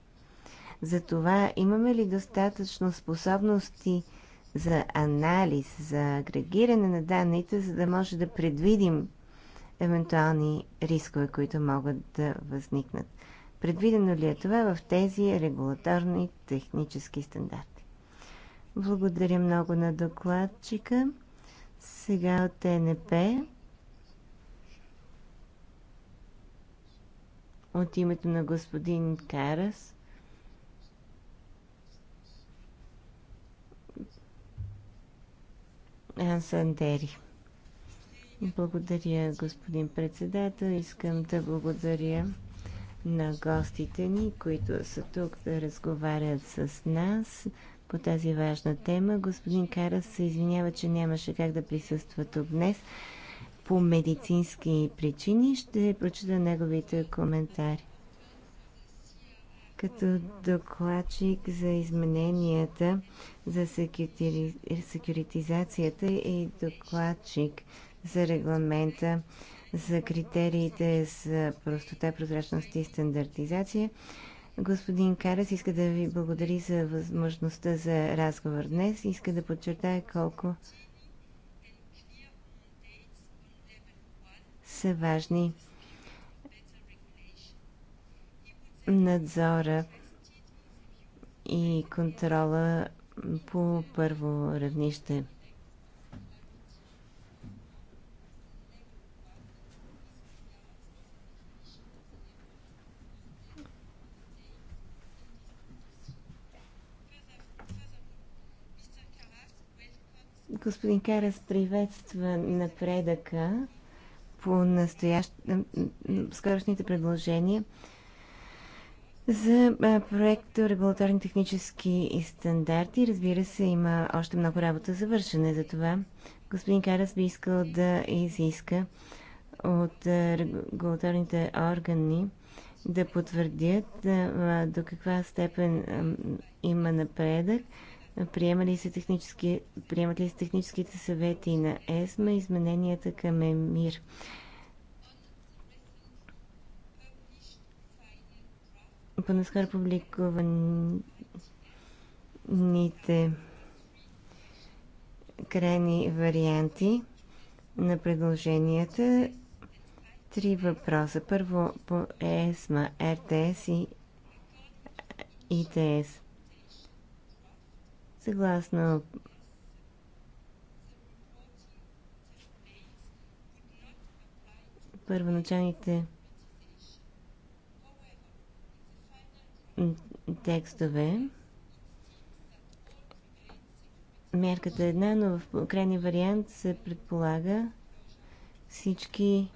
Затова имаме ли достатъчно способности за анализ, за агрегиране на данните, за да може да предвидим евентуални рискове, които могат да възникнат. Предвидено ли е това в тези регулаторни технически стандарти? Благодаря много на докладчика. Сега от ТНП. От името на господин Карас. Ансандери. Благодаря, господин председател. Искам да благодаря на гостите ни, които са тук да разговарят с нас по тази важна тема. Господин Карас се извинява, че нямаше как да присъства тук днес по медицински причини. Ще прочита неговите коментари. Като докладчик за измененията за секюритизацията и докладчик за регламента за критериите за простота, прозрачност и стандартизация. Господин Карас иска да ви благодари за възможността за разговор днес. Иска да подчертая колко са важни надзора и контрола по първо равнище. Господин Карас приветства напредъка по настоящ... скорошните предложения за проекто регулаторни технически стандарти. Разбира се, има още много работа за вършене за това. Господин Карас би искал да изиска от регулаторните органи да потвърдят до каква степен има напредък Приема ли се технически, приемат ли се техническите съвети на ЕСМА измененията към ЕМИР? Понаскоро публикуваните крайни варианти на предложенията. Три въпроса. Първо по ЕСМА, РТС и ИТС. Съгласно първоначалните текстове, Мерката е една, но в крайния вариант се предполага всички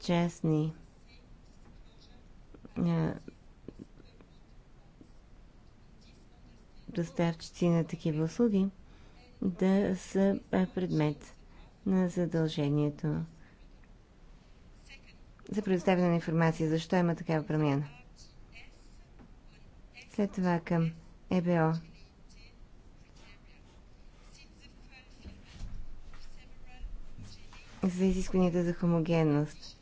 частни доставчици на такива услуги да са предмет на задължението за предоставяне на информация. Защо има такава промяна? След това към ЕБО. За изискванията за хомогенност.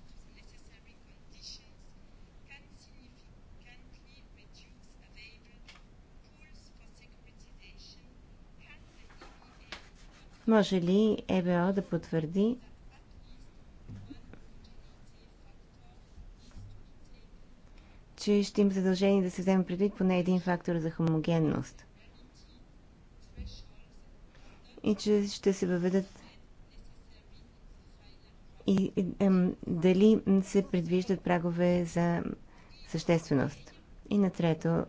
Може ли ЕБО да потвърди че ще им задължение да се вземе предвид поне един фактор за хомогенност. И че ще се въведат и ем, дали се предвиждат прагове за същественост. И на трето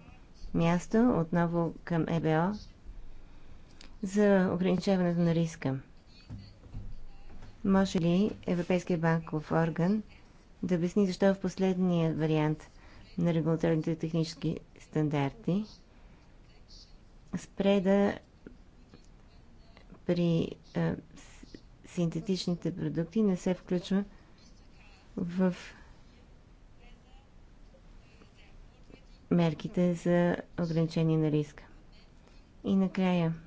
място, отново към ЕБО, за ограничаването на риска. Може ли Европейския банков орган да обясни защо в последния вариант на регулаторните технически стандарти спре да при а, синтетичните продукти не се включва в мерките за ограничение на риска. И накрая –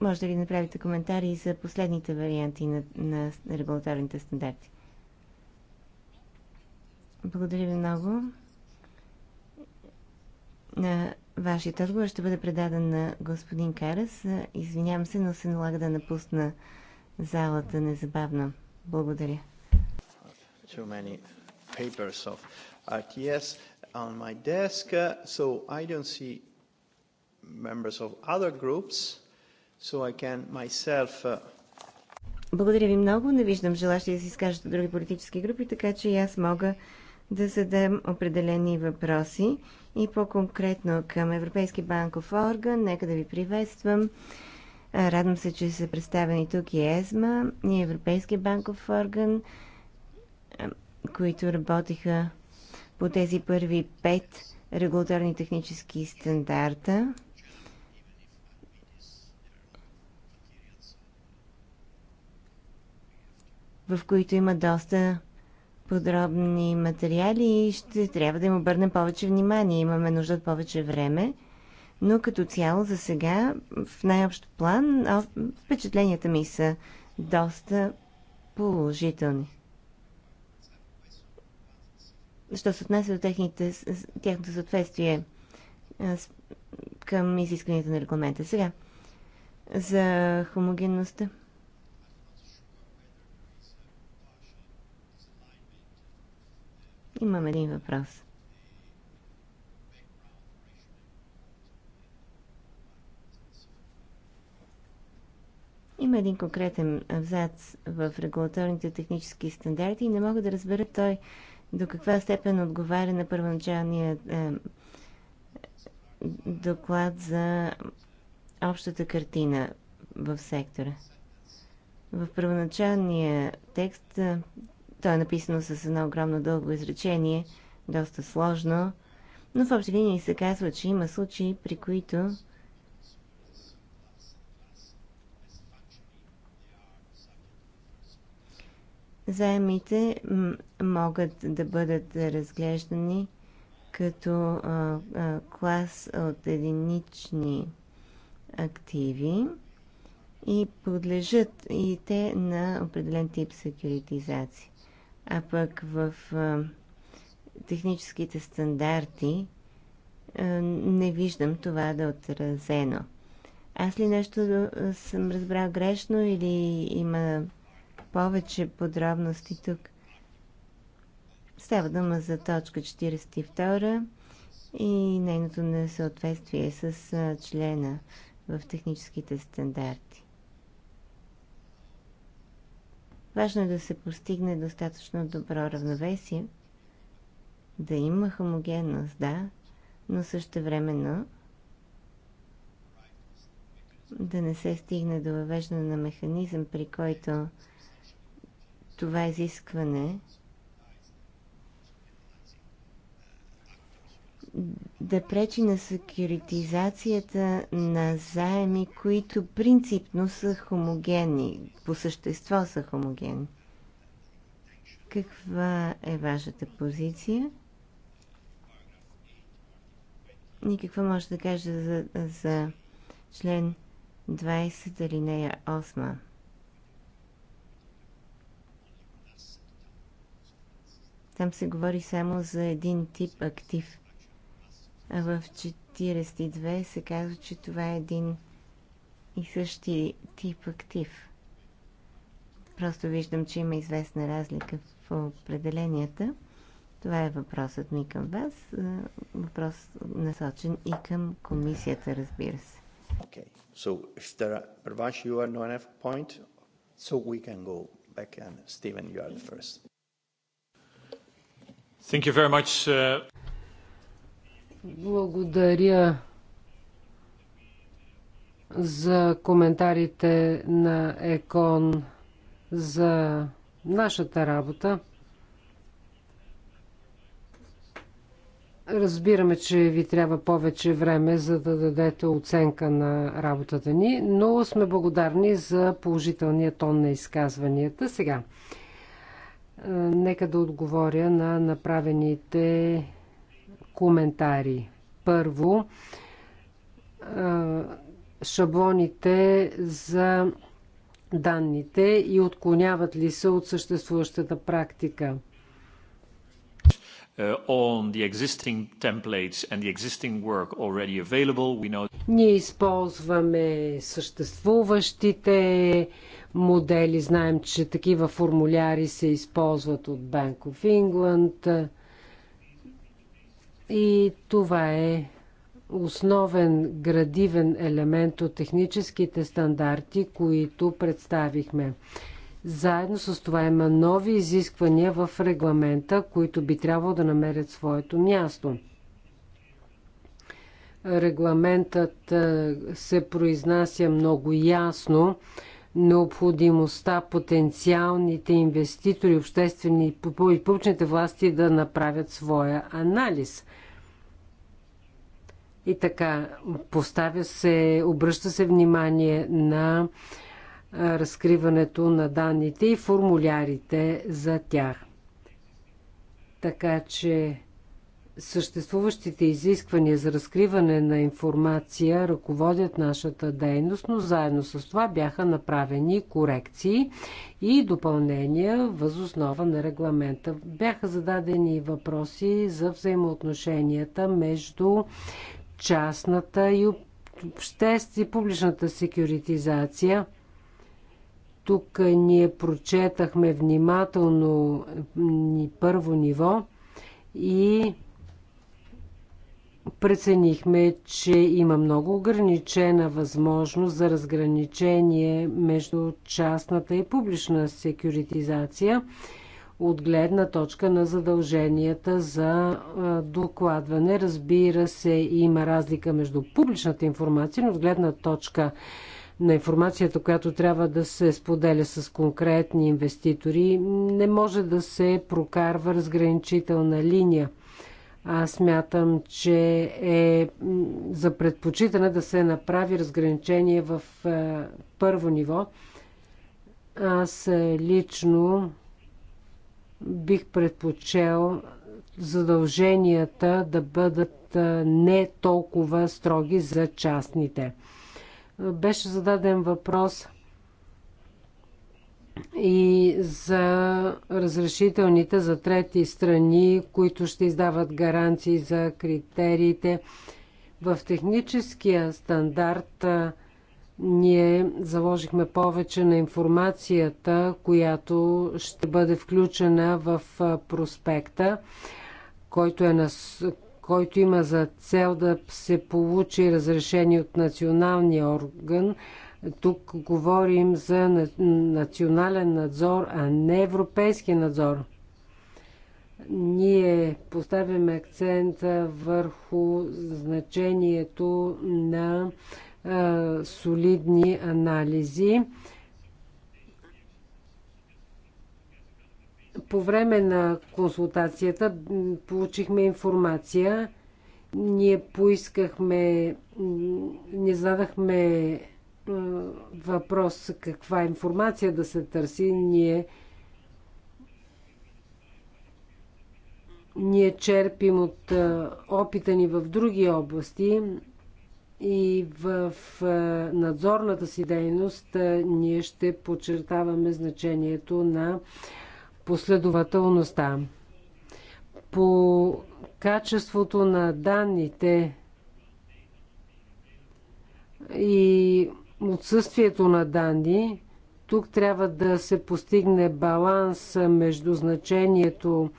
може да ви направите коментари за последните варианти на, на регулаторните стандарти. Благодаря ви много. На вашият отговор ще бъде предаден на господин Карас. Извинявам се, но се налага да напусна залата незабавно. Благодаря. Too many papers of RTS on my desk, uh, so I don't see members of other groups. So I can myself... Uh, Благодаря ви много. Не виждам желащи да се изкажат от други политически групи, така че и аз мога да задам определени въпроси и по-конкретно към Европейски банков орган. Нека да ви приветствам. Радвам се, че са представени тук и ЕСМА, и Европейския банков орган, които работиха по тези първи пет регулаторни технически стандарта. в които има доста подробни материали и ще трябва да им обърнем повече внимание. Имаме нужда от повече време, но като цяло за сега в най-общ план впечатленията ми са доста положителни. Що се отнася до техните, тяхното съответствие към изискванията на регламента. Сега, за хомогенността. Имам един въпрос. Има един конкретен абзац в регулаторните технически стандарти и не мога да разбера той до каква степен отговаря на първоначалния е, доклад за общата картина в сектора. В първоначалния текст е, то е написано с едно огромно дълго изречение, доста сложно, но в общи линии се казва, че има случаи, при които заемите могат да бъдат разглеждани като а, а, клас от единични активи и подлежат и те на определен тип секюритизация а пък в техническите стандарти не виждам това да е отразено. Аз ли нещо съм разбрал грешно или има повече подробности тук? Става дума за точка 42 и нейното несъответствие с члена в техническите стандарти. Важно е да се постигне достатъчно добро равновесие, да има хомогенност, да, но същевременно да не се стигне до въвеждане на механизъм, при който това изискване да пречи на секюритизацията на заеми, които принципно са хомогенни, по същество са хомогенни. Каква е вашата позиция? И какво може да кажа за, за член 20 алинея 8? Там се говори само за един тип актив – в 42 се казва, че това е един и същи тип актив. Просто виждам, че има известна разлика в определенията. Това е въпросът ми към вас. Е, въпрос насочен и към комисията, разбира се. Okay. So if there are, Ravash, you are not enough point, so we can go back and Stephen, you are the first. Thank you very much. Uh... Благодаря за коментарите на ЕКОН за нашата работа. Разбираме, че ви трябва повече време, за да дадете оценка на работата ни, но сме благодарни за положителния тон на изказванията. Сега, е, нека да отговоря на направените коментари. Първо, шаблоните за данните и отклоняват ли се от съществуващата практика. Uh, know... Ние използваме съществуващите модели. Знаем, че такива формуляри се използват от Bank of England. И това е основен градивен елемент от техническите стандарти, които представихме. Заедно с това има нови изисквания в регламента, които би трябвало да намерят своето място. Регламентът е, се произнася много ясно. Необходимостта потенциалните инвеститори, обществени и публичните власти да направят своя анализ – и така, поставя се, обръща се внимание на разкриването на данните и формулярите за тях. Така че съществуващите изисквания за разкриване на информация ръководят нашата дейност, но заедно с това бяха направени корекции и допълнения въз основа на регламента. Бяха зададени въпроси за взаимоотношенията между частната и обществена и публичната секюритизация. Тук ние прочетахме внимателно първо ниво и преценихме, че има много ограничена възможност за разграничение между частната и публична секюритизация от гледна точка на задълженията за докладване. Разбира се, има разлика между публичната информация, но от гледна точка на информацията, която трябва да се споделя с конкретни инвеститори, не може да се прокарва разграничителна линия. Аз смятам, че е за предпочитане да се направи разграничение в първо ниво. Аз лично бих предпочел задълженията да бъдат не толкова строги за частните. Беше зададен въпрос и за разрешителните за трети страни, които ще издават гаранции за критериите. В техническия стандарт ние заложихме повече на информацията, която ще бъде включена в проспекта, който, е на, който има за цел да се получи разрешение от националния орган. Тук говорим за национален надзор, а не европейски надзор ние поставяме акцента върху значението на е, солидни анализи. По време на консултацията получихме информация. Ние поискахме, не зададахме е, въпрос каква информация да се търси. Ние ние черпим от е, опита ни в други области и в надзорната си дейност ние ще подчертаваме значението на последователността. По качеството на данните и отсъствието на данни, тук трябва да се постигне баланс между значението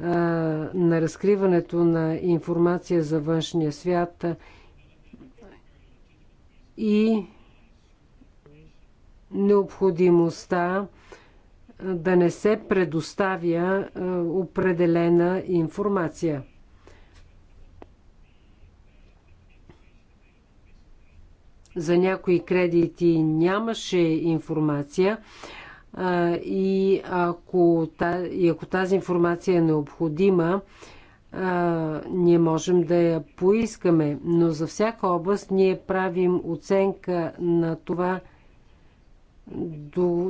на разкриването на информация за външния свят и необходимостта да не се предоставя определена информация. За някои кредити нямаше информация и ако, тази информация е необходима, а, ние можем да я поискаме, но за всяка област ние правим оценка на това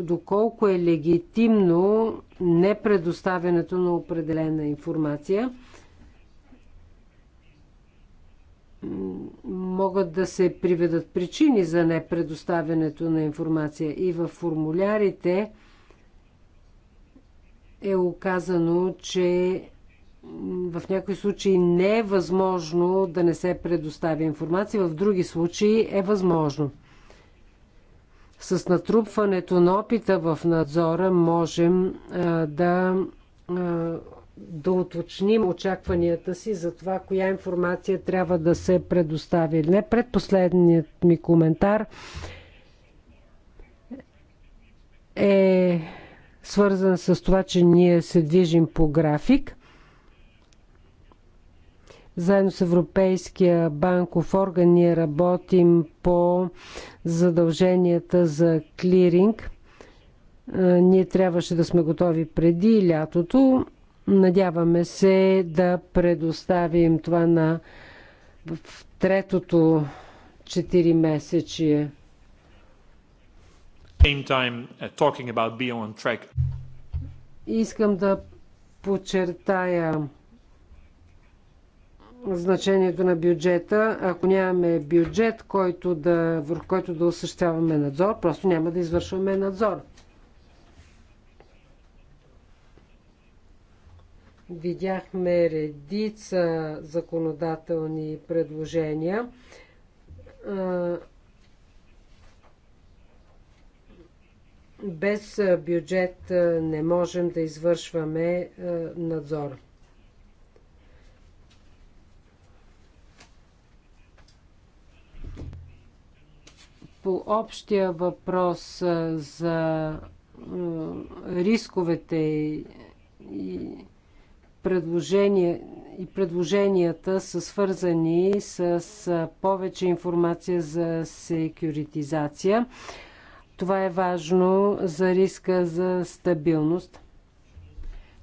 доколко е легитимно непредоставянето на определена информация. Могат да се приведат причини за непредоставянето на информация и в формулярите е оказано, че в някои случаи не е възможно да не се предоставя информация, в други случаи е възможно. С натрупването на опита в надзора можем да, да уточним очакванията си за това, коя информация трябва да се предостави не. Предпоследният ми коментар е свързан с това, че ние се движим по график – заедно с Европейския банков орган ние работим по задълженията за клиринг. Ние трябваше да сме готови преди лятото. Надяваме се да предоставим това на в третото 4 месечие. Uh, Искам да подчертая значението на бюджета. Ако нямаме бюджет, който да, върху който да осъществяваме надзор, просто няма да извършваме надзор. Видяхме редица законодателни предложения. Без бюджет не можем да извършваме надзор. По общия въпрос за рисковете и, предложения, и предложенията са свързани с повече информация за секюритизация. Това е важно за риска за стабилност.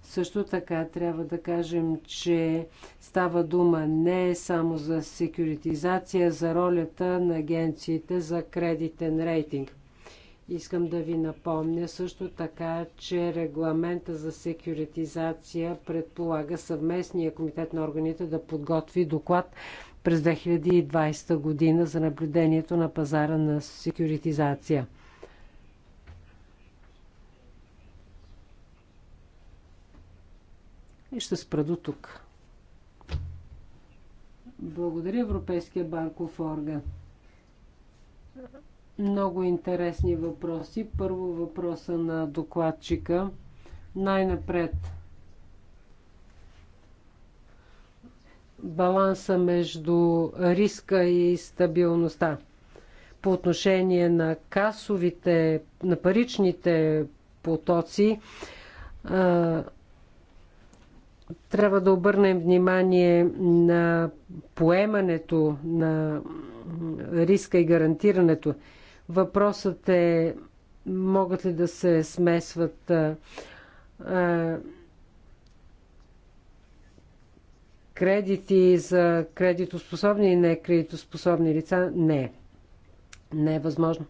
Също така трябва да кажем, че става дума не само за секюритизация, за ролята на агенциите за кредитен рейтинг. Искам да ви напомня също така, че регламента за секюритизация предполага съвместния комитет на органите да подготви доклад през 2020 година за наблюдението на пазара на секюритизация. И ще спра до тук. Благодаря Европейския банков орган. Много интересни въпроси. Първо въпроса на докладчика. Най-напред. Баланса между риска и стабилността. По отношение на касовите, на паричните потоци, трябва да обърнем внимание на поемането на риска и гарантирането. Въпросът е могат ли да се смесват а, а, кредити за кредитоспособни и не кредитоспособни лица? Не. Не е възможно.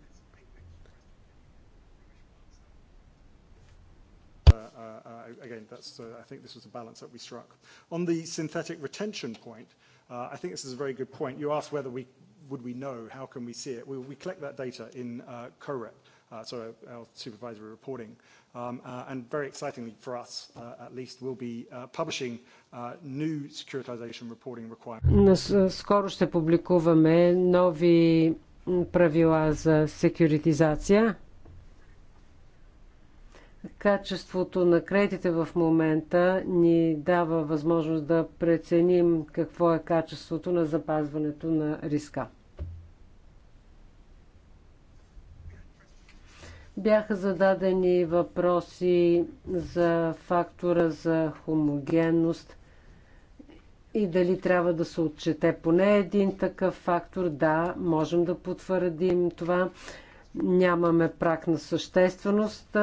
again, that's, uh, I think this was a balance that we struck. On the synthetic retention point, uh, I think this is a very good point. You asked whether we would we know, how can we see it? We, we collect that data in uh, CoRep, uh, so our supervisory reporting. Um, uh, and very excitingly for us, uh, at least, we'll be uh, publishing uh, new securitization reporting requirements. Скоро ще публикуваме нови правила за секюритизация. Качеството на кредитите в момента ни дава възможност да преценим какво е качеството на запазването на риска. Бяха зададени въпроси за фактора за хомогенност и дали трябва да се отчете поне един такъв фактор. Да, можем да потвърдим това. Нямаме прак на същественост.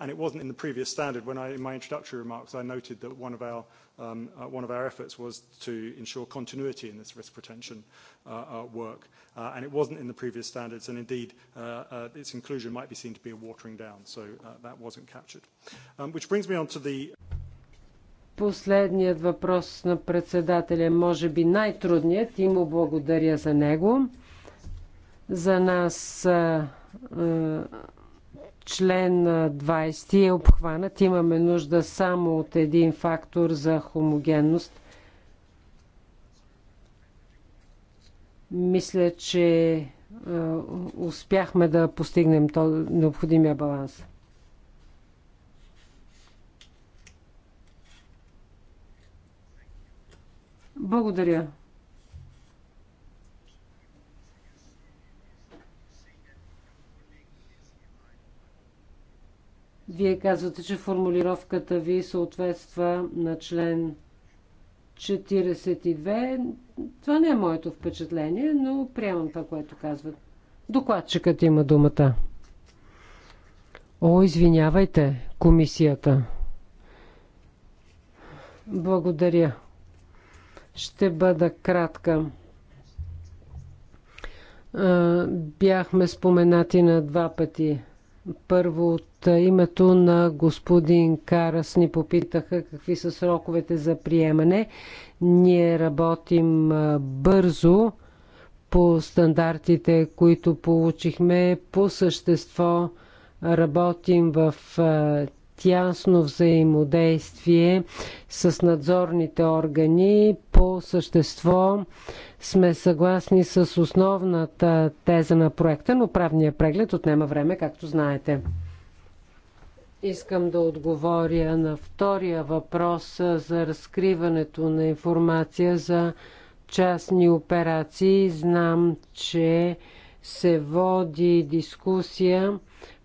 And it wasn't in the previous standard. When I, in my introductory remarks, I noted that one of our um, uh, one of our efforts was to ensure continuity in this risk retention uh, uh, work, uh, and it wasn't in the previous standards. And indeed, uh, uh, its inclusion might be seen to be a watering down. So uh, that wasn't captured, um, which brings me on to the. Последният въпрос на председателя може би най-трудният и му благодаря за него. За нас член 20 е обхванат. Имаме нужда само от един фактор за хомогенност. Мисля, че успяхме да постигнем необходимия баланс. Благодаря. Вие казвате, че формулировката ви съответства на член 42. Това не е моето впечатление, но приемам това, което казват. Докладчикът има думата. О, извинявайте, комисията. Благодаря. Ще бъда кратка. Бяхме споменати на два пъти. Първо от името на господин Карас ни попитаха какви са сроковете за приемане. Ние работим бързо по стандартите, които получихме. По същество работим в тясно взаимодействие с надзорните органи. По същество сме съгласни с основната теза на проекта, но правният преглед отнема време, както знаете. Искам да отговоря на втория въпрос за разкриването на информация за частни операции. Знам, че се води дискусия.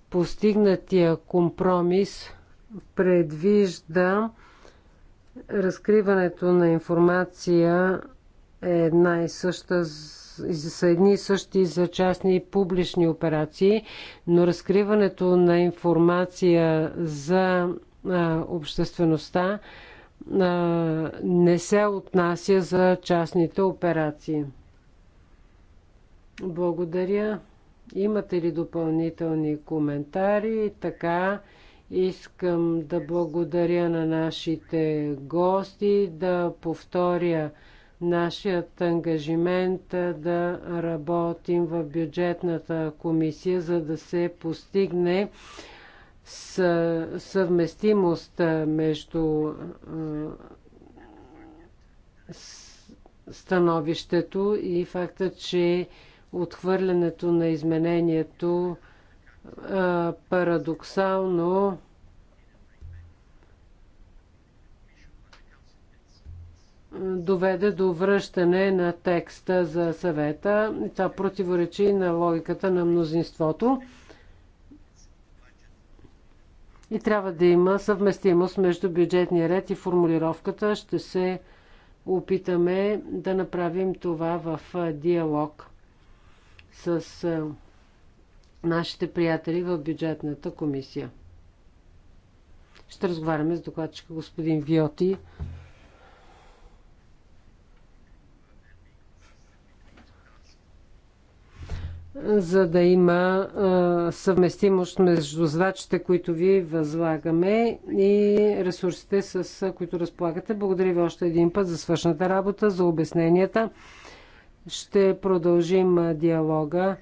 Постигнатия компромис предвижда разкриването на информация е една и съща са едни и същи за частни и публични операции, но разкриването на информация за а, обществеността а, не се отнася за частните операции. Благодаря. Имате ли допълнителни коментари? Така Искам да благодаря на нашите гости, да повторя нашият ангажимент да работим в бюджетната комисия, за да се постигне съвместимост между становището и факта, че отхвърлянето на изменението Парадоксално доведе до връщане на текста за съвета. Това противоречи на логиката на мнозинството. И трябва да има съвместимост между бюджетния ред и формулировката. Ще се опитаме да направим това в диалог с нашите приятели в бюджетната комисия. Ще разговаряме с докладчика господин Виоти. за да има а, съвместимост между задачите, които ви възлагаме и ресурсите, с а, които разполагате. Благодаря ви още един път за свършната работа, за обясненията. Ще продължим а, диалога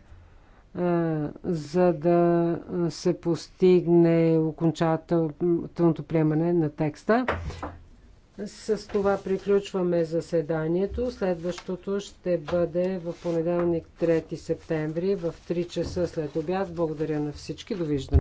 за да се постигне окончателното приемане на текста. С това приключваме заседанието. Следващото ще бъде в понеделник 3 септември в 3 часа след обяд. Благодаря на всички. Довиждане.